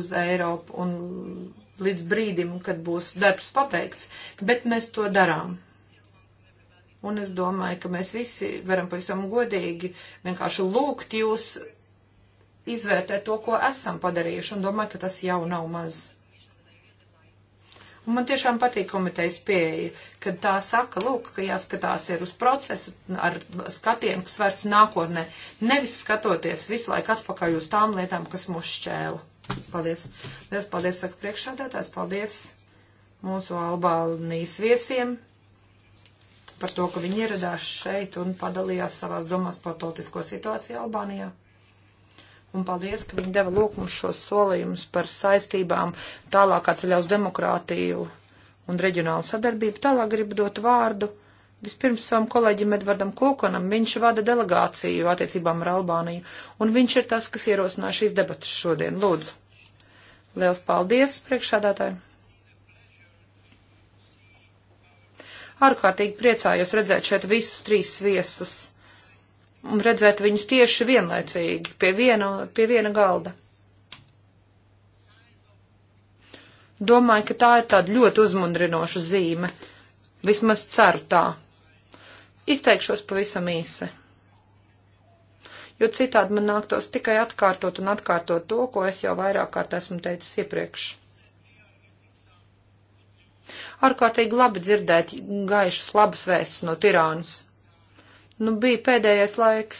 uz Eiropu un līdz brīdim, kad būs darbs pabeigts, bet mēs to darām. Un es domāju, ka mēs visi varam pavisam godīgi vienkārši lūgt jūs izvērtēt to, ko esam padarījuši, un domāju, ka tas jau nav maz. Un man tiešām patīk komitejas pieeja, kad tā saka, lūk, ka jāskatās ir uz procesu ar skatienu, kas vairs nākotnē, nevis skatoties visu laiku atpakaļ uz tām lietām, kas mūs šķēla. Paldies. Liels paldies, saka priekšādātājs, paldies mūsu Albānijas viesiem par to, ka viņi ieradās šeit un padalījās savās domās par politisko situāciju Albānijā un paldies, ka viņi deva lūk mums šos solījumus par saistībām tālākā ceļā uz demokrātiju un reģionālu sadarbību. Tālāk gribu dot vārdu vispirms savam kolēģim Edvardam Kokonam. Viņš vada delegāciju attiecībām ar Albāniju, un viņš ir tas, kas ierosināja šīs debatas šodien. Lūdzu. Liels paldies, priekšādātāji. Ārkārtīgi priecājos redzēt šeit visus trīs viesus un redzēt viņus tieši vienlaicīgi pie viena, pie viena galda. Domāju, ka tā ir tāda ļoti uzmundrinoša zīme. Vismaz ceru tā. Izteikšos pavisam īsi. Jo citādi man nāktos tikai atkārtot un atkārtot to, ko es jau vairāk kārt esmu teicis iepriekš. Ārkārtīgi labi dzirdēt gaišas labas vēstas no tirānas Nu, bija pēdējais laiks.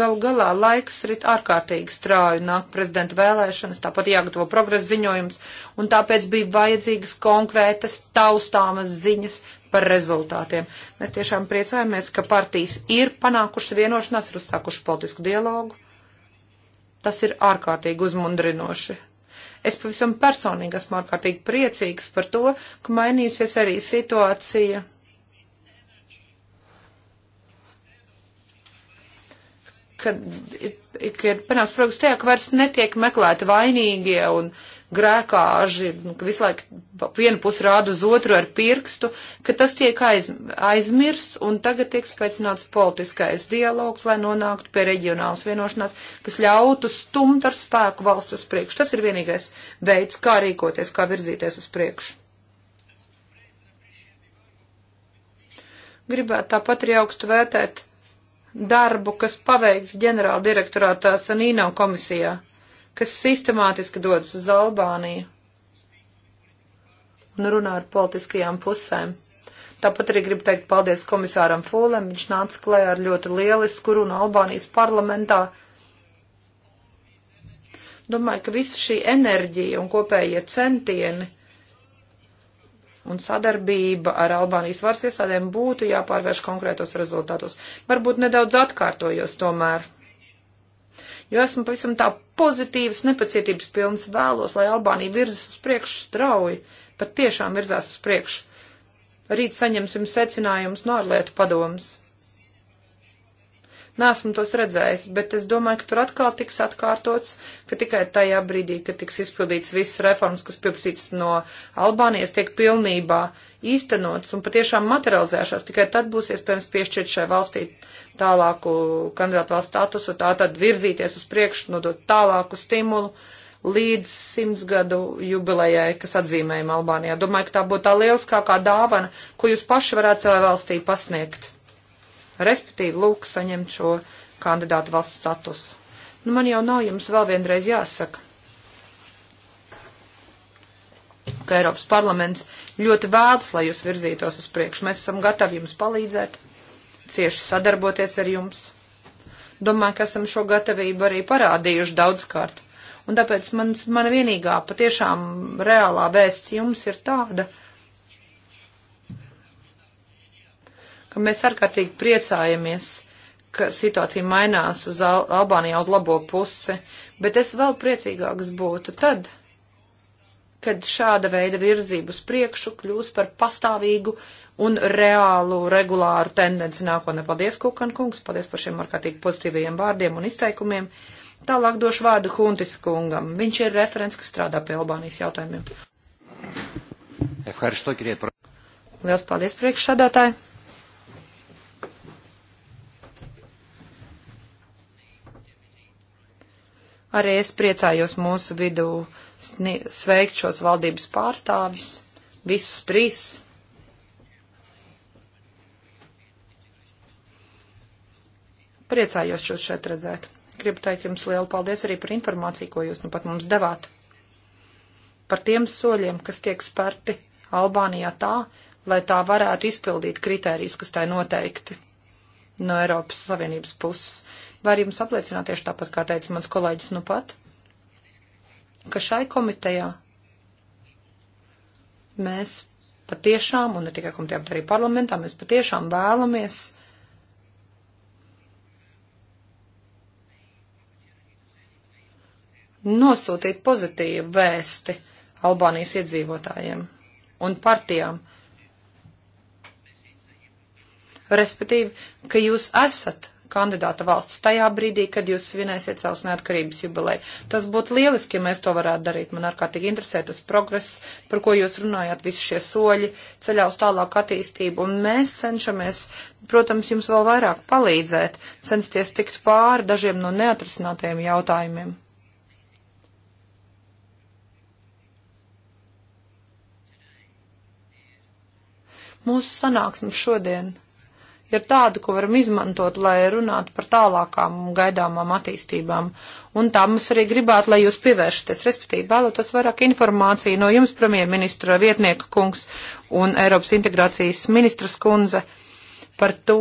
Galu galā laiks rit ārkārtīgi strauji, nāk prezidenta vēlēšanas, tāpat jāgatavo progresa ziņojums, un tāpēc bija vajadzīgas konkrētas taustāmas ziņas par rezultātiem. Mēs tiešām priecājamies, ka partijas ir panākušas vienošanās, ir uzsākušas politisku dialogu. Tas ir ārkārtīgi uzmundrinoši. Es pavisam personīgi esmu ārkārtīgi priecīgs par to, ka mainījusies arī situācija kad ir panāks progress tajā, ka vairs netiek meklēti vainīgie un grēkāži, nu, ka visu laiku vienu pusi rāda uz otru ar pirkstu, ka tas tiek aiz, aizmirsts un tagad tiek spēcināts politiskais dialogs, lai nonāktu pie reģionālas vienošanās, kas ļautu stumt ar spēku valsts uz priekšu. Tas ir vienīgais veids, kā rīkoties, kā virzīties uz priekšu. Gribētu tāpat arī augstu vērtēt darbu, kas paveikts ģenerāla direktorātā Sanīno komisijā, kas sistemātiski dodas uz Albāniju un runā ar politiskajām pusēm. Tāpat arī gribu teikt paldies komisāram Fūlēm, viņš nāca klējā ar ļoti lielisku runu Albānijas parlamentā. Domāju, ka visa šī enerģija un kopējie centieni un sadarbība ar Albānijas varas iestādēm būtu jāpārvērš konkrētos rezultātos. Varbūt nedaudz atkārtojos tomēr, jo esmu pavisam tā pozitīvas, nepacietības pilns vēlos, lai Albānija virzas uz priekšu strauji, pat tiešām virzās uz priekšu. Rīt saņemsim secinājumus no ārlietu padomas. Nesmu tos redzējis, bet es domāju, ka tur atkal tiks atkārtots, ka tikai tajā brīdī, kad tiks izpildīts visas reformas, kas pieprasīts no Albānijas, tiek pilnībā īstenots un patiešām materializēšās, tikai tad būs iespējams piešķirt šai valstī tālāku kandidātu valsts statusu, tā tad virzīties uz priekšu, nodot tālāku stimulu līdz simtsgadu jubilejai, kas atzīmējama Albānijā. Domāju, ka tā būtu tā lieliskākā dāvana, ko jūs paši varētu savai valstī pasniegt respektīvi lūk saņemt šo kandidātu valsts statusu. Nu, man jau nav jums vēl vienreiz jāsaka, ka Eiropas parlaments ļoti vēlas, lai jūs virzītos uz priekšu. Mēs esam gatavi jums palīdzēt, cieši sadarboties ar jums. Domāju, ka esam šo gatavību arī parādījuši daudzkārt. Un tāpēc mans, mana vienīgā patiešām reālā vēsts jums ir tāda, ka ka mēs ārkārtīgi priecājamies, ka situācija mainās uz Al Albānijā uz labo pusi, bet es vēl priecīgāks būtu tad, kad šāda veida virzību uz priekšu kļūs par pastāvīgu un reālu, regulāru tendenci nākotnē. Paldies, Kukan kungs, paldies par šiem ārkārtīgi pozitīvajiem vārdiem un izteikumiem. Tālāk došu vārdu Huntis kungam. Viņš ir referents, kas strādā pie Albānijas jautājumiem. Liels paldies, priekšsādātāji! Arī es priecājos mūsu vidū sveikt šos valdības pārstāvjus, visus trīs. Priecājos jūs šeit redzēt. Gribu teikt jums lielu paldies arī par informāciju, ko jūs nu pat mums devāt. Par tiem soļiem, kas tiek sperti Albānijā tā, lai tā varētu izpildīt kritērijus, kas tai noteikti no Eiropas Savienības puses var jums apliecināt tieši tāpat, kā teica mans kolēģis nu pat, ka šai komitejā mēs patiešām, un ne tikai komitejā, bet arī parlamentā, mēs patiešām vēlamies nosūtīt pozitīvu vēsti Albānijas iedzīvotājiem un partijām. Respektīvi, ka jūs esat kandidāta valsts tajā brīdī, kad jūs svinēsiet savus neatkarības jubileju. Tas būtu lieliski, ja mēs to varētu darīt. Man ārkārtīgi interesē tas progress, par ko jūs runājāt, visi šie soļi ceļā uz tālāku attīstību. Un mēs cenšamies, protams, jums vēl vairāk palīdzēt, censties tikt pāri dažiem no neatrisinātajiem jautājumiem. Mūsu sanāksme šodien ir tāda, ko varam izmantot, lai runātu par tālākām gaidāmām attīstībām. Un tā mums arī gribētu, lai jūs pievēršaties, respektīvi vēlotos vairāk informāciju no jums, premjerministra vietnieka kungs un Eiropas integrācijas ministras kundze, par to,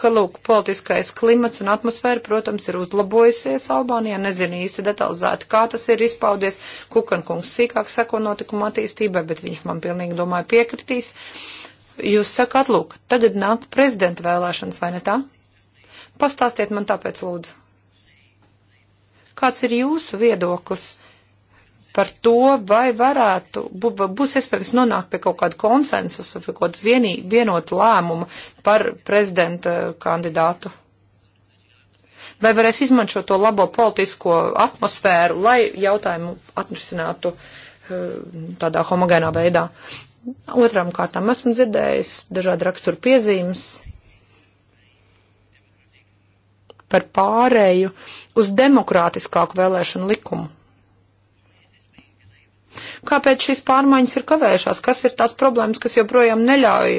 ka, lūk, politiskais klimats un atmosfēra, protams, ir uzlabojusies Albānijā. Nezinu īsti detalizēti, kā tas ir izpaudies. Kukankungs sīkāk seko notikuma attīstībai, bet viņš man pilnīgi, domāju, piekritīs. Uh, jūs sakāt, lūk, tagad nāk prezidenta vēlēšanas, vai ne tā? Pastāstiet man tāpēc, lūdzu. Kāds ir jūsu viedoklis par to, vai varētu, bu, būs iespējams nonākt pie kaut kāda konsensusa, pie kaut kādas vienota lēmuma par prezidenta kandidātu? Vai varēs izmantot to labo politisko atmosfēru, lai jautājumu atrisinātu eh, tādā homogēnā veidā? Otram kārtām esmu dzirdējis dažādi raksturu piezīmes par pārēju uz demokrātiskāku vēlēšanu likumu. Kāpēc šīs pārmaiņas ir kavējušās? Kas ir tās problēmas, kas joprojām neļauj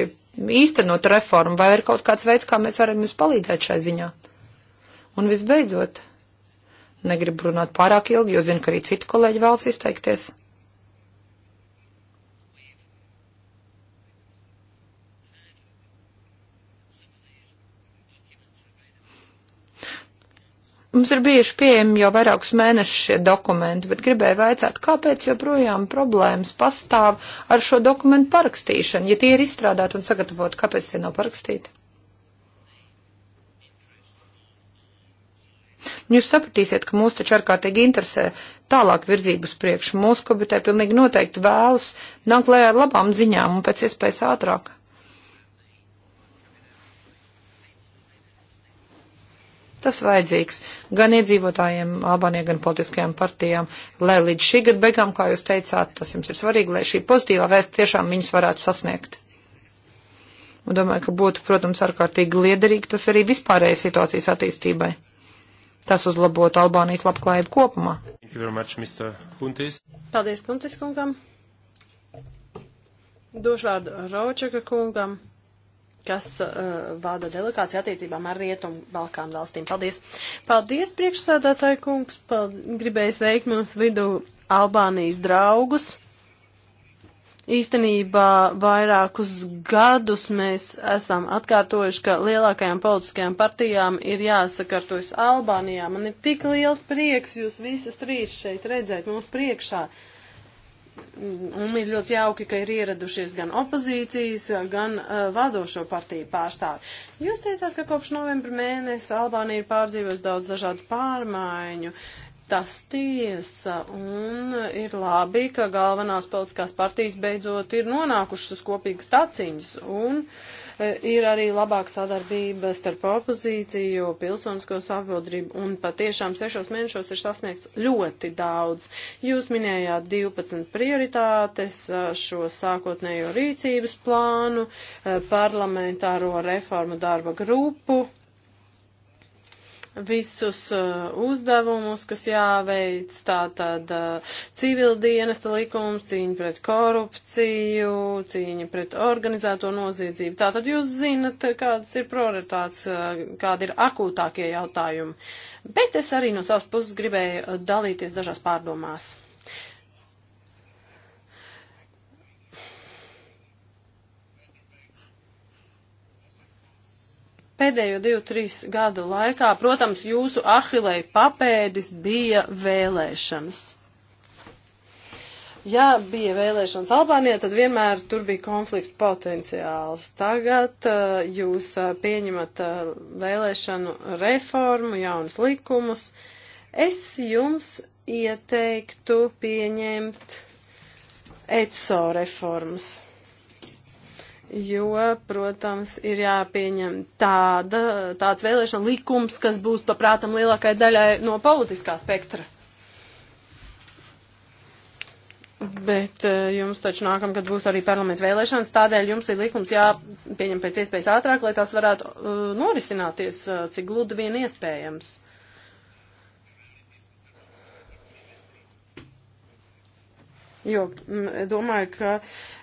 īstenot reformu, vai ir kaut kāds veids, kā mēs varam jums palīdzēt šai ziņā? Un visbeidzot, negribu runāt pārāk ilgi, jo zinu, ka arī citi kolēģi vēlas izteikties. Mums ir bijuši pieejami jau vairākus mēnešus šie dokumenti, bet gribēju vaicāt, kāpēc joprojām problēmas pastāv ar šo dokumentu parakstīšanu, ja tie ir izstrādāti un sagatavoti, kāpēc tie nav parakstīti? Nu, jūs sapratīsiet, ka mūs taču ārkārtīgi interesē tālāk virzību uz priekšu. Mūsu komitē pilnīgi noteikti vēlas nākt klajā ar labām ziņām un pēc iespējas ātrāk. Tas vajadzīgs gan iedzīvotājiem Albānijā, gan politiskajām partijām, lai līdz šī gada beigām, kā jūs teicāt, tas jums ir svarīgi, lai šī pozitīvā vēsts tiešām viņus varētu sasniegt. Un domāju, ka būtu, protams, ārkārtīgi liederīgi tas arī vispārējai situācijas attīstībai. Tas uzlabotu Albānijas labklājību kopumā. Much, Kuntis. Paldies Kuntis kungam. Došu vārdu Raučaka kungam kas uh, vada delegāciju attiecībām ar Rietumu Balkānu valstīm. Paldies! Paldies, priekšsēdētāji kungs! Paldies. Gribēju sveikt mums vidū Albānijas draugus. Īstenībā vairākus gadus mēs esam atkārtojuši, ka lielākajām politiskajām partijām ir jāsakārtojas Albānijā. Man ir tik liels prieks jūs visas trīs šeit redzēt mums priekšā. Uh, Un ir ļoti jauki, ka ir ieradušies gan opozīcijas, gan uh, vadošo partiju pārstāvi. Jūs teicāt, ka kopš novembra mēnesa Albānija ir pārdzīvojusi daudz dažādu pārmaiņu. Tas tiesa, un ir labi, ka galvenās politiskās partijas beidzot ir nonākušas uz kopīgas taciņas. Un, uh, ir arī labāka sadarbība starp opozīciju, pilsonisko sabiedrību, un patiešām sešos mēnešos ir sasniegts ļoti daudz. Jūs minējāt 12 prioritātes, šo sākotnējo rīcības plānu, parlamentāro reformu darba grupu visus uh, uzdevumus, kas jāveic, tātad uh, civildienesta likums, cīņa pret korupciju, cīņa pret organizēto noziedzību. Tātad jūs zinat, kādas ir prioritātes, uh, kādi ir akūtākie jautājumi. Bet es arī no savas puses gribēju uh, dalīties dažās pārdomās. Pēdējo divu, trīs gadu laikā, protams, jūsu ahilei papēdis bija vēlēšanas. Ja bija vēlēšanas Albānijā, tad vienmēr tur bija konflikta potenciāls. Tagad uh, jūs uh, pieņemat uh, vēlēšanu reformu, jaunas likumus. Es jums ieteiktu pieņemt ECO reformas jo, protams, ir jāpieņem tāda, tāds vēlēšana likums, kas būs paprātam lielākai daļai no politiskā spektra. Bet eh, jums taču nākamgad būs arī parlamenta vēlēšanas, tādēļ jums ir likums jāpieņem pēc iespējas ātrāk, lai tās varētu uh, norisināties, uh, cik gludi vien iespējams. Uh, Jo mm, domāju, ka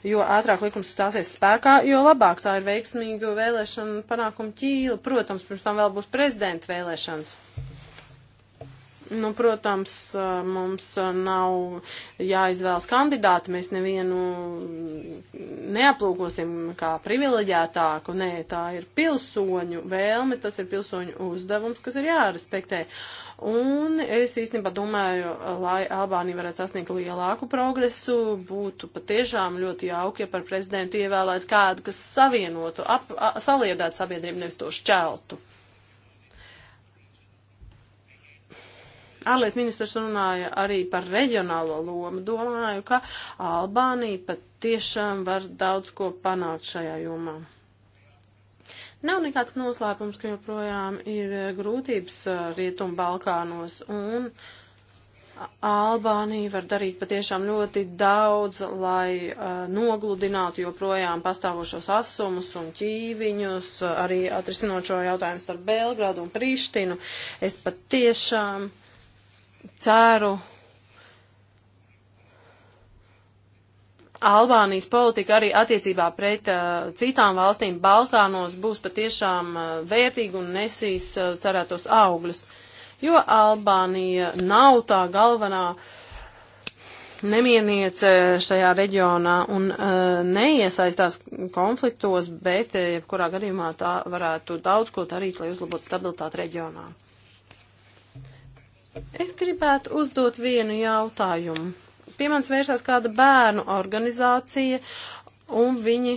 jo ātrāk likums stāsies spēkā, jo labāk tā ir veiksmīga vēlēšana panākuma ķīla. Protams, pirms tam vēl būs prezidenta vēlēšanas. Nu, protams, mums nav jāizvēlas kandidāti, mēs nevienu neaplūkosim kā privileģētāku, nē, tā ir pilsoņu vēlme, tas ir pilsoņu uzdevums, kas ir jārespektē. Un es īstenībā domāju, lai Albānija varētu sasniegt lielāku progresu, būtu patiešām ļoti jauki, ja par prezidentu ievēlētu kādu, kas savienotu, ap, a, saliedētu sabiedrību, nevis to šķeltu. ārlietu ministrs runāja arī par reģionālo lomu. Domāju, ka Albānija pat tiešām var daudz ko panākt šajā jomā. Nav nekāds noslēpums, ka joprojām ir grūtības uh, Rietumu Balkānos, un Albānija var darīt patiešām ļoti daudz, lai uh, nogludinātu joprojām pastāvošos asumus un ķīviņus, uh, arī atrisinot šo jautājumu starp Belgrādu un Prištinu. Es patiešām ceru, Albānijas politika arī attiecībā pret uh, citām valstīm Balkānos būs patiešām uh, vērtīga un nesīs uh, cerētos augļus, jo Albānija nav tā galvenā nemieniece šajā reģionā un uh, neiesaistās konfliktos, bet uh, jebkurā gadījumā tā varētu daudz ko darīt, lai uzlabotu stabilitāti reģionā. Es gribētu uzdot vienu jautājumu. Pie manis vērsās kāda bērnu organizācija, un viņi.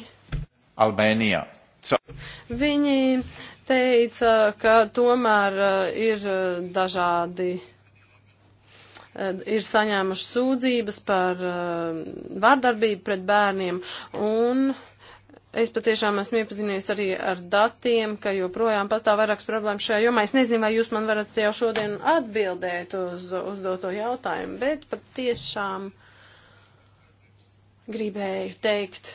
Albānijā. So. Viņi teica, ka tomēr eh, ir eh, dažādi eh, ir saņēmuši sūdzības par uh, vārdarbību pret bērniem, un Es patiešām esmu iepazinies arī ar datiem, ka joprojām pastāv vairākas problēmas šajā jomā. Es nezinu, vai jūs man varat jau šodien atbildēt uz uzdoto jautājumu, bet patiešām gribēju teikt,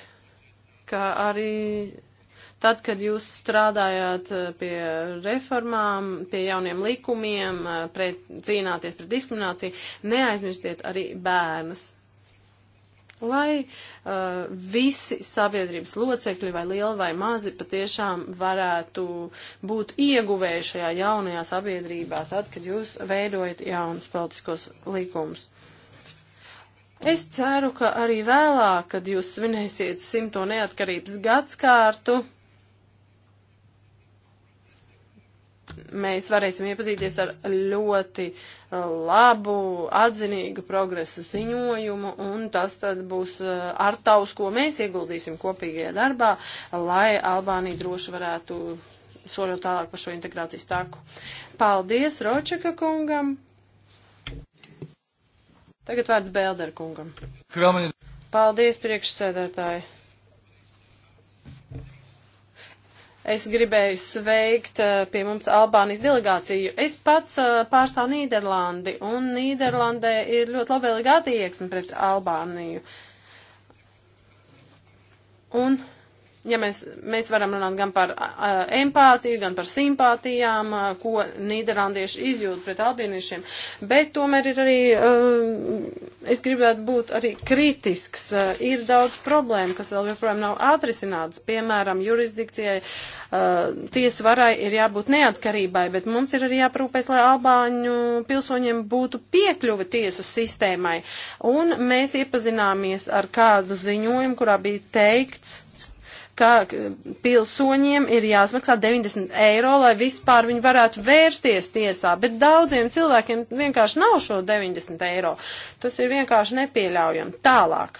ka arī tad, kad jūs strādājāt eh, pie reformām, pie jauniem likumiem, eh, pret, cīnāties pret diskrimināciju, neaizmirstiet arī bērnus lai uh, visi sabiedrības locekļi, vai lieli vai mazi, patiešām varētu būt ieguvēji šajā jaunajā sabiedrībā, tad, kad jūs veidojat jaunus politiskos likumus. Es ceru, ka arī vēlāk, kad jūs svinēsiet simto neatkarības gadskārtu, mēs varēsim iepazīties ar ļoti uh, labu, atzinīgu progresa ziņojumu, un tas tad būs uh, ar tavs, ko mēs ieguldīsim kopīgajā darbā, lai Albānija droši varētu soļot tālāk pa šo integrācijas tāku. Paldies Ročaka kungam! Tagad vārds Bēlder kungam. Paldies priekšsēdētāji! Es gribēju sveikt eh, pie mums Albānijas delegāciju. Es pats eh, pārstāvu Nīderlandi, un Nīderlandē ir ļoti labvēlīga attieksme pret Albāniju. Un ja mēs, mēs varam runāt gan par uh, empātiju, gan par simpātijām, uh, ko nīderlandieši izjūt pret albīniešiem, bet tomēr ir arī, uh, es gribētu būt arī kritisks, uh, ir daudz problēmu, kas vēl joprojām nav atrisināts, piemēram, jurisdikcijai, uh, tiesu varai ir jābūt neatkarībai, bet mums ir arī jāprūpēs, lai albāņu pilsoņiem būtu piekļuva tiesu sistēmai, un mēs iepazināmies ar kādu ziņojumu, kurā bija teikts, ka pilsoņiem ir jāsmaksā 90 eiro, lai vispār viņi varētu vērsties tiesā, bet daudziem cilvēkiem vienkārši nav šo 90 eiro. Tas ir vienkārši nepieļaujami. Tālāk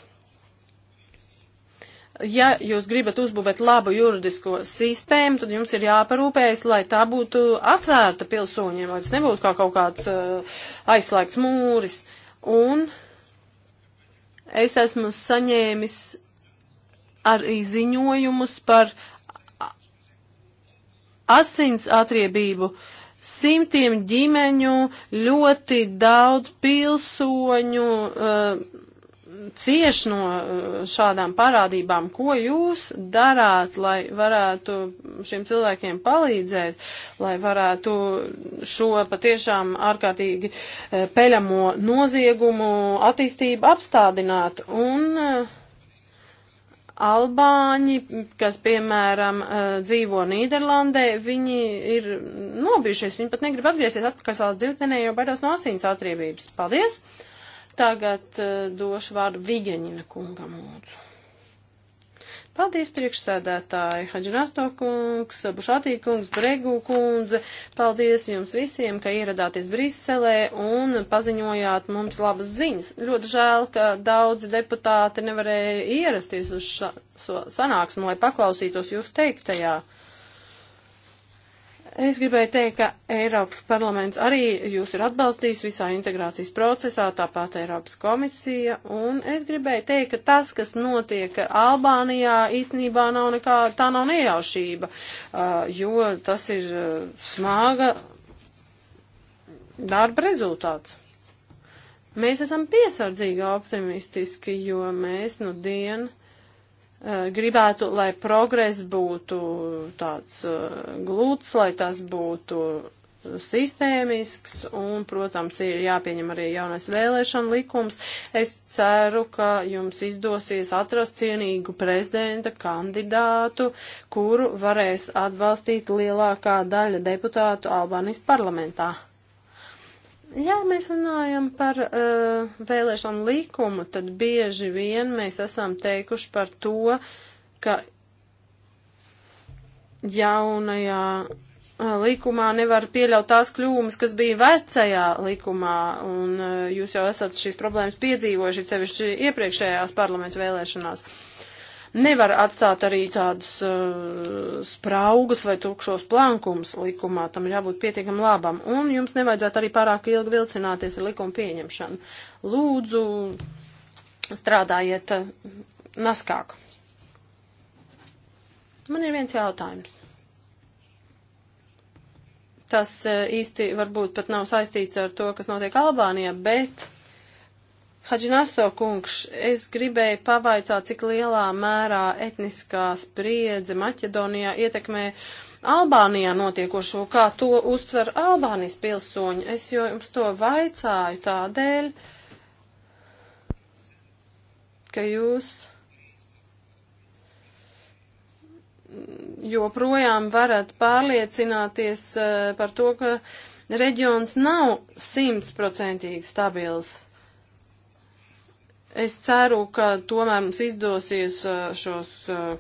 ja jūs gribat uzbūvēt labu juridisko sistēmu, tad jums ir jāparūpējas, lai tā būtu atvērta pilsoņiem, lai tas nebūtu kā kaut kāds uh, aizslēgts mūris. Un es esmu saņēmis arī ziņojumus par asins atriebību. Simtiem ģimeņu, ļoti daudz pilsoņu uh, cieš no uh, šādām parādībām. Ko jūs darāt, lai varētu šiem cilvēkiem palīdzēt, lai varētu šo patiešām ārkārtīgi uh, peļamo noziegumu attīstību apstādināt? Un, uh, Albāņi, kas, piemēram, eh, dzīvo Nīderlandē, viņi ir nobijušies, viņi pat negrib atgriezties atpakaļ savā dzimtenē, jo baidās no asins atriebības. Paldies! Tagad uh, došu vārdu Vigeņina kungam lūdzu. Paldies priekšsēdētāji, Haģināsto kungs, Bušātī kungs, Bregu kundze. Paldies jums visiem, ka ieradāties Briselē un paziņojāt mums labas ziņas. Ļoti žēl, ka daudzi deputāti nevarēja ierasties uz ša, so, sanāksmu, lai paklausītos jūs teiktajā. Ja Es gribēju teikt, ka Eiropas parlaments arī jūs ir atbalstījis visā integrācijas procesā, tāpat Eiropas komisija, un es gribēju teikt, ka tas, kas notiek Albānijā, īstenībā nav nekā, tā nav nejaušība, jo tas ir smaga darba rezultāts. Mēs esam piesardzīgi optimistiski, jo mēs nu dienu Eh, gribētu, lai progress būtu tāds eh, glūts, lai tas būtu sistēmisks un, protams, ir jāpieņem arī jaunais vēlēšana likums. Es ceru, ka jums izdosies atrast cienīgu prezidenta kandidātu, kuru varēs atbalstīt lielākā daļa deputātu Albānijas parlamentā. Ja mēs runājam par uh, vēlēšanu likumu, tad bieži vien mēs esam teikuši par to, ka jaunajā uh, likumā nevar pieļaut tās kļūmes, kas bija vecajā likumā, un uh, jūs jau esat šīs problēmas piedzīvojuši, cevišķi iepriekšējās parlamentu vēlēšanās. Uh, Nevar atstāt arī tādas uh, spraugas vai tukšos plankumus likumā, tam ir jābūt pietiekam labam, un jums nevajadzētu arī pārāk ilgi vilcināties ar likumu pieņemšanu. Lūdzu, strādājiet uh, naskāk. Man ir viens jautājums. Tas eh, īsti varbūt pat nav saistīts ar to, kas notiek Albānijā, bet Hadžināsto kungs, es gribēju pavaicāt, cik lielā mērā etniskā spriedze Maķedonijā ietekmē Albānijā notiekošo, kā to uztver Albānijas pilsoņi. Es jums to vaicāju tādēļ, ka jūs joprojām varat pārliecināties eh, par to, ka reģions nav simtprocentīgi stabils. Es ceru, ka tomēr mums izdosies šos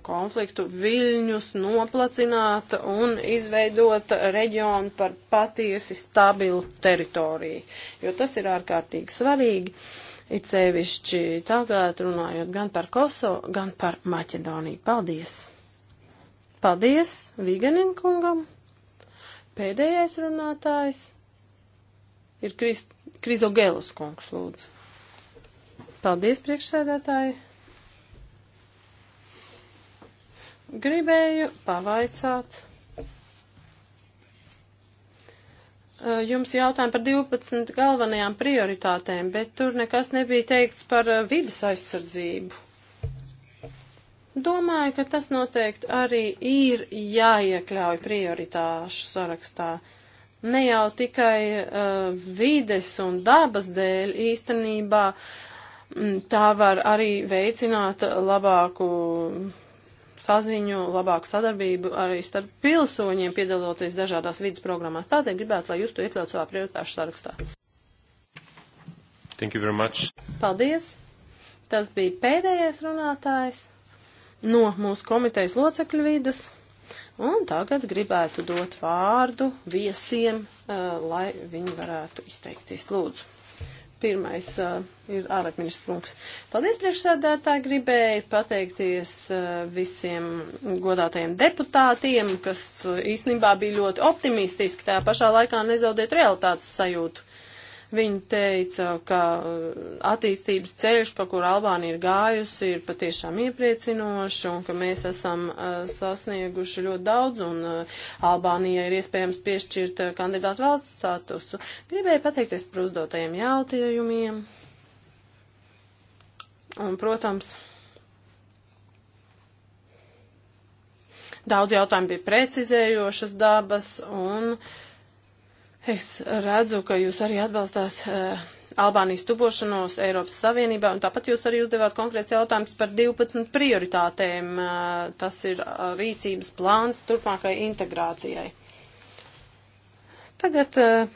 konfliktu viļņus noplacināt un izveidot reģionu par patiesi stabilu teritoriju, jo tas ir ārkārtīgi svarīgi, it sevišķi tagad runājot gan par Kosovu, gan par Maķedoniju. Paldies! Paldies Viganin kungam! Pēdējais runātājs ir Krist Krizogēlus kungs, lūdzu. Paldies, priekšsēdētāji! Gribēju pavaicāt. E, jums jautājumi par 12 galvenajām prioritātēm, bet tur nekas nebija teikts par e, vidas aizsardzību. Domāju, ka tas noteikti arī ir jāiekļauj prioritāšu sarakstā. Ne jau tikai uh, vides un dabas dēļ īstenībā uh, Mm, tā var arī veicināt labāku saziņu, labāku sadarbību arī starp pilsoņiem, piedaloties dažādās vidas programmās. Tādēļ gribētu, lai jūs to iekļautu savā prioritāšu sarakstā. Thank you very much. Paldies. Tas bija pēdējais runātājs no mūsu komitejas locekļu vidus. Un tagad gribētu dot vārdu viesiem, eh, lai viņi varētu izteikties. Lūdzu. Pirmais uh, ir ārlietministra kungs. Paldies, priekšsēdētāji, gribēju pateikties uh, visiem godātajiem deputātiem, kas uh, īstenībā bija ļoti optimistiski, tajā pašā laikā nezaudēt realitātes sajūtu. Uh, Viņa teica, ka uh, attīstības ceļš, pa kur Albānija ir gājusi, ir patiešām iepriecinošs un ka mēs esam uh, sasnieguši ļoti daudz un uh, Albānija ir iespējams piešķirt uh, kandidātu valsts statusu. Gribēju pateikties par uzdotajiem jautājumiem. Un, protams, daudz jautājumu bija precizējošas dabas un uh, Es redzu, ka jūs arī atbalstāt uh, Albānijas tuvošanos Eiropas Savienībā, un tāpat jūs arī uzdevāt konkrēts jautājums par 12 prioritātēm. Uh, tas ir uh, rīcības plāns turpmākai integrācijai. Tagad uh,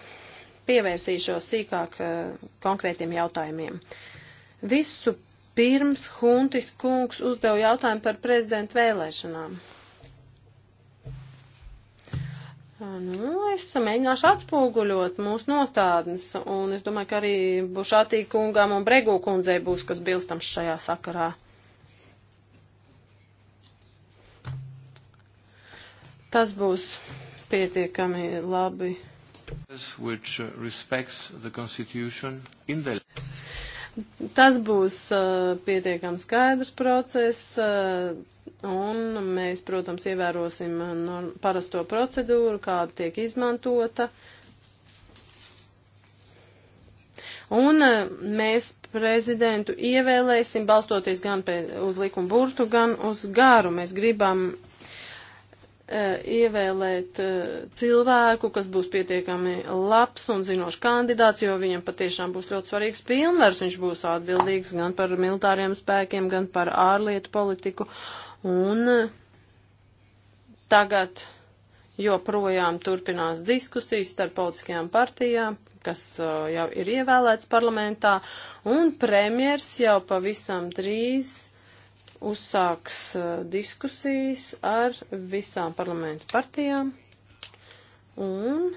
pievērsīšos sīkāk uh, konkrētiem jautājumiem. Visu pirms Huntis kungs uzdeva jautājumu par prezidentu vēlēšanām. Uh, Nu, es mēģināšu atspoguļot mūsu nostādnes, un es domāju, ka arī Bušātī kungām un Bregu kundzei būs kas bilstams šajā sakarā. Tas būs pietiekami labi. Which uh, respects the constitution in the Tas būs uh, pietiekams skaidrs process, uh, un mēs, protams, ievērosim uh, norm, parasto procedūru, kāda tiek izmantota. Un uh, mēs prezidentu ievēlēsim, balstoties gan pēc, uz likumu burtu, gan uz garu. Mēs gribam Eh, ievēlēt eh, cilvēku, kas būs pietiekami labs un zinošs kandidāts, jo viņam patiešām būs ļoti svarīgs pilnvars. Viņš būs atbildīgs gan par militāriem spēkiem, gan par ārlietu politiku. Un eh, tagad joprojām turpinās diskusijas starp politiskajām partijām kas jau ir ievēlēts parlamentā, un premjers jau pavisam drīz uzsāks uh, diskusijas ar visām parlamentu partijām un,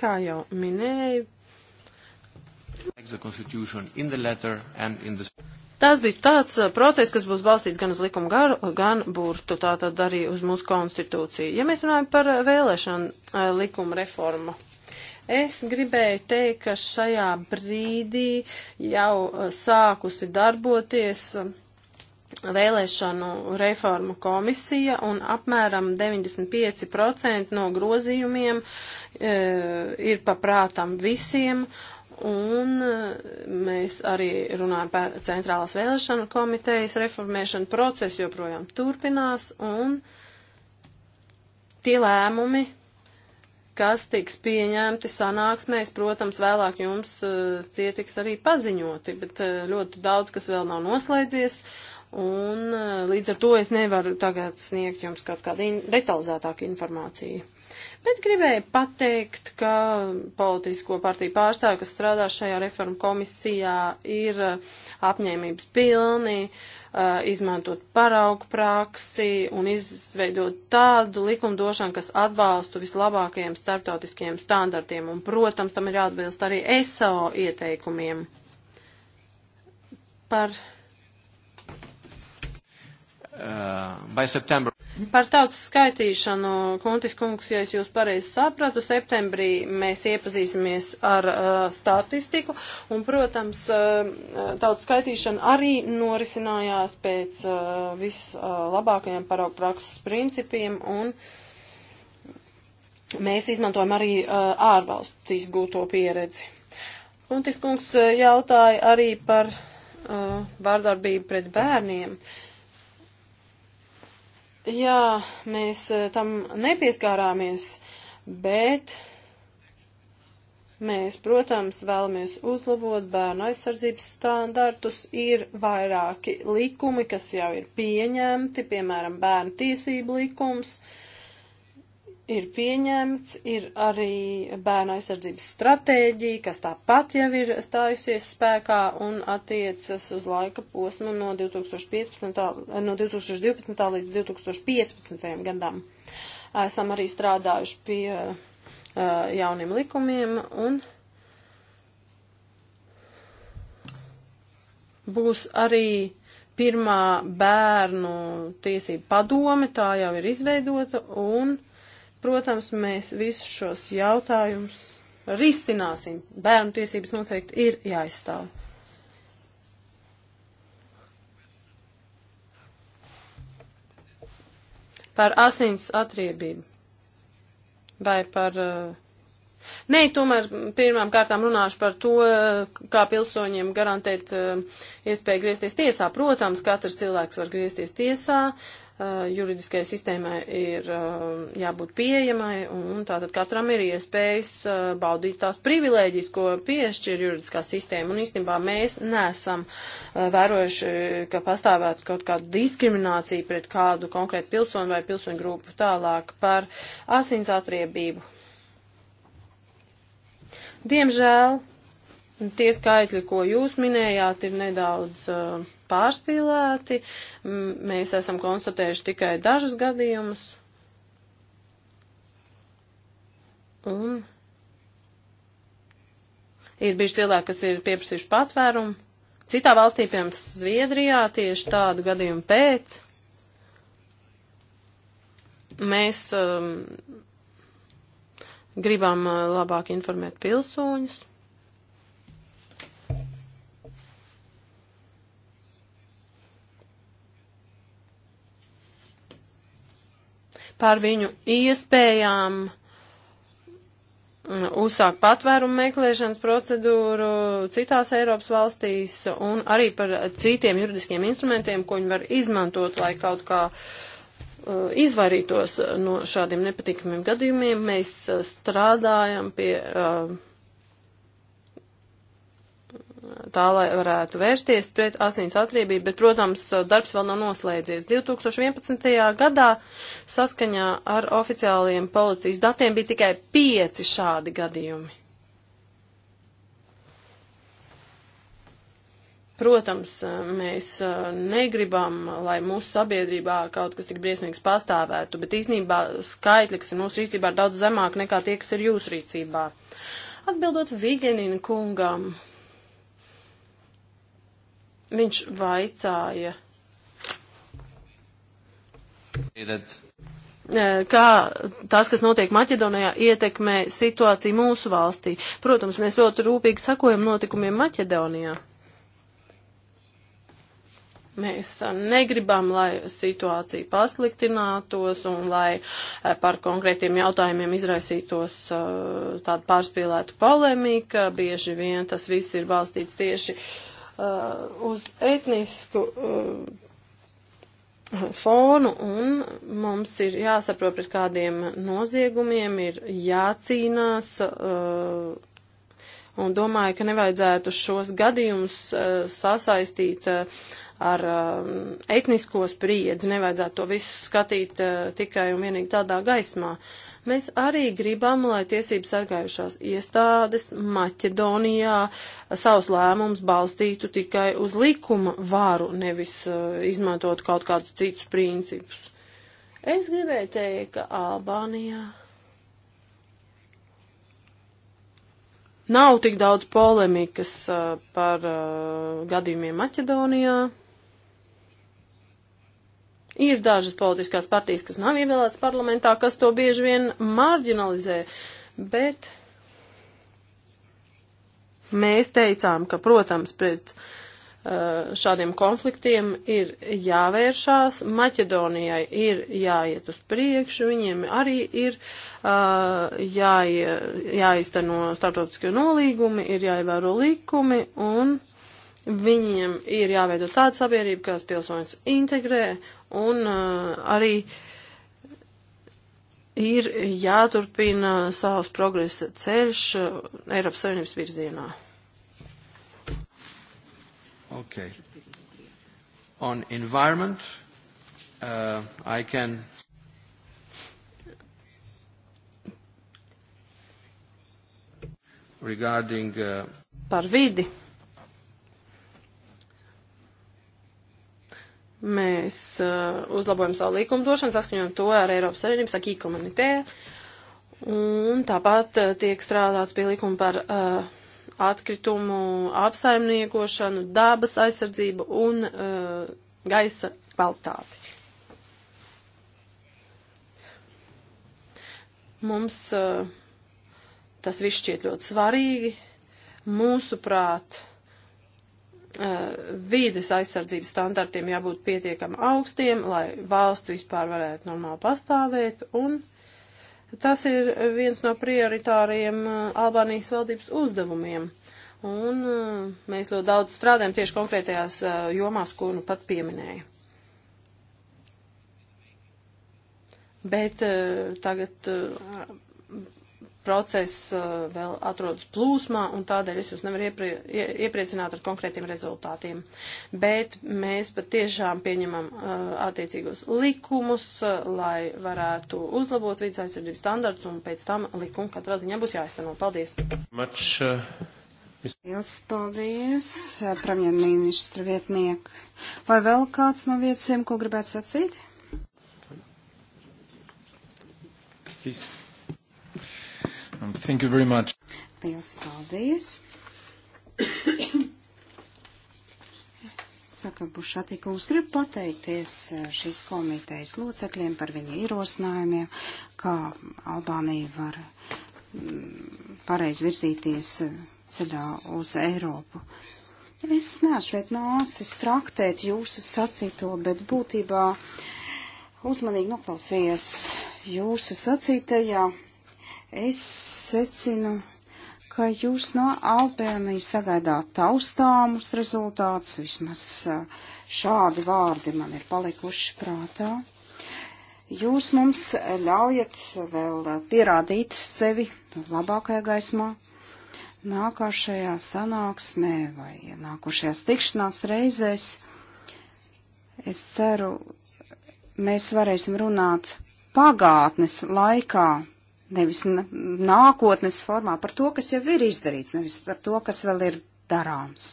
kā jau minēju, Tas bija tāds uh, process, kas būs balstīts gan uz likumu garu, gan burtu, tātad arī uz mūsu konstitūciju. Ja mēs runājam par uh, vēlēšanu likuma reformu, Es gribēju teikt, ka šajā brīdī jau uh, sākusi darboties uh, vēlēšanu reformu komisija un apmēram 95% no grozījumiem e, ir paprātam visiem. Un mēs arī runājam par centrālās vēlēšanu komitejas reformēšanu. Process joprojām turpinās un tie lēmumi, kas tiks pieņemti sanāksmēs, protams, vēlāk jums eh, tie tiks arī paziņoti, bet eh, ļoti daudz, kas vēl nav noslēdzies, un eh, līdz ar to es nevaru tagad sniegt jums kaut kādu in detalizētāku informāciju. Bet gribēju pateikt, ka politisko partiju pārstāvi, kas strādā šajā reformu komisijā, ir uh, apņēmības pilni uh, izmantot paraugu praksi un izveidot tādu likumdošanu, kas atbalstu vislabākajiem starptautiskajiem standartiem. Un, protams, tam ir jāatbilst arī ESO ieteikumiem par. Uh, Par tautas skaitīšanu, Kontis kungs, ja es jūs pareizi sapratu, septembrī mēs iepazīsimies ar uh, statistiku, un, protams, uh, tautas skaitīšana arī norisinājās pēc uh, vislabākajiem uh, paraugu prakses principiem, un mēs izmantojam arī uh, ārvalstu izgūto pieredzi. Kontis kungs uh, jautāja arī par uh, vārdarbību pret bērniem. Uh, Jā, mēs eh, tam nepieskārāmies, bet mēs, protams, vēlamies uzlabot bērnu aizsardzības standartus. Ir vairāki likumi, kas jau ir pieņemti, piemēram, bērnu tiesību likums. Uh, ir pieņemts, ir arī bērna aizsardzības stratēģija, kas tāpat jau ir stājusies spēkā un attiecas uz laika posmu no, 2015, no 2012. līdz 2015. gadam. Esam arī strādājuši pie uh, jauniem likumiem un būs arī pirmā bērnu tiesību padome, tā jau ir izveidota un Protams, mēs visus šos jautājumus risināsim. Bērnu tiesības noteikti ir jāizstāv. Par asins atriebību. Vai par. Eh, Nē, tomēr pirmām kārtām runāšu par to, eh, kā pilsoņiem garantēt eh, iespēju griezties tiesā. Protams, katrs cilvēks var griezties tiesā, uh, Uh, juridiskajai sistēmai ir uh, jābūt pieejamai, un tātad katram ir iespējas uh, baudīt tās privilēģijas, ko piešķir juridiskā sistēma, un īstenībā mēs nesam vērojuši, ka pastāvētu kaut kāda diskriminācija pret kādu konkrētu pilsonu vai pilsoņu grupu tālāk par asins atriebību. Diemžēl tie skaitļi, ko jūs minējāt, ir nedaudz uh, pārspīlēti. Mēs esam konstatējuši tikai dažus gadījumus. Un ir bijuši cilvēki, kas ir pieprasījuši patvērumu. Citā valstī, piemēram, Zviedrijā, tieši tādu gadījumu pēc mēs um, gribam uh, labāk informēt pilsoņus. par viņu iespējām mm, uzsākt patvērumu meklēšanas procedūru citās Eiropas valstīs un arī par citiem juridiskiem instrumentiem, ko viņi var izmantot, lai kaut kā eh, izvairītos no šādiem nepatīkamiem gadījumiem. Mēs eh, strādājam pie uh, tā, lai varētu vērsties pret asins atriebību, bet, protams, darbs vēl nav noslēdzies. 2011. gadā saskaņā ar oficiāliem policijas datiem bija tikai pieci šādi gadījumi. Protams, mēs eh, negribam, lai mūsu sabiedrībā kaut kas tik briesmīgs pastāvētu, bet īsnībā skaitļi, kas ir mūsu rīcībā, ir daudz zemāk nekā tie, kas ir jūsu rīcībā. Atbildot Vigenina kungam, Viņš vaicāja. Kā tas, kas notiek Maķedonijā, ietekmē situāciju mūsu valstī? Protams, mēs ļoti rūpīgi sakojam notikumiem Maķedonijā. Mēs negribam, lai situācija pasliktinātos un lai par konkrētiem jautājumiem izraisītos tāda pārspīlēta polemika. Bieži vien tas viss ir balstīts tieši uh, Uh, uz etnisku uh, fonu un mums ir jāsaprot, pret kādiem noziegumiem ir jācīnās. Uh, un domāju, ka nevajadzētu šos gadījumus sasaistīt ar um, etnisko spriedzi, nevajadzētu to visu skatīt tikai un vienīgi tādā gaismā. Uh, Mēs arī gribam, lai tiesību sargājušās iestādes Maķedonijā savus lēmumus balstītu tikai uz likuma varu, nevis uh, izmantot kaut kādus citus principus. Es gribēju teikt, ka Albānijā nav tik daudz polemikas uh, par uh, gadījumiem Maķedonijā. Ir dažas politiskās partijas, kas nav ievēlētas parlamentā, kas to bieži vien marginalizē, bet mēs teicām, ka, protams, pret uh, šādiem konfliktiem ir jāvēršās, Maķedonijai ir jāiet uz priekšu, viņiem arī ir uh, jāie, jāizteno startautiskie nolīgumi, ir jāievēro likumi un Viņiem ir jāveido tāda sabiedrība, kas pilsoņus integrē un uh, arī ir jāturpina savs progresa ceļš uh, Eiropas Savienības virzienā. Okay. On environment, uh, I can regarding uh, par vidi Mēs uh, uzlabojam savu likumdošanu, saskaņojam to ar Eiropas Savienības akī komunitē, un tāpat uh, tiek strādāts pie likuma par uh, atkritumu apsaimniekošanu, dabas aizsardzību un uh, gaisa kvalitāti. Mums uh, tas viss šķiet ļoti svarīgi. Mūsuprāt, Eh, vīdes aizsardzības standartiem jābūt pietiekami augstiem, lai valsts vispār varētu normāli pastāvēt, un tas ir viens no prioritāriem eh, Albānijas valdības uzdevumiem. Un eh, mēs ļoti daudz strādājam tieši konkrētajās jomās, ko nu pat pieminēju. Bet tagad process uh, vēl atrodas plūsmā, un tādēļ es jūs nevaru ieprie, iepriecināt ar konkrētiem rezultātiem. Bet mēs pat tiešām pieņemam uh, attiecīgos likumus, uh, lai varētu uzlabot vidas aizsardzības standarts, un pēc tam likumi katrā ziņā būs jāizteno. Paldies! Much, uh... Liels paldies, premjerministra vietnieku. Vai vēl kāds no viesiem, ko gribētu sacīt? Peace. Um, thank you very much. Liels paldies. Saka Bušatīkums, gribu pateikties uh, šīs komitejas locekļiem par viņu ierosinājumiem, kā Albānija var mm, pareizi virzīties uh, ceļā uz Eiropu. Es neesmu šeit nācis traktēt jūsu sacīto, bet būtībā uzmanīgi noklausījies jūsu sacītajā. Ja Es secinu, ka jūs no Albēnijas sagaidāt taustāmus rezultātus, vismaz eh, šādi vārdi man ir palikuši prātā. Jūs mums ļaujat vēl pierādīt sevi labākajā gaismā. Nākošajā sanāksmē vai nākošajās tikšanās reizēs es ceru, mēs varēsim runāt pagātnes laikā nevis nākotnes formā, par to, kas jau ir izdarīts, nevis par to, kas vēl ir darāms.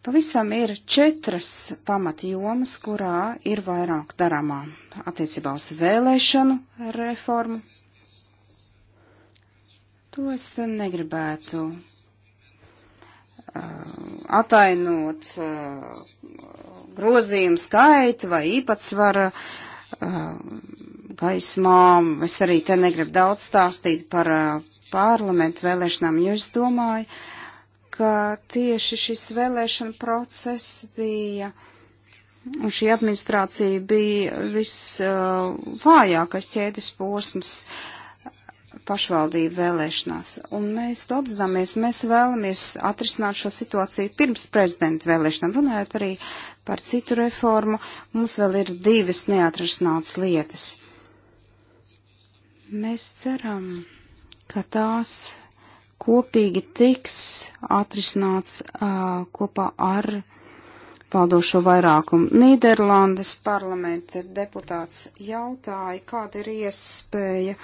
Pavisam ir četras pamatjomas, kurā ir vairāk darāmā attiecībā uz vēlēšanu reformu. To es negribētu uh, atainot uh, grozījumu skaitu vai īpatsvaru. Uh, gaismām. Es arī te negribu daudz stāstīt par uh, parlamentu vēlēšanām, jo es domāju, ka tieši šis vēlēšana process bija. Un šī administrācija bija visvājākais uh, ķēdes posms pašvaldību vēlēšanās. Un mēs to apzināmies, mēs vēlamies atrisināt šo situāciju pirms prezidenta vēlēšanām. Runājot arī par citu reformu, mums vēl ir divas neatrisinātas lietas. Mēs ceram, ka tās kopīgi tiks atrisināts uh, kopā ar valdošo vairākumu. Nīderlandes parlamenta deputāts jautāja, kāda ir iespēja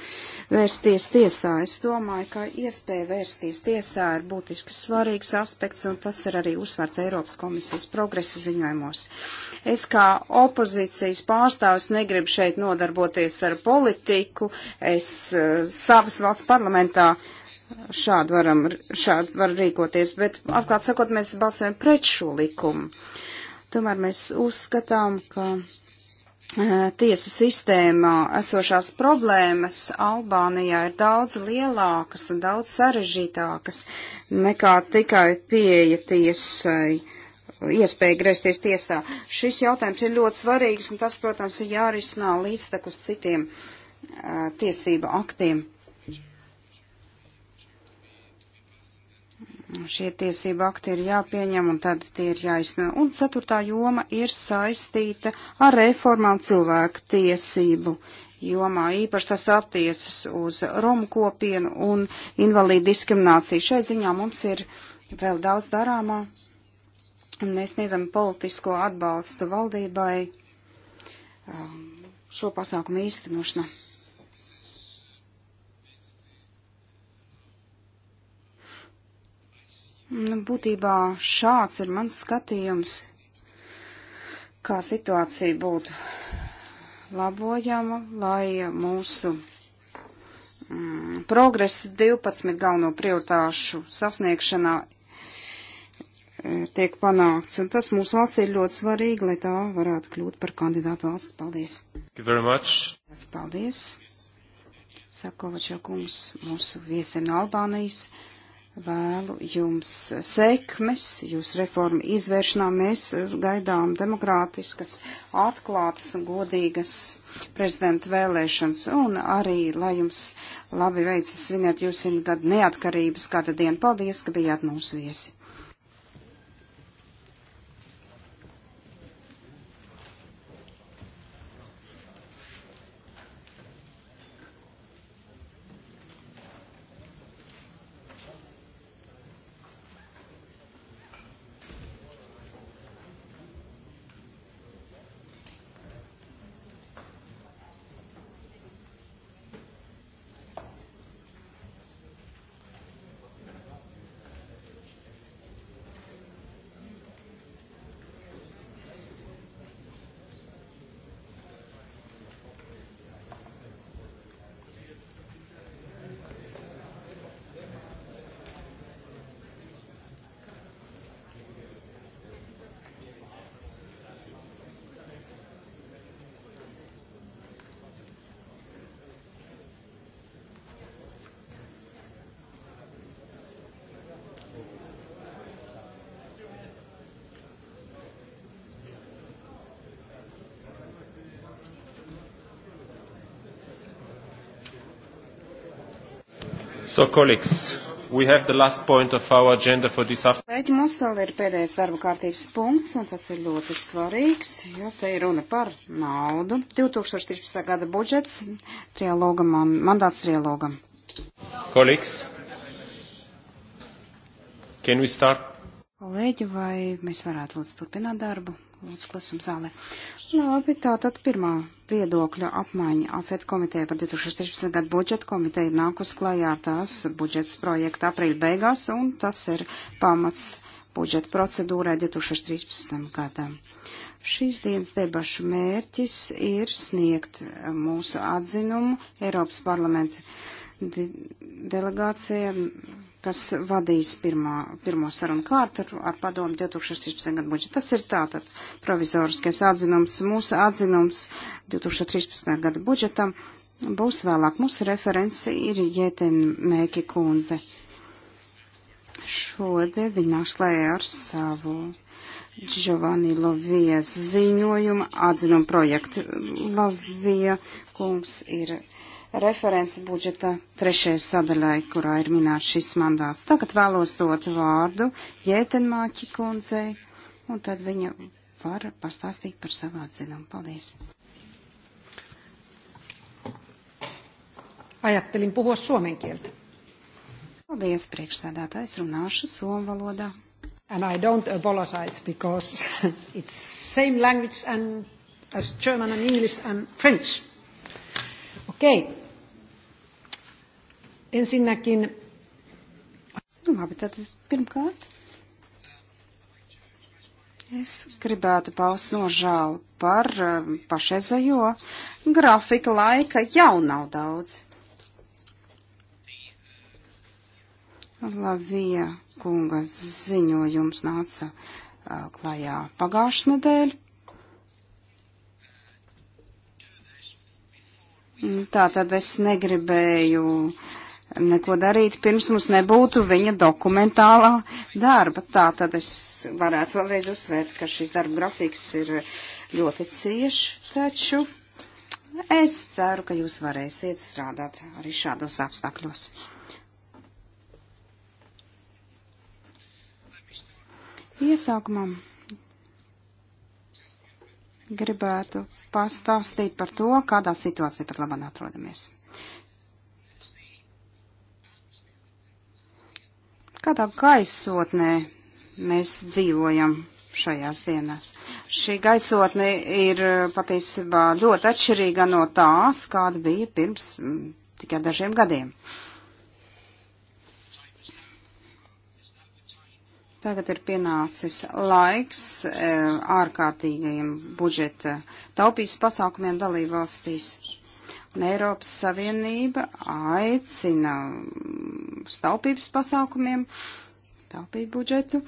vērsties tiesā. Es domāju, ka iespēja vērsties tiesā ir būtiski svarīgs aspekts, un tas ir arī uzsvērts Eiropas komisijas progresa ziņojumos. Es kā opozīcijas pārstāvis negribu šeit nodarboties ar politiku. Es eh, savas valsts parlamentā šādi varam, šādi var rīkoties, bet atklāt sakot, mēs balsojam pret šo likumu. Tomēr mēs uzskatām, ka eh, tiesu sistēmā esošās problēmas Albānijā ir daudz lielākas un daudz sarežģītākas nekā tikai pieeja tiesai iespēja griezties tiesā. Šis jautājums ir ļoti svarīgs, un tas, protams, ir jārisinā līdztekus citiem uh, tiesību aktiem. Šie tiesību akti ir jāpieņem, un tad tie ir jāizsna. Un ceturtā joma ir saistīta ar reformām cilvēku tiesību jomā. Īpaši tas attiecas uz Romu kopienu un invalīdu diskrimināciju. Šai ziņā mums ir vēl daudz darāmā. Un mēs sniedzam politisko atbalstu valdībai um, šo pasākumu īstenošanā. Nu, būtībā šāds ir mans skatījums, kā situācija būtu labojama, lai mūsu mm, progress 12 galveno prioritāšu sasniegšanā tiek panākts, un tas mūsu valsts ir ļoti svarīgi, lai tā varētu kļūt par kandidātu valsti. Paldies! Tas paldies! Sakovača kungs, mūsu viesiem no Albānijas, vēlu jums sekmes, jūs reformu izvēršanā mēs gaidām demokrātiskas, atklātas un godīgas prezidenta vēlēšanas, un arī, lai jums labi veicas svinēt jūs simt gadu neatkarības gada dienu. Paldies, ka bijāt mūsu viesi! So, colleagues, we have the last point of our agenda for this afternoon. Lēķi, mums vēl ir pēdējais darba kārtības punkts, un tas ir ļoti svarīgs, jo te ir runa par naudu. 2013. gada budžets trialogam, mandāts trialogam. Kolīgs, can we start? Kolēģi, vai mēs varētu lūdzu turpināt darbu? Lūdzu, klusums zālē. Labi, tātad pirmā viedokļu apmaiņa AFET komiteja par 2013. gadu budžetu komiteja nākus klajā ar tās budžets projektu aprīļa beigās, un tas ir pamats budžeta procedūrai 2013. gadam. Šīs dienas debašu mērķis ir sniegt mūsu atzinumu Eiropas parlamenta delegācijai kas vadīs pirmā, pirmo sarunu kārtu ar, ar padomu 2013. gadu budžetu. Tas ir tātad provizoriskais atzinums. Mūsu atzinums 2013. gada budžetam būs vēlāk. Mūsu referenci ir Jēten Mēki kundze. Šodien viņa nāks klējā ar savu Giovanni Lavijas ziņojumu atzinumu projektu. Lavija kungs ir referents budžeta trešajai sadaļai, kurā ir minēts šis mandāts. Tagad vēlos dot vārdu Jētenmāķi kundzei, un tad viņa var pastāstīt par savu atzinumu. Paldies! Ajattelin puhua suomen kieltä. Paldies, priekšsēdētājs, runāšu somu valodā. And I don't apologize because <laughs> it's same language and as German and English and French. Okay. Ensinnäkin, nu, labi, tad pirmkārt, es gribētu paust nožēlu par um, pašreizējo grafika laika jau nav daudz. Lavija kunga ziņojums nāca uh, klajā pagājušā nedēļa. Nu, tā tad es negribēju uh, neko darīt, pirms mums nebūtu viņa dokumentālā darba. Tā tad es varētu vēlreiz uzsvērt, ka šis darba grafiks ir ļoti cieši, taču es ceru, ka jūs varēsiet strādāt arī šādos apstākļos. Iesākumam gribētu pastāstīt par to, kādā situācijā pat labāk atrodamies. Kādā gaisotnē mēs dzīvojam šajās dienās? Šī gaisotne ir patiesībā ļoti atšķirīga no tās, kāda bija pirms m, tikai dažiem gadiem. Tagad ir pienācis laiks e, ārkārtīgajiem budžeta taupīs pasākumiem dalībvalstīs. Un Eiropas Savienība aicina staupības pasākumiem, taupīt budžetu.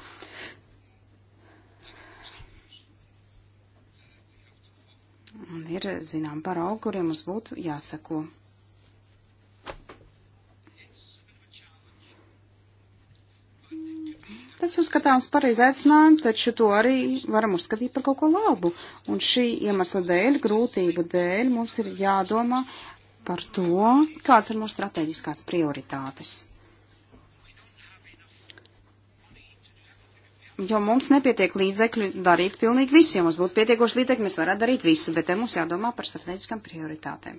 Un ir zinām paraugi, kuriem mums būtu jāsako. Tas uzskatāms par izaicinājumu, taču to arī varam uzskatīt par kaut ko labu. Un šī iemesla dēļ, grūtību dēļ, mums ir jādomā par to, kāds ir mūsu strateģiskās prioritātes. Jo mums nepietiek līdzekļu darīt pilnīgi visu. Ja mums būtu pietiekoši līdzekļi, mēs varētu darīt visu, bet te mums jādomā par strateģiskām prioritātēm.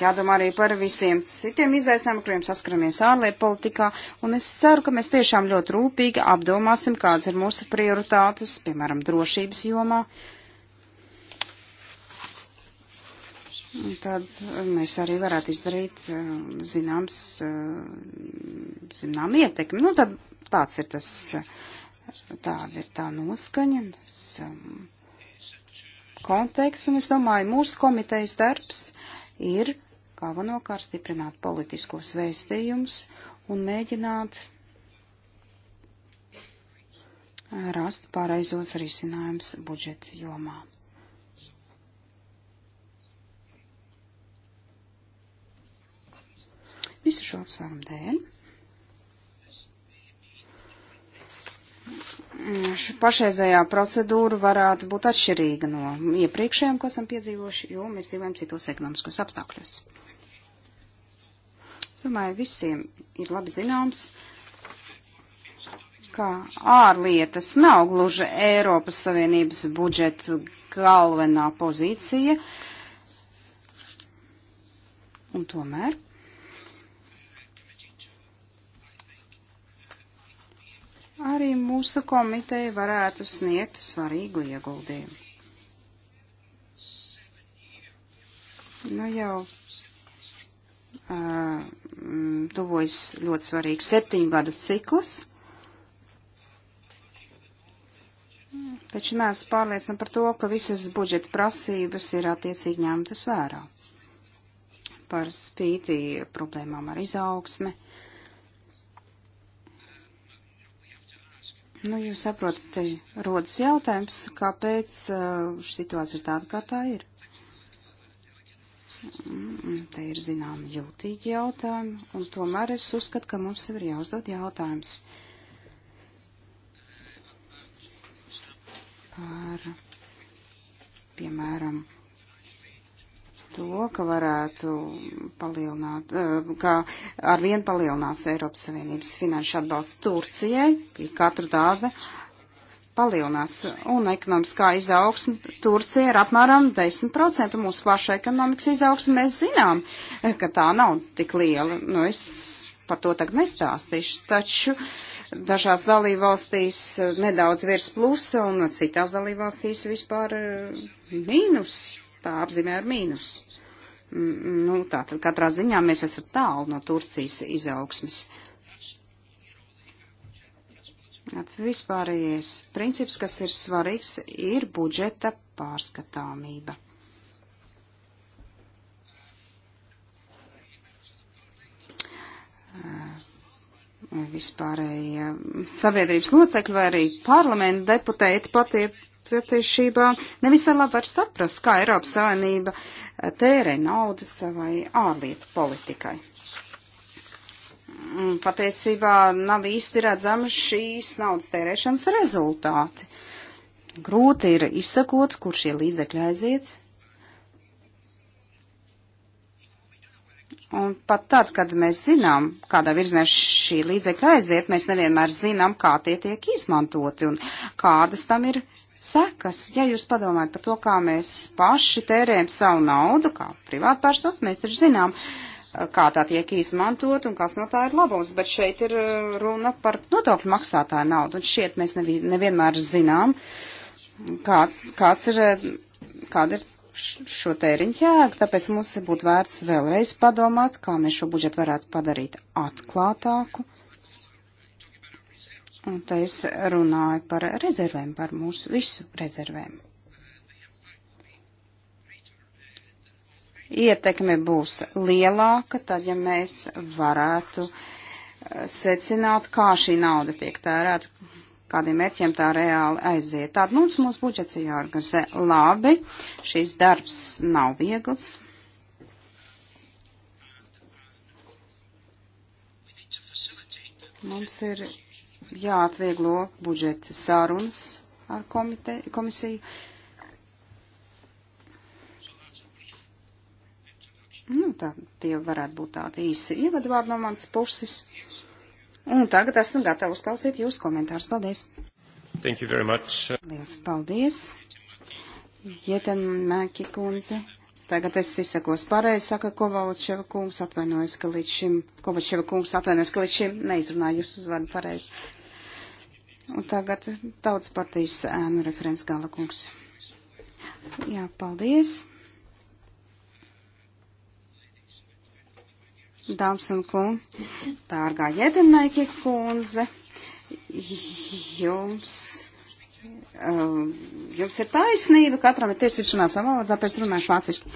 jādomā arī par visiem citiem izaicinājumiem, kuriem saskaramies ārlietu politikā, un es ceru, ka mēs tiešām ļoti rūpīgi apdomāsim, kādas ir mūsu prioritātes, piemēram, drošības jomā. Un tad mēs arī varētu izdarīt eh, zināms, eh, zinām ietekmi. Nu, tad tāds ir tas, tāda ir tā noskaņa. Tas, um, konteksts, un es domāju, mūsu komitejas darbs ir galvenokārt stiprināt politiskos vēstījumus un mēģināt rast pareizos risinājums budžeta jomā. Visu šo apsvērumu dēļ pašreizējā procedūra varētu būt atšķirīga no iepriekšējām, ko esam piedzīvojuši, jo mēs dzīvojam citos ekonomiskos apstākļos. Es domāju, visiem ir labi zināms, ka ārlietas nav gluži Eiropas Savienības budžeta galvenā pozīcija. Un tomēr arī mūsu komiteja varētu sniegt svarīgu ieguldījumu. Nu jau uh, tuvojas ļoti svarīgs septiņu gadu cikls, taču neesmu pārliecina par to, ka visas budžeta prasības ir attiecīgi ņemtas vērā. Par spīti problēmām ar izaugsmi Nu, jūs saprotat, te rodas jautājums, kāpēc uh, situācija ir tāda, kā tā ir. Mm, te ir zinām jūtīgi jautājumi, un tomēr es uzskatu, ka mums ir jāuzdod jautājums par, piemēram, to, ka varētu palielināt, eh, ka ar vienu palielinās Eiropas Savienības finanšu atbalsts Turcijai, katru dāvi palielinās, un ekonomiskā izaugsme Turcija ir apmēram 10% mūsu paša ekonomikas izaugsme. Mēs zinām, eh, ka tā nav tik liela. Nu, es par to tagad nestāstīšu, taču dažās dalībvalstīs eh, nedaudz virs plusa, un citās dalībvalstīs vispār mīnus tā apzīmē ar mīnusu. Mm, nu, tātad katrā ziņā mēs esam tālu no Turcijas izaugsmes. Vispārējais princips, kas ir svarīgs, ir budžeta pārskatāmība. Vispārējie sabiedrības locekļi vai arī parlamenta deputēti patie tiešībām, nevisai labi var saprast, kā Eiropas Savienība tērē naudu savai ārlietu politikai. Mm, patiesībā nav īsti redzama šīs naudas tērēšanas rezultāti. Grūti ir izsakot, kur šie līdzekļi aiziet. Un pat tad, kad mēs zinām, kādā virzienā šī līdzekļa aiziet, mēs nevienmēr zinām, kā tie tiek izmantoti un kādas tam ir uh, sekas, ja jūs padomājat par to, kā mēs paši tērējam savu naudu, kā privātpersonas, mēs taču zinām, kā tā tiek izmantot un kas no tā ir labums, bet šeit ir uh, runa par nodokļu maksātāju naudu, un šeit mēs nevi, nevienmēr zinām, kāds, kāds ir, uh, kāda ir šo tēriņu jēga, tāpēc mums būtu vērts vēlreiz padomāt, kā mēs šo budžetu varētu padarīt atklātāku Un te es runāju par rezervēm, par mūsu visu rezervēm. Ietekme būs lielāka, tad, ja mēs varētu eh, secināt, kā šī nauda tiek tērēta, kādiem mērķiem tā reāli aiziet. Tāda mums mūsu budžets ir jāorganizē labi, šīs darbs nav viegls, mums ir jāatvieglo budžeta sārunas ar komite, komisiju. Nu, tā tie varētu būt tādi īsi ievadvārdi no manas puses. Un tagad esmu gatava uzklausīt jūsu komentārus. Paldies! Thank you very much. Lielas paldies! Jeten Mēki kundze. Tagad es izsakos pareizi, saka Kovalčeva kungs, atvainojos, ka līdz šim, Kovalčeva kungs atvainojos, ka līdz šim neizrunāju jūsu uzvārdu pareizi. Un tagad tautas partijas ēnu referents Galakungs. Jā, paldies. Dāmas un kungi, dārgā Jedinmēķi kundze, jums, um, jums ir taisnība, katram ir tiesības runāt savā valodā, tāpēc runāšu vāciski.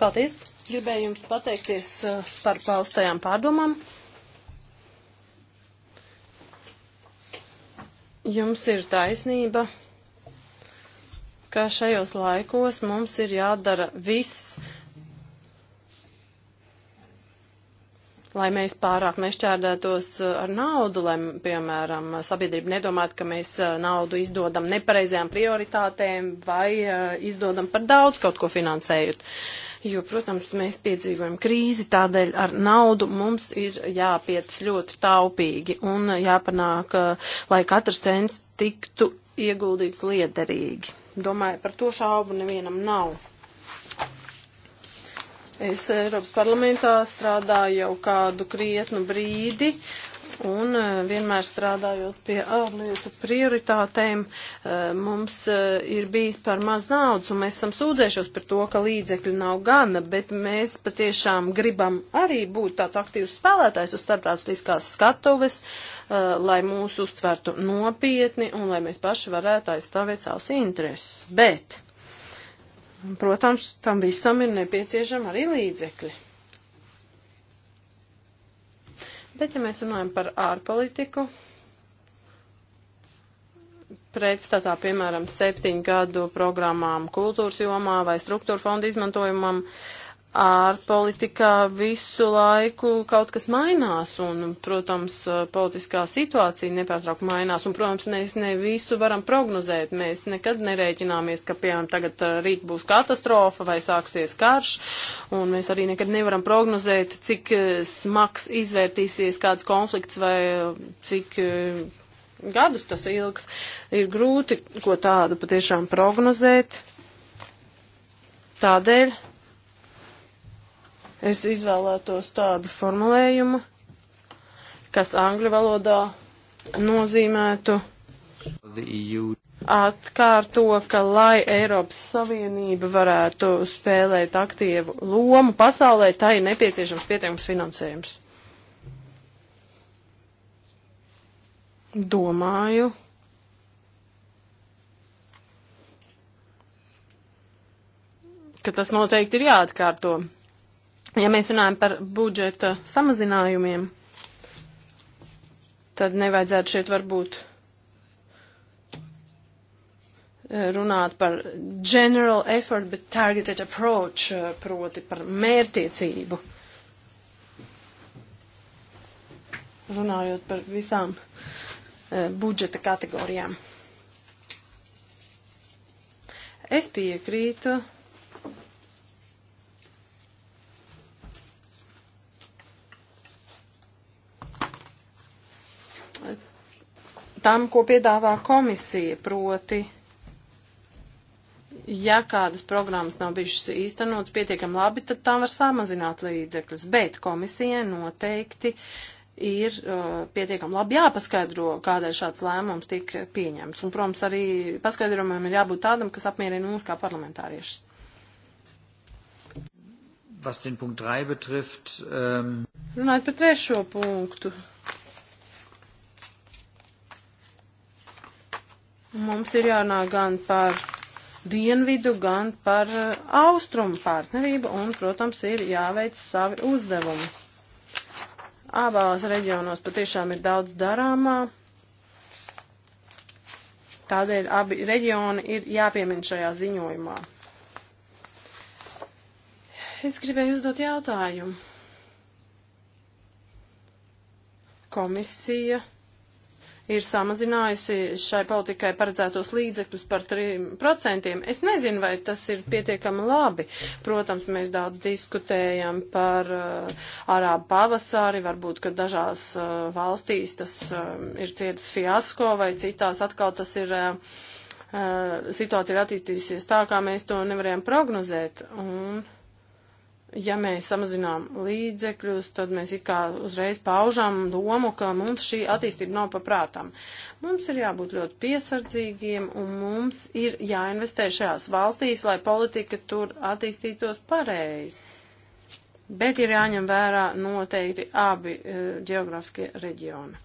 Paldies! Gribēju jums pateikties uh, par paustajām pārdomām. Jums ir taisnība, ka šajos laikos mums ir jādara viss, lai mēs pārāk nešķērdētos uh, ar naudu, lai, piemēram, uh, sabiedrība nedomātu, ka mēs uh, naudu izdodam nepareizajām prioritātēm vai izdodam par daudz kaut ko finansējot jo, protams, mēs piedzīvojam krīzi, tādēļ ar naudu mums ir jāpietas ļoti taupīgi un jāpanāk, eh, lai katrs cents tiktu ieguldīts liederīgi. Domāju, par to šaubu nevienam nav. Es Eiropas parlamentā strādāju jau kādu krietnu brīdi, Un e, vienmēr strādājot pie ārlietu prioritātēm, e, mums e, ir bijis par maz naudas, un mēs esam sūdzējušos par to, ka līdzekļu nav gana, bet mēs patiešām gribam arī būt tāds aktīvs spēlētājs uz starptautiskās skatuves, lai mūs uztvertu nopietni un lai mēs paši varētu aizstāvēt savus intereses. Bet, protams, tam visam ir nepieciešama arī līdzekļi. Bet, ja mēs runājam par ārpolitiku, pretstatā, piemēram, septiņu gadu programmām kultūras jomā vai struktūra fonda izmantojumam, uh, ārpolitikā visu laiku kaut kas mainās un, protams, politiskā situācija nepārtraukti mainās un, protams, mēs ne visu varam prognozēt. Mēs nekad nerēķināmies, ka, piemēram, tagad uh, rīt būs katastrofa vai sāksies karš un mēs arī nekad nevaram prognozēt, cik uh, smags izvērtīsies kāds konflikts vai uh, cik gadus tas ilgs. Ir grūti ko tādu patiešām prognozēt. Tādēļ Es izvēlētos tādu formulējumu, kas angļu valodā nozīmētu atkārto, ka lai Eiropas Savienība varētu spēlēt aktīvu lomu pasaulē, tā ir nepieciešams pietiekams finansējums. Domāju, ka tas noteikti ir jāatkārto. Ja mēs runājam par budžeta samazinājumiem, tad nevajadzētu šeit varbūt eh, runāt par general effort, bet targeted approach, eh, proti par mērtiecību. Runājot par visām eh, budžeta kategorijām. Es piekrītu tam, ko piedāvā komisija, proti, ja kādas programmas nav bijušas īstenotas pietiekam labi, tad tām var samazināt līdzekļus, bet komisijai noteikti ir uh, pietiekam labi jāpaskaidro, kādēļ šāds lēmums tika pieņemts. Un, protams, arī paskaidrojumam ir jābūt tādam, kas apmierina mūs kā parlamentāriešus. Was den Punkt 3 betrifft. Ähm um... Runājot par trešo punktu, Mums ir jārunā gan par dienvidu, gan par uh, austrumu partnerību, un, protams, ir jāveic savi uzdevumi. Abās reģionos patiešām ir daudz darāmā, tādēļ abi reģioni ir jāpiemina šajā ziņojumā. Es gribēju uzdot jautājumu. Komisija ir samazinājusi šai politikai paredzētos līdzekļus par 3%. Es nezinu, vai tas ir pietiekami labi. Protams, mēs daudz diskutējam par uh, ārābu pavasāri, varbūt, ka dažās uh, valstīs tas uh, ir cietas fiasko, vai citās atkal tas ir. Uh, uh, situācija ir attīstījusies tā, kā mēs to nevarējām prognozēt. Un, uh, ja mēs samazinām līdzekļus, tad mēs it kā uzreiz paužam domu, ka mums šī attīstība nav paprātām. Mums ir jābūt ļoti piesardzīgiem un mums ir jāinvestē šajās valstīs, lai politika tur attīstītos pareizi. Bet ir jāņem vērā noteikti abi e, geogrāfiskie reģioni.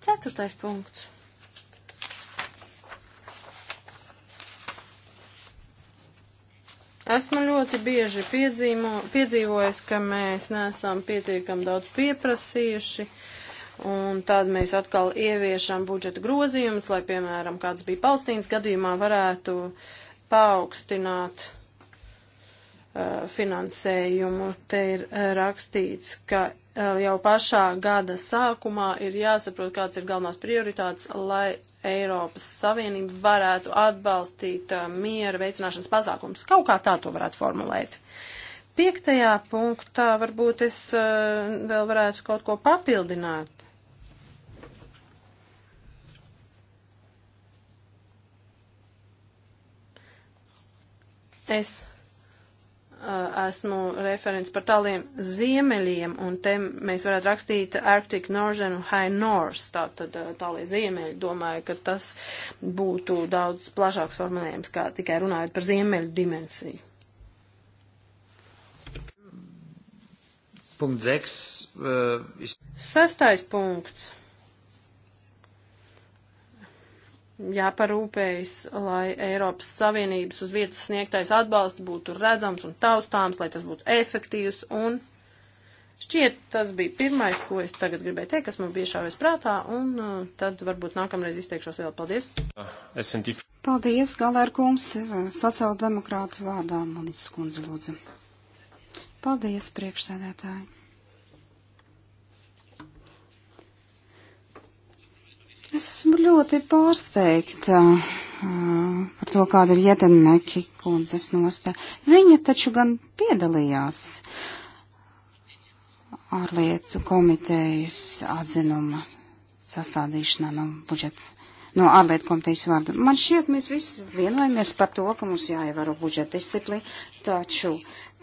Ceturtais punkts. Esmu ļoti bieži piedzīmo, piedzīvojis, ka mēs nesam pietiekam daudz pieprasījuši, un tad mēs atkal ieviešam budžeta grozījumus, lai, piemēram, kāds bija Palestīnas gadījumā, varētu paaugstināt Uh, finansējumu. Te ir uh, rakstīts, ka uh, jau pašā gada sākumā ir jāsaprot, kāds ir galvenās prioritātes, lai Eiropas Savienība varētu atbalstīt miera veicināšanas pasākums. Kaut kā tā to varētu formulēt. Piektajā punktā varbūt es vēl varētu kaut ko papildināt. Es Uh, esmu referents par tāliem ziemeļiem, un te mēs varētu rakstīt Arctic Northern un High North, tātad uh, tālie ziemeļi. Domāju, ka tas būtu daudz plašāks formulējums, kā tikai runājot par ziemeļu dimensiju. Punkt 6. Uh, Sastais punkts. jāparūpējas, lai Eiropas Savienības uz vietas sniegtais atbalsts būtu redzams un taustāms, lai tas būtu efektīvs un šķiet, tas bija pirmais, ko es tagad gribēju teikt, kas man bija šāvies prātā, un uh, tad varbūt nākamreiz izteikšos vēl. Paldies! Uh, Paldies, Galērkungs, uh, sociāldemokrātu vārdā, Manis Skundze, lūdzu. Paldies, priekšsēdētāji! Es esmu ļoti pārsteigta par to, kāda ir Jedenmeki kundzes nostā. Viņa taču gan piedalījās ārlietu komitejas atzinuma sastādīšanā no budžeta no ārlietu komitejas vārda. Man šķiet, mēs visi vienojamies par to, ka mums jāievēro budžeta disciplīna, taču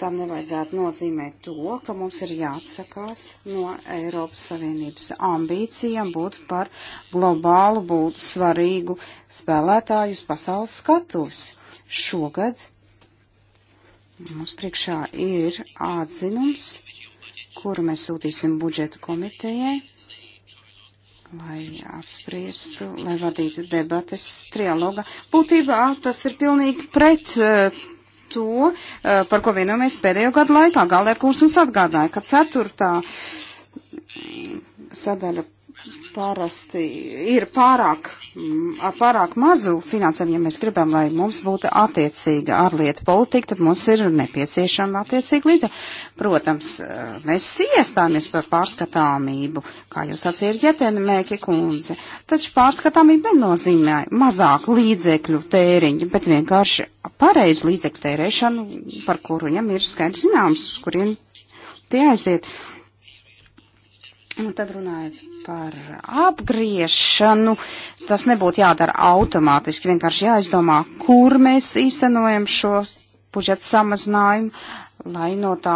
tam nevajadzētu nozīmēt to, ka mums ir jāatsakās no Eiropas Savienības ambīcijām būt par globālu, būt svarīgu spēlētāju uz pasaules skatuves. Šogad mums priekšā ir atzinums, kuru mēs sūtīsim budžetu komitejai lai apspriestu, lai vadītu debates trialoga. Būtībā tas ir pilnīgi pret uh, to, uh, par ko vienojamies pēdējo gadu laikā. Galērkurs mums atgādāja, ka ceturtā mm, sadaļa parasti ir pārāk, pārāk mazu finansējumu. Ja mēs gribam, lai mums būtu attiecīga ārlietu politika, tad mums ir nepieciešama attiecīga līdze. Protams, e, mēs iestāmies par pārskatāmību, kā jūs atsiet ģetenmēki kundze. Taču pārskatāmība nenozīmē mazāk līdzekļu tēriņu, bet vienkārši pareizu līdzekļu tērēšanu, par kuru viņam ir skaidrs zināms, uz kurien tie aiziet. Uh, Un tad runājot par apgriešanu, tas nebūtu jādara automātiski, vienkārši jāizdomā, kur mēs īstenojam šo budžeta samazinājumu, lai no tā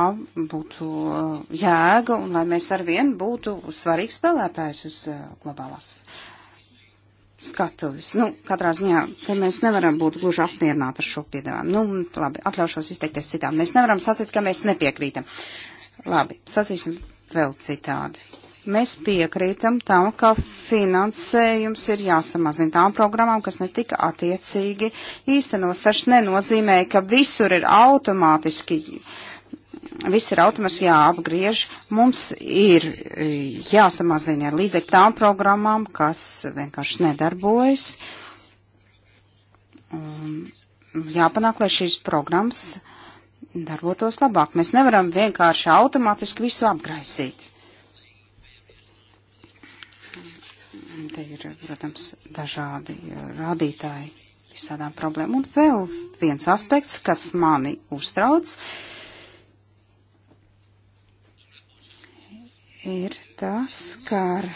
būtu uh, jēga un lai mēs arvien būtu svarīgs spēlētājs uz uh, globālās skatuves. Nu, katrā ziņā, te mēs nevaram būt gluži apmierināti ar šo piedāvājumu. Nu, labi, atļaušos izteikties citām. Mēs nevaram sacīt, ka mēs nepiekrītam. Labi, sasīsim vēl citādi Mēs piekrītam tam, ka finansējums ir jāsamazina tām programmām, kas netika attiecīgi īstenos. Tas nenozīmē, ka visur ir automātiski viss ir automātiski jāapgriež. Mums ir jāsamazina līdzekļi tām programmām, kas vienkārši nedarbojas. Un jāpanāk, lai šīs programmas darbotos labāk. Mēs nevaram vienkārši automātiski visu apgraisīt. te ir, protams, dažādi e, rādītāji visādām problēmām. Un vēl viens aspekts, kas mani uztrauc, ir tas, ka ar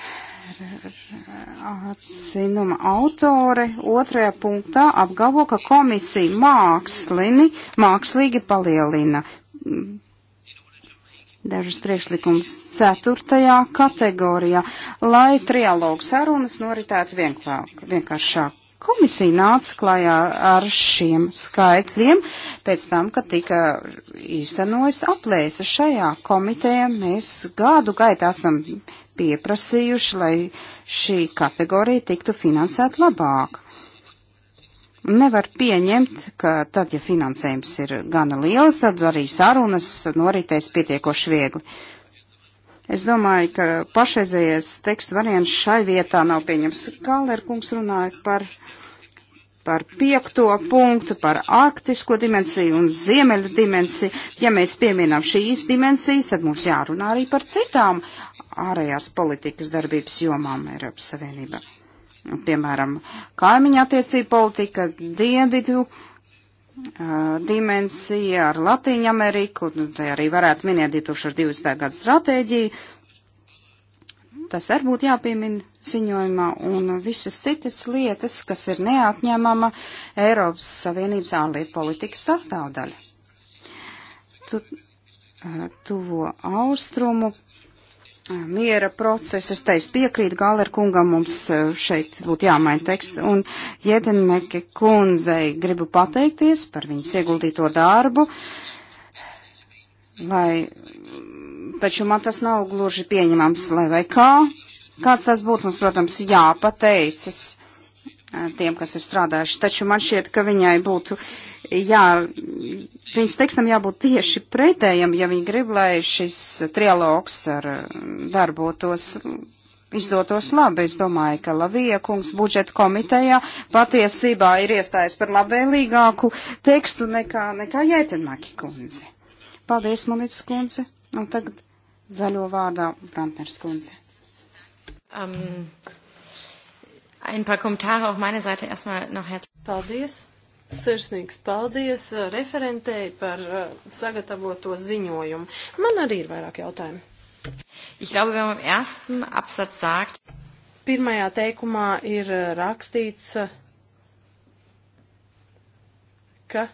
atzinuma autore otrajā punktā apgalvo, ka komisija mākslini, mākslīgi palielina dažus priekšlikumus ceturtajā kategorijā, lai trialogu sarunas noritētu vienkāršāk. Komisija nāca klajā ar šiem skaitļiem pēc tam, kad tika īstenojas aplēse šajā komitejā. Mēs gādu gaitā esam pieprasījuši, lai šī kategorija tiktu finansēta labāk. Nevar pieņemt, ka tad, ja finansējums ir gana liels, tad arī sarunas noritēs pietiekoši viegli. Es domāju, ka pašreizējais tekstu variants šai vietā nav pieņems. Kālerkungs runāja par, par piekto punktu, par arktisko dimensiju un ziemeļu dimensiju. Ja mēs pieminam šīs dimensijas, tad mums jārunā arī par citām ārējās politikas darbības jomām Eiropas Savienībā piemēram, kaimiņa attiecība politika, dienvidu dimensija ar Latīņu Ameriku, nu, te arī varētu minēt 2020. gada stratēģiju. Tas arī būtu jāpiemina ziņojumā, un visas citas lietas, kas ir neatņemama Eiropas Savienības ārlietu politikas sastāvdaļa. Tu, tuvo austrumu miera process. Es teicu, piekrītu Gāler kungam, mums e, šeit būtu jāmaina teksts. Un Jedenmeke kundzei gribu pateikties par viņas ieguldīto darbu, lai, taču man tas nav gluži pieņemams, lai vai kā. Kāds tas būtu, mums, protams, jāpateicas tiem, kas ir strādājuši. Taču man šķiet, ka viņai būtu jā, viņas tekstam jābūt tieši pretējam, ja viņa grib, lai šis trialogs ar darbotos. Izdotos labi, es domāju, ka Lavija kungs budžeta komitejā patiesībā ir iestājis par labvēlīgāku tekstu nekā, nekā Jētenmaki kundze. Paldies, Monits kundze, un tagad zaļo vārdā Brantners kundze. Um. Ein paar Kommentare auf meiner Seite erstmal noch herzlich. Paldies! Sirsnīgs paldies uh, referentei par uh, sagatavoto ziņojumu. Man arī ir vairāk jautājumu. Ich glaube, wenn man im ersten Absatz sagt. Pirmajā teikumā ir uh, rakstīts, ka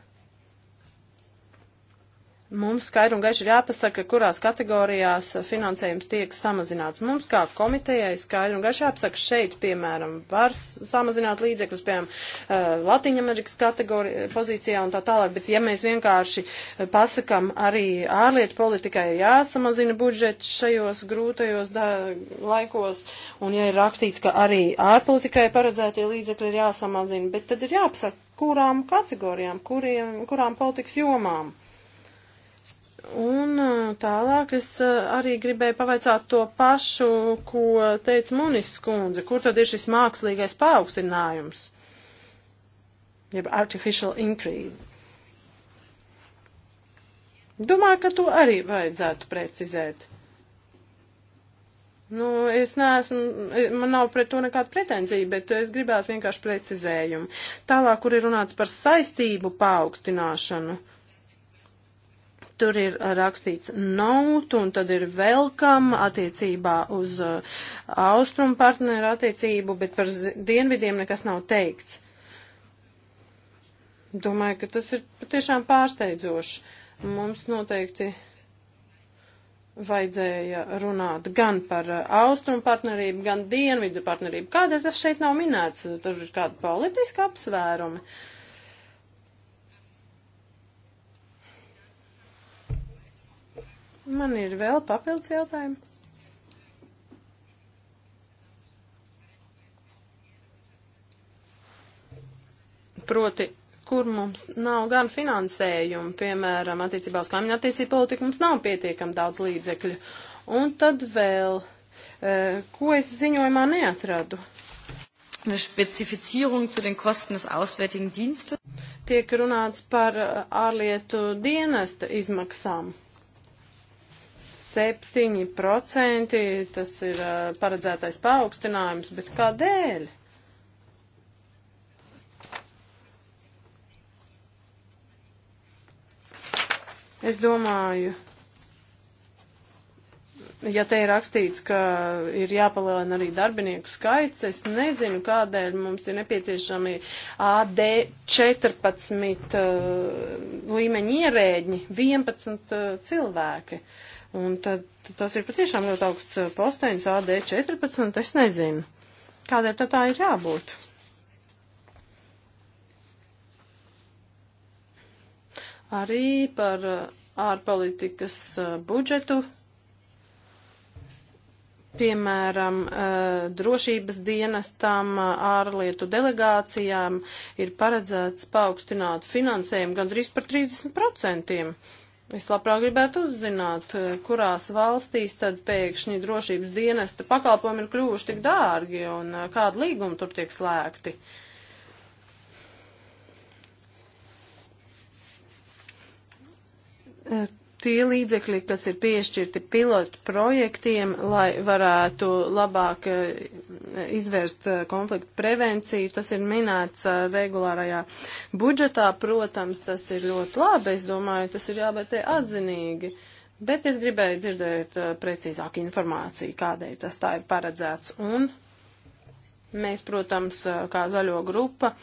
Mums skaidri un gaiši ir jāpasaka, kurās kategorijās finansējums tiek samazināts. Mums kā komitejai skaidri un gaiši jāpasaka, šeit, piemēram, var samazināt līdzekļus, piemēram, eh, Latīņamerikas kategorija pozīcijā un tā tālāk, bet ja mēs vienkārši eh, pasakam arī ārlietu politikai ir jāsamazina budžets šajos grūtajos laikos, un ja ir rakstīts, ka arī ārpolitikai paredzētie līdzekļi ir jāsamazina, bet tad ir jāpasaka, kurām kategorijām, kuriem, kurām politikas jomām. Un uh, tālāk es uh, arī gribēju pavaicāt to pašu, ko teica Munis skundze. Kur tad ir šis mākslīgais paaugstinājums? Jeb artificial increase. Domāju, ka to arī vajadzētu precizēt. Nu, es neesmu, man nav pret to nekāda pretenzija, bet es gribētu vienkārši precizējumu. Tālāk, kur ir runāts par saistību paaugstināšanu. Uh, tur ir rakstīts note un tad ir welcome attiecībā uz uh, austrumu partneru attiecību, bet par dienvidiem nekas nav teikts. Domāju, ka tas ir patiešām pārsteidzoši. Mums noteikti vajadzēja runāt gan par uh, austrumu partnerību, gan dienvidu partnerību. Kādēļ tas šeit nav minēts? Tur ir kāda politiska apsvērumi. Uh, Man ir vēl papildus jautājumi. Proti, kur mums nav gan finansējumu, piemēram, attiecībā uz kaimiņu attiecību politiku, mums nav pietiekam daudz līdzekļu. Un tad vēl, eh, ko es ziņojumā neatradu? Eine Spezifizierung zu den Kosten des Auswärtigen Dienstes. Tiek runāts par eh, ārlietu dienesta izmaksām. 7%, tas ir paredzētais paaugstinājums, bet kādēļ? Es domāju, ja te ir rakstīts, ka ir jāpalielina arī darbinieku skaits, es nezinu, kādēļ mums ir nepieciešami AD 14 uh, līmeņa ierēģi, 11 uh, cilvēki. Uh, Un tad tas ir patiešām ļoti augsts eh, posteņas AD14, es nezinu. Kādēļ tad tā ir jābūt? Arī par eh, ārpolitikas eh, budžetu, piemēram, drošības dienestām, ārlietu delegācijām ir paredzēts paaugstināt finansējumu gandrīz par 30%. Es labprāt gribētu uzzināt, e, kurās valstīs tad pēkšņi drošības dienesta pakalpojumi ir kļuvuši tik dārgi un e, kāda līguma tur tiek slēgti. E, tie līdzekļi, kas ir piešķirti pilotu projektiem, lai varētu labāk eh, izvērst eh, konfliktu prevenciju. Tas ir minēts eh, regulārajā budžetā, protams, tas ir ļoti labi, es domāju, tas ir jāvērtē atzinīgi. Bet es gribēju dzirdēt precīzāku informāciju, kādēļ tas tā ir paredzēts. Un Mēs, protams, kā zaļo grupa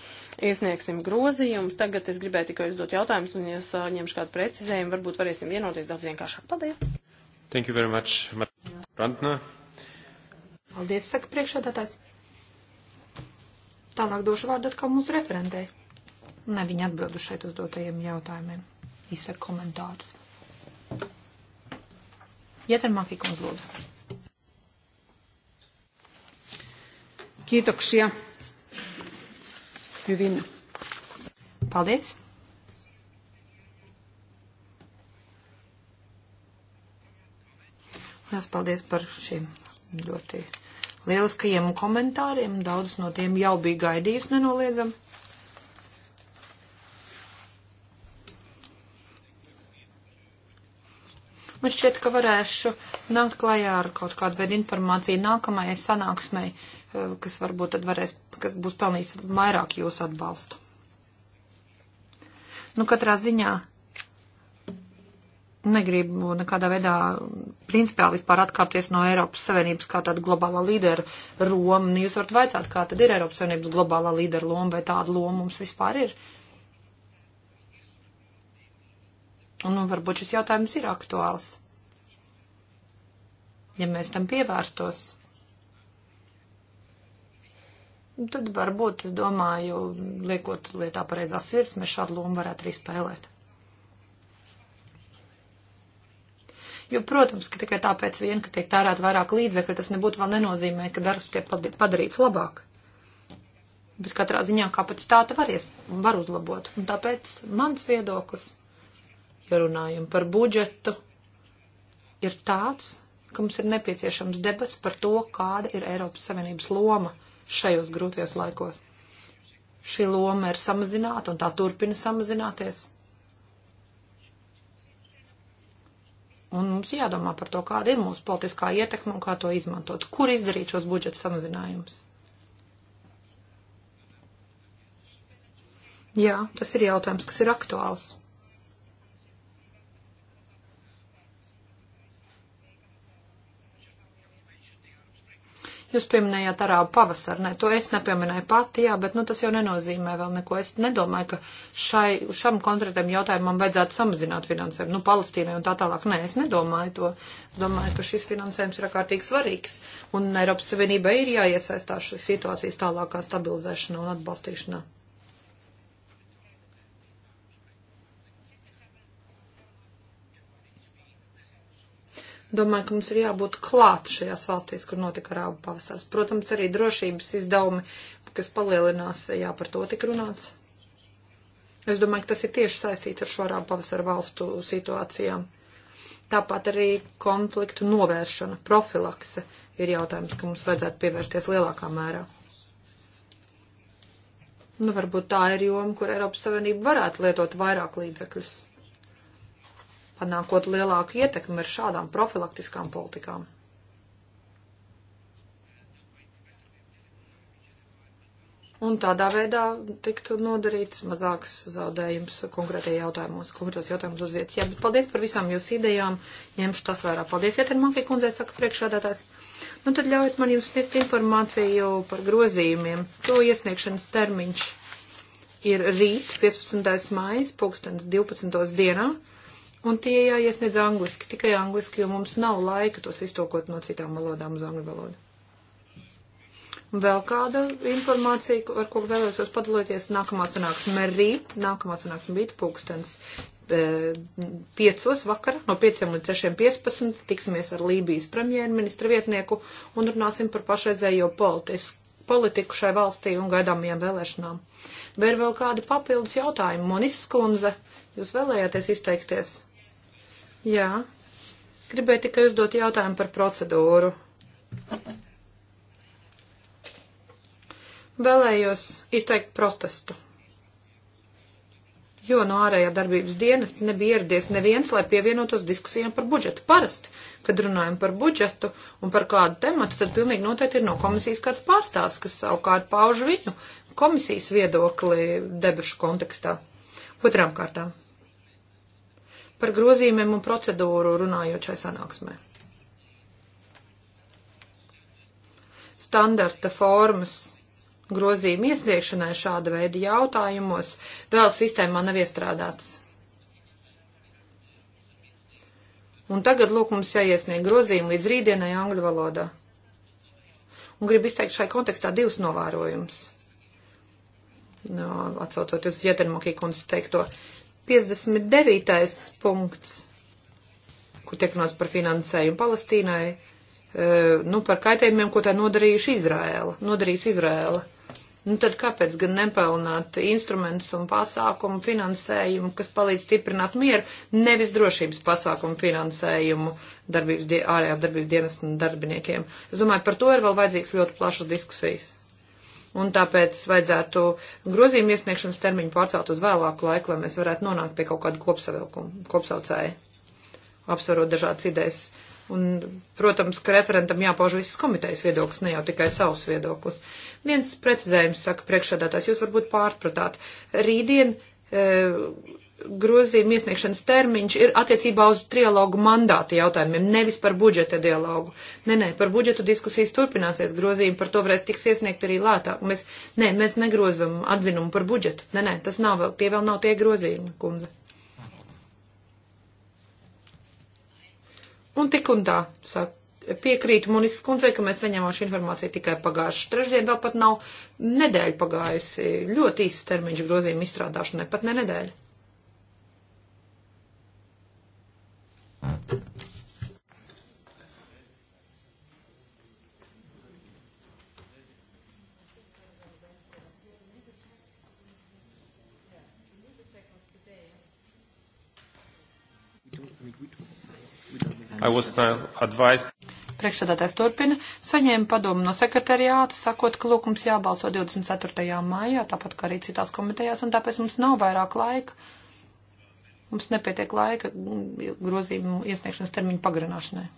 iesniegsim grozījumus. Tagad es gribēju tikai uzdot jautājumus, un, ja saņemšu kādu precizējumu, varbūt varēsim vienoties daudz vienkāršāk. Paldies! Thank you very much, Brantner. Paldies, saka priekšādātājs. Tālāk došu vārdu atkal mūsu referentei. Ne viņa atbildu šeit uzdotajiem jautājumiem. Izsaka komentārus. Jetermākī kundz lūdzu. Kiitoksia. Hyvin. Paldies. Lielas paldies par šiem ļoti lieliskajiem komentāriem. Daudz no tiem jau bija gaidījis nenoliedzami. Man šķiet, ka varēšu nākt klajā ar kaut kādu veidu informāciju nākamajai sanāksmai Eh, kas varbūt tad varēs, kas būs pelnījis vairāk jūsu atbalstu. Nu, katrā ziņā negribu nekādā veidā principiāli vispār atkāpties no Eiropas Savienības kā tāda globālā līdera Roma. Nu, jūs varat vaicāt, kā tad ir Eiropas Savienības globālā līdera loma, vai tāda loma mums vispār ir. Un nu, varbūt šis jautājums ir aktuāls, ja mēs tam pievērstos. Nu, tad varbūt, es domāju, liekot lietā pareizās sirds, mēs šādu lomu varētu arī spēlēt. Jo, protams, ka tikai tāpēc vien, ka tiek tērēt vairāk līdzekļu, tas nebūtu vēl nenozīmē, ka darbs tiek padarīts labāk. Bet katrā ziņā kapacitāte var, ies, var uzlabot. Un tāpēc mans viedoklis, ja runājam par budžetu, ir tāds, ka mums ir nepieciešams debats par to, kāda ir Eiropas Savienības loma šajos grūtajos laikos. Šī loma ir samazināta un tā turpina samazināties. Un mums jādomā par to, kāda ir mūsu politiskā ietekme un kā to izmantot. Kur izdarīt šos budžeta samazinājumus? Jā, tas ir jautājums, kas ir aktuāls. Jūs pieminējāt arābu pavasaru, ne, to es nepieminēju pati, jā, bet, nu, tas jau nenozīmē vēl neko. Es nedomāju, ka šai, šam konkrētam jautājumam vajadzētu samazināt finansējumu, nu, Palestīnai un tā tālāk. Nē, es nedomāju to. Es domāju, ka šis finansējums ir ārkārtīgi svarīgs, un Eiropas Savienībai ir jāiesaistās šīs situācijas tālākā stabilizēšanā un atbalstīšanā. Domāju, ka mums ir jābūt klāt šajās valstīs, kur notika arābu pavasars. Protams, arī drošības izdevumi, kas palielinās, jā, par to tik runāts. Es domāju, ka tas ir tieši saistīts ar šo arābu pavasara valstu situācijām. Tāpat arī konfliktu novēršana, profilakse ir jautājums, ka mums vajadzētu pievērsties lielākā mērā. Nu, varbūt tā ir joma, kur Eiropas Savienība varētu lietot vairāk līdzekļus panākot lielāku ietekmi ar šādām profilaktiskām politikām. Un tādā veidā tiktu nodarīts mazāks zaudējums konkrētajā jautājumos, konkrētos jautājumos uz vietas. Jā, bet paldies par visām jūsu idejām, ņemšu tas vērā. Paldies, Ietermankai kundzei, saka priekšādātājs. Nu tad ļaujiet man jums sniegt informāciju par grozījumiem. To iesniegšanas termiņš ir rīt, 15. mājas, pulkstens 12. dienā. Un tie jāiesniedz angliski, tikai angliski, jo mums nav laika tos iztokot no citām valodām uz angļu valodu. Un vēl kāda informācija, ar ko vēlos jūs padalīties, nākamā sanāksme rīt, nākamā sanāksme rīt pūkstens e, piecos vakara, no 5 līdz 6.15, tiksimies ar Lībijas premjerministra vietnieku un runāsim par pašreizējo politisku politiku šai valstī un gaidāmajām vēlēšanām. Vai ir vēl kādi papildus jautājumi? Monis Kunze, jūs vēlējāties izteikties? Jā. Gribēju tikai uzdot jautājumu par procedūru. Vēlējos izteikt protestu, jo no ārējā darbības dienas nebija ieradies neviens, lai pievienotos diskusijām par budžetu. Parasti, kad runājam par budžetu un par kādu tematu, tad pilnīgi noteikti ir no komisijas kāds pārstāvs, kas savukārt pauž viņu komisijas viedokli debešu kontekstā. Otrām kārtām par grozījumiem un procedūru runājot šai sanāksmē. Standarta formas grozījuma iesniegšanai šāda veida jautājumos vēl sistēmā nav iestrādātas. Un tagad, lūk, mums jāiesniegt grozījumi līdz rītdienai angļu valodā. Un gribu izteikt šai kontekstā divus novērojumus. No, nu, atsaucoties uz Jetermokī kundzes teikto. Uh, 59. punkts, kur tiek runāts par finansējumu Palestīnai, e, nu, par kaitējumiem, ko tā nodarījuši Izrēla, nodarījusi Izrēla. Nu, tad kāpēc gan nepelnāt instrumentus un pasākumu finansējumu, kas palīdz stiprināt mieru, nevis drošības pasākumu finansējumu darbības, ārējā darbības dienas darbiniekiem? Es domāju, par to ir vēl vajadzīgs ļoti plašas diskusijas un tāpēc vajadzētu grozījumu iesniegšanas termiņu pārcelt uz vēlāku laiku, lai mēs varētu nonākt pie kaut kāda kopsavilkuma, kopsaucēja, apsvarot dažādas idejas. Un, protams, ka referentam jāpauž visas komitejas viedoklis, ne jau tikai savs viedoklis. Viens precizējums saka priekšādātājs, jūs varbūt pārpratāt. Rītdien e, grozījuma iesniegšanas termiņš ir attiecībā uz trialogu mandāta jautājumiem, nevis par budžeta dialogu. Nē, nē, par budžetu diskusijas turpināsies grozījumi, par to varēs tiks iesniegt arī lētāk. Mēs, nē, mēs negrozam atzinumu par budžetu. Nē, nē, tas nav vēl, tie vēl nav tie grozījumi, kundze. Un tik un tā, saka. Piekrītu Munisas kundzei, ka mēs saņēmām šo informāciju tikai pagājuši trešdien, vēl pat nav nedēļa pagājusi. Ļoti īsts termiņš grozījuma izstrādāšanai, pat ne nedēļa. Priekšsēdētājs turpina. Saņēma padomu no sekretariāta, sakot, ka lūk, mums jābalso 24. maijā, tāpat kā arī citās komitejās, un tāpēc mums nav vairāk laika Mums nepietiek laika grozījumu iesniegšanas termiņu pagarināšanai.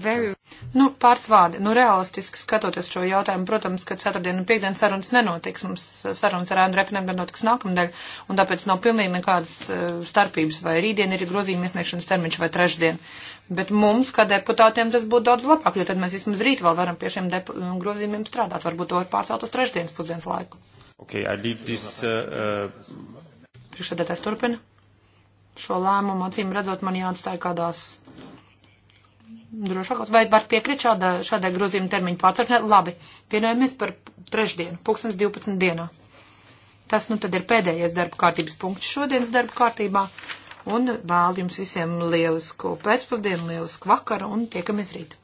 Very... Nu, pāris vārdi. Nu, realistiski skatoties šo jautājumu, protams, ka ceturtdien un piekdien sarunas nenotiks. Mums uh, sarunas ar Andru Repnēm notiks nākamdēļ, un tāpēc nav pilnīgi nekādas uh, starpības, vai rītdien ir grozījuma iesniegšanas termiņš vai trešdien. Bet mums, kā deputātiem, tas būtu daudz labāk, jo tad mēs vismaz rīt vēl varam pie šiem grozījumiem strādāt. Varbūt to var pārcelt uz trešdienas pusdienas laiku. Okay, I leave this, uh, uh... Priekšsēdētājs turpina. Šo lēmumu acīm redzot man jāatstāja kādās drošākos. Vai var piekrīt šādā, šādai grozījuma termiņu pārcelšanai? Labi, vienojamies par trešdienu, 2012. dienā. Tas nu tad ir pēdējais darba kārtības punkts šodienas darba kārtībā. Un vēl jums visiem lielisku pēcpusdienu, lielisku vakaru un tiekamies rīt.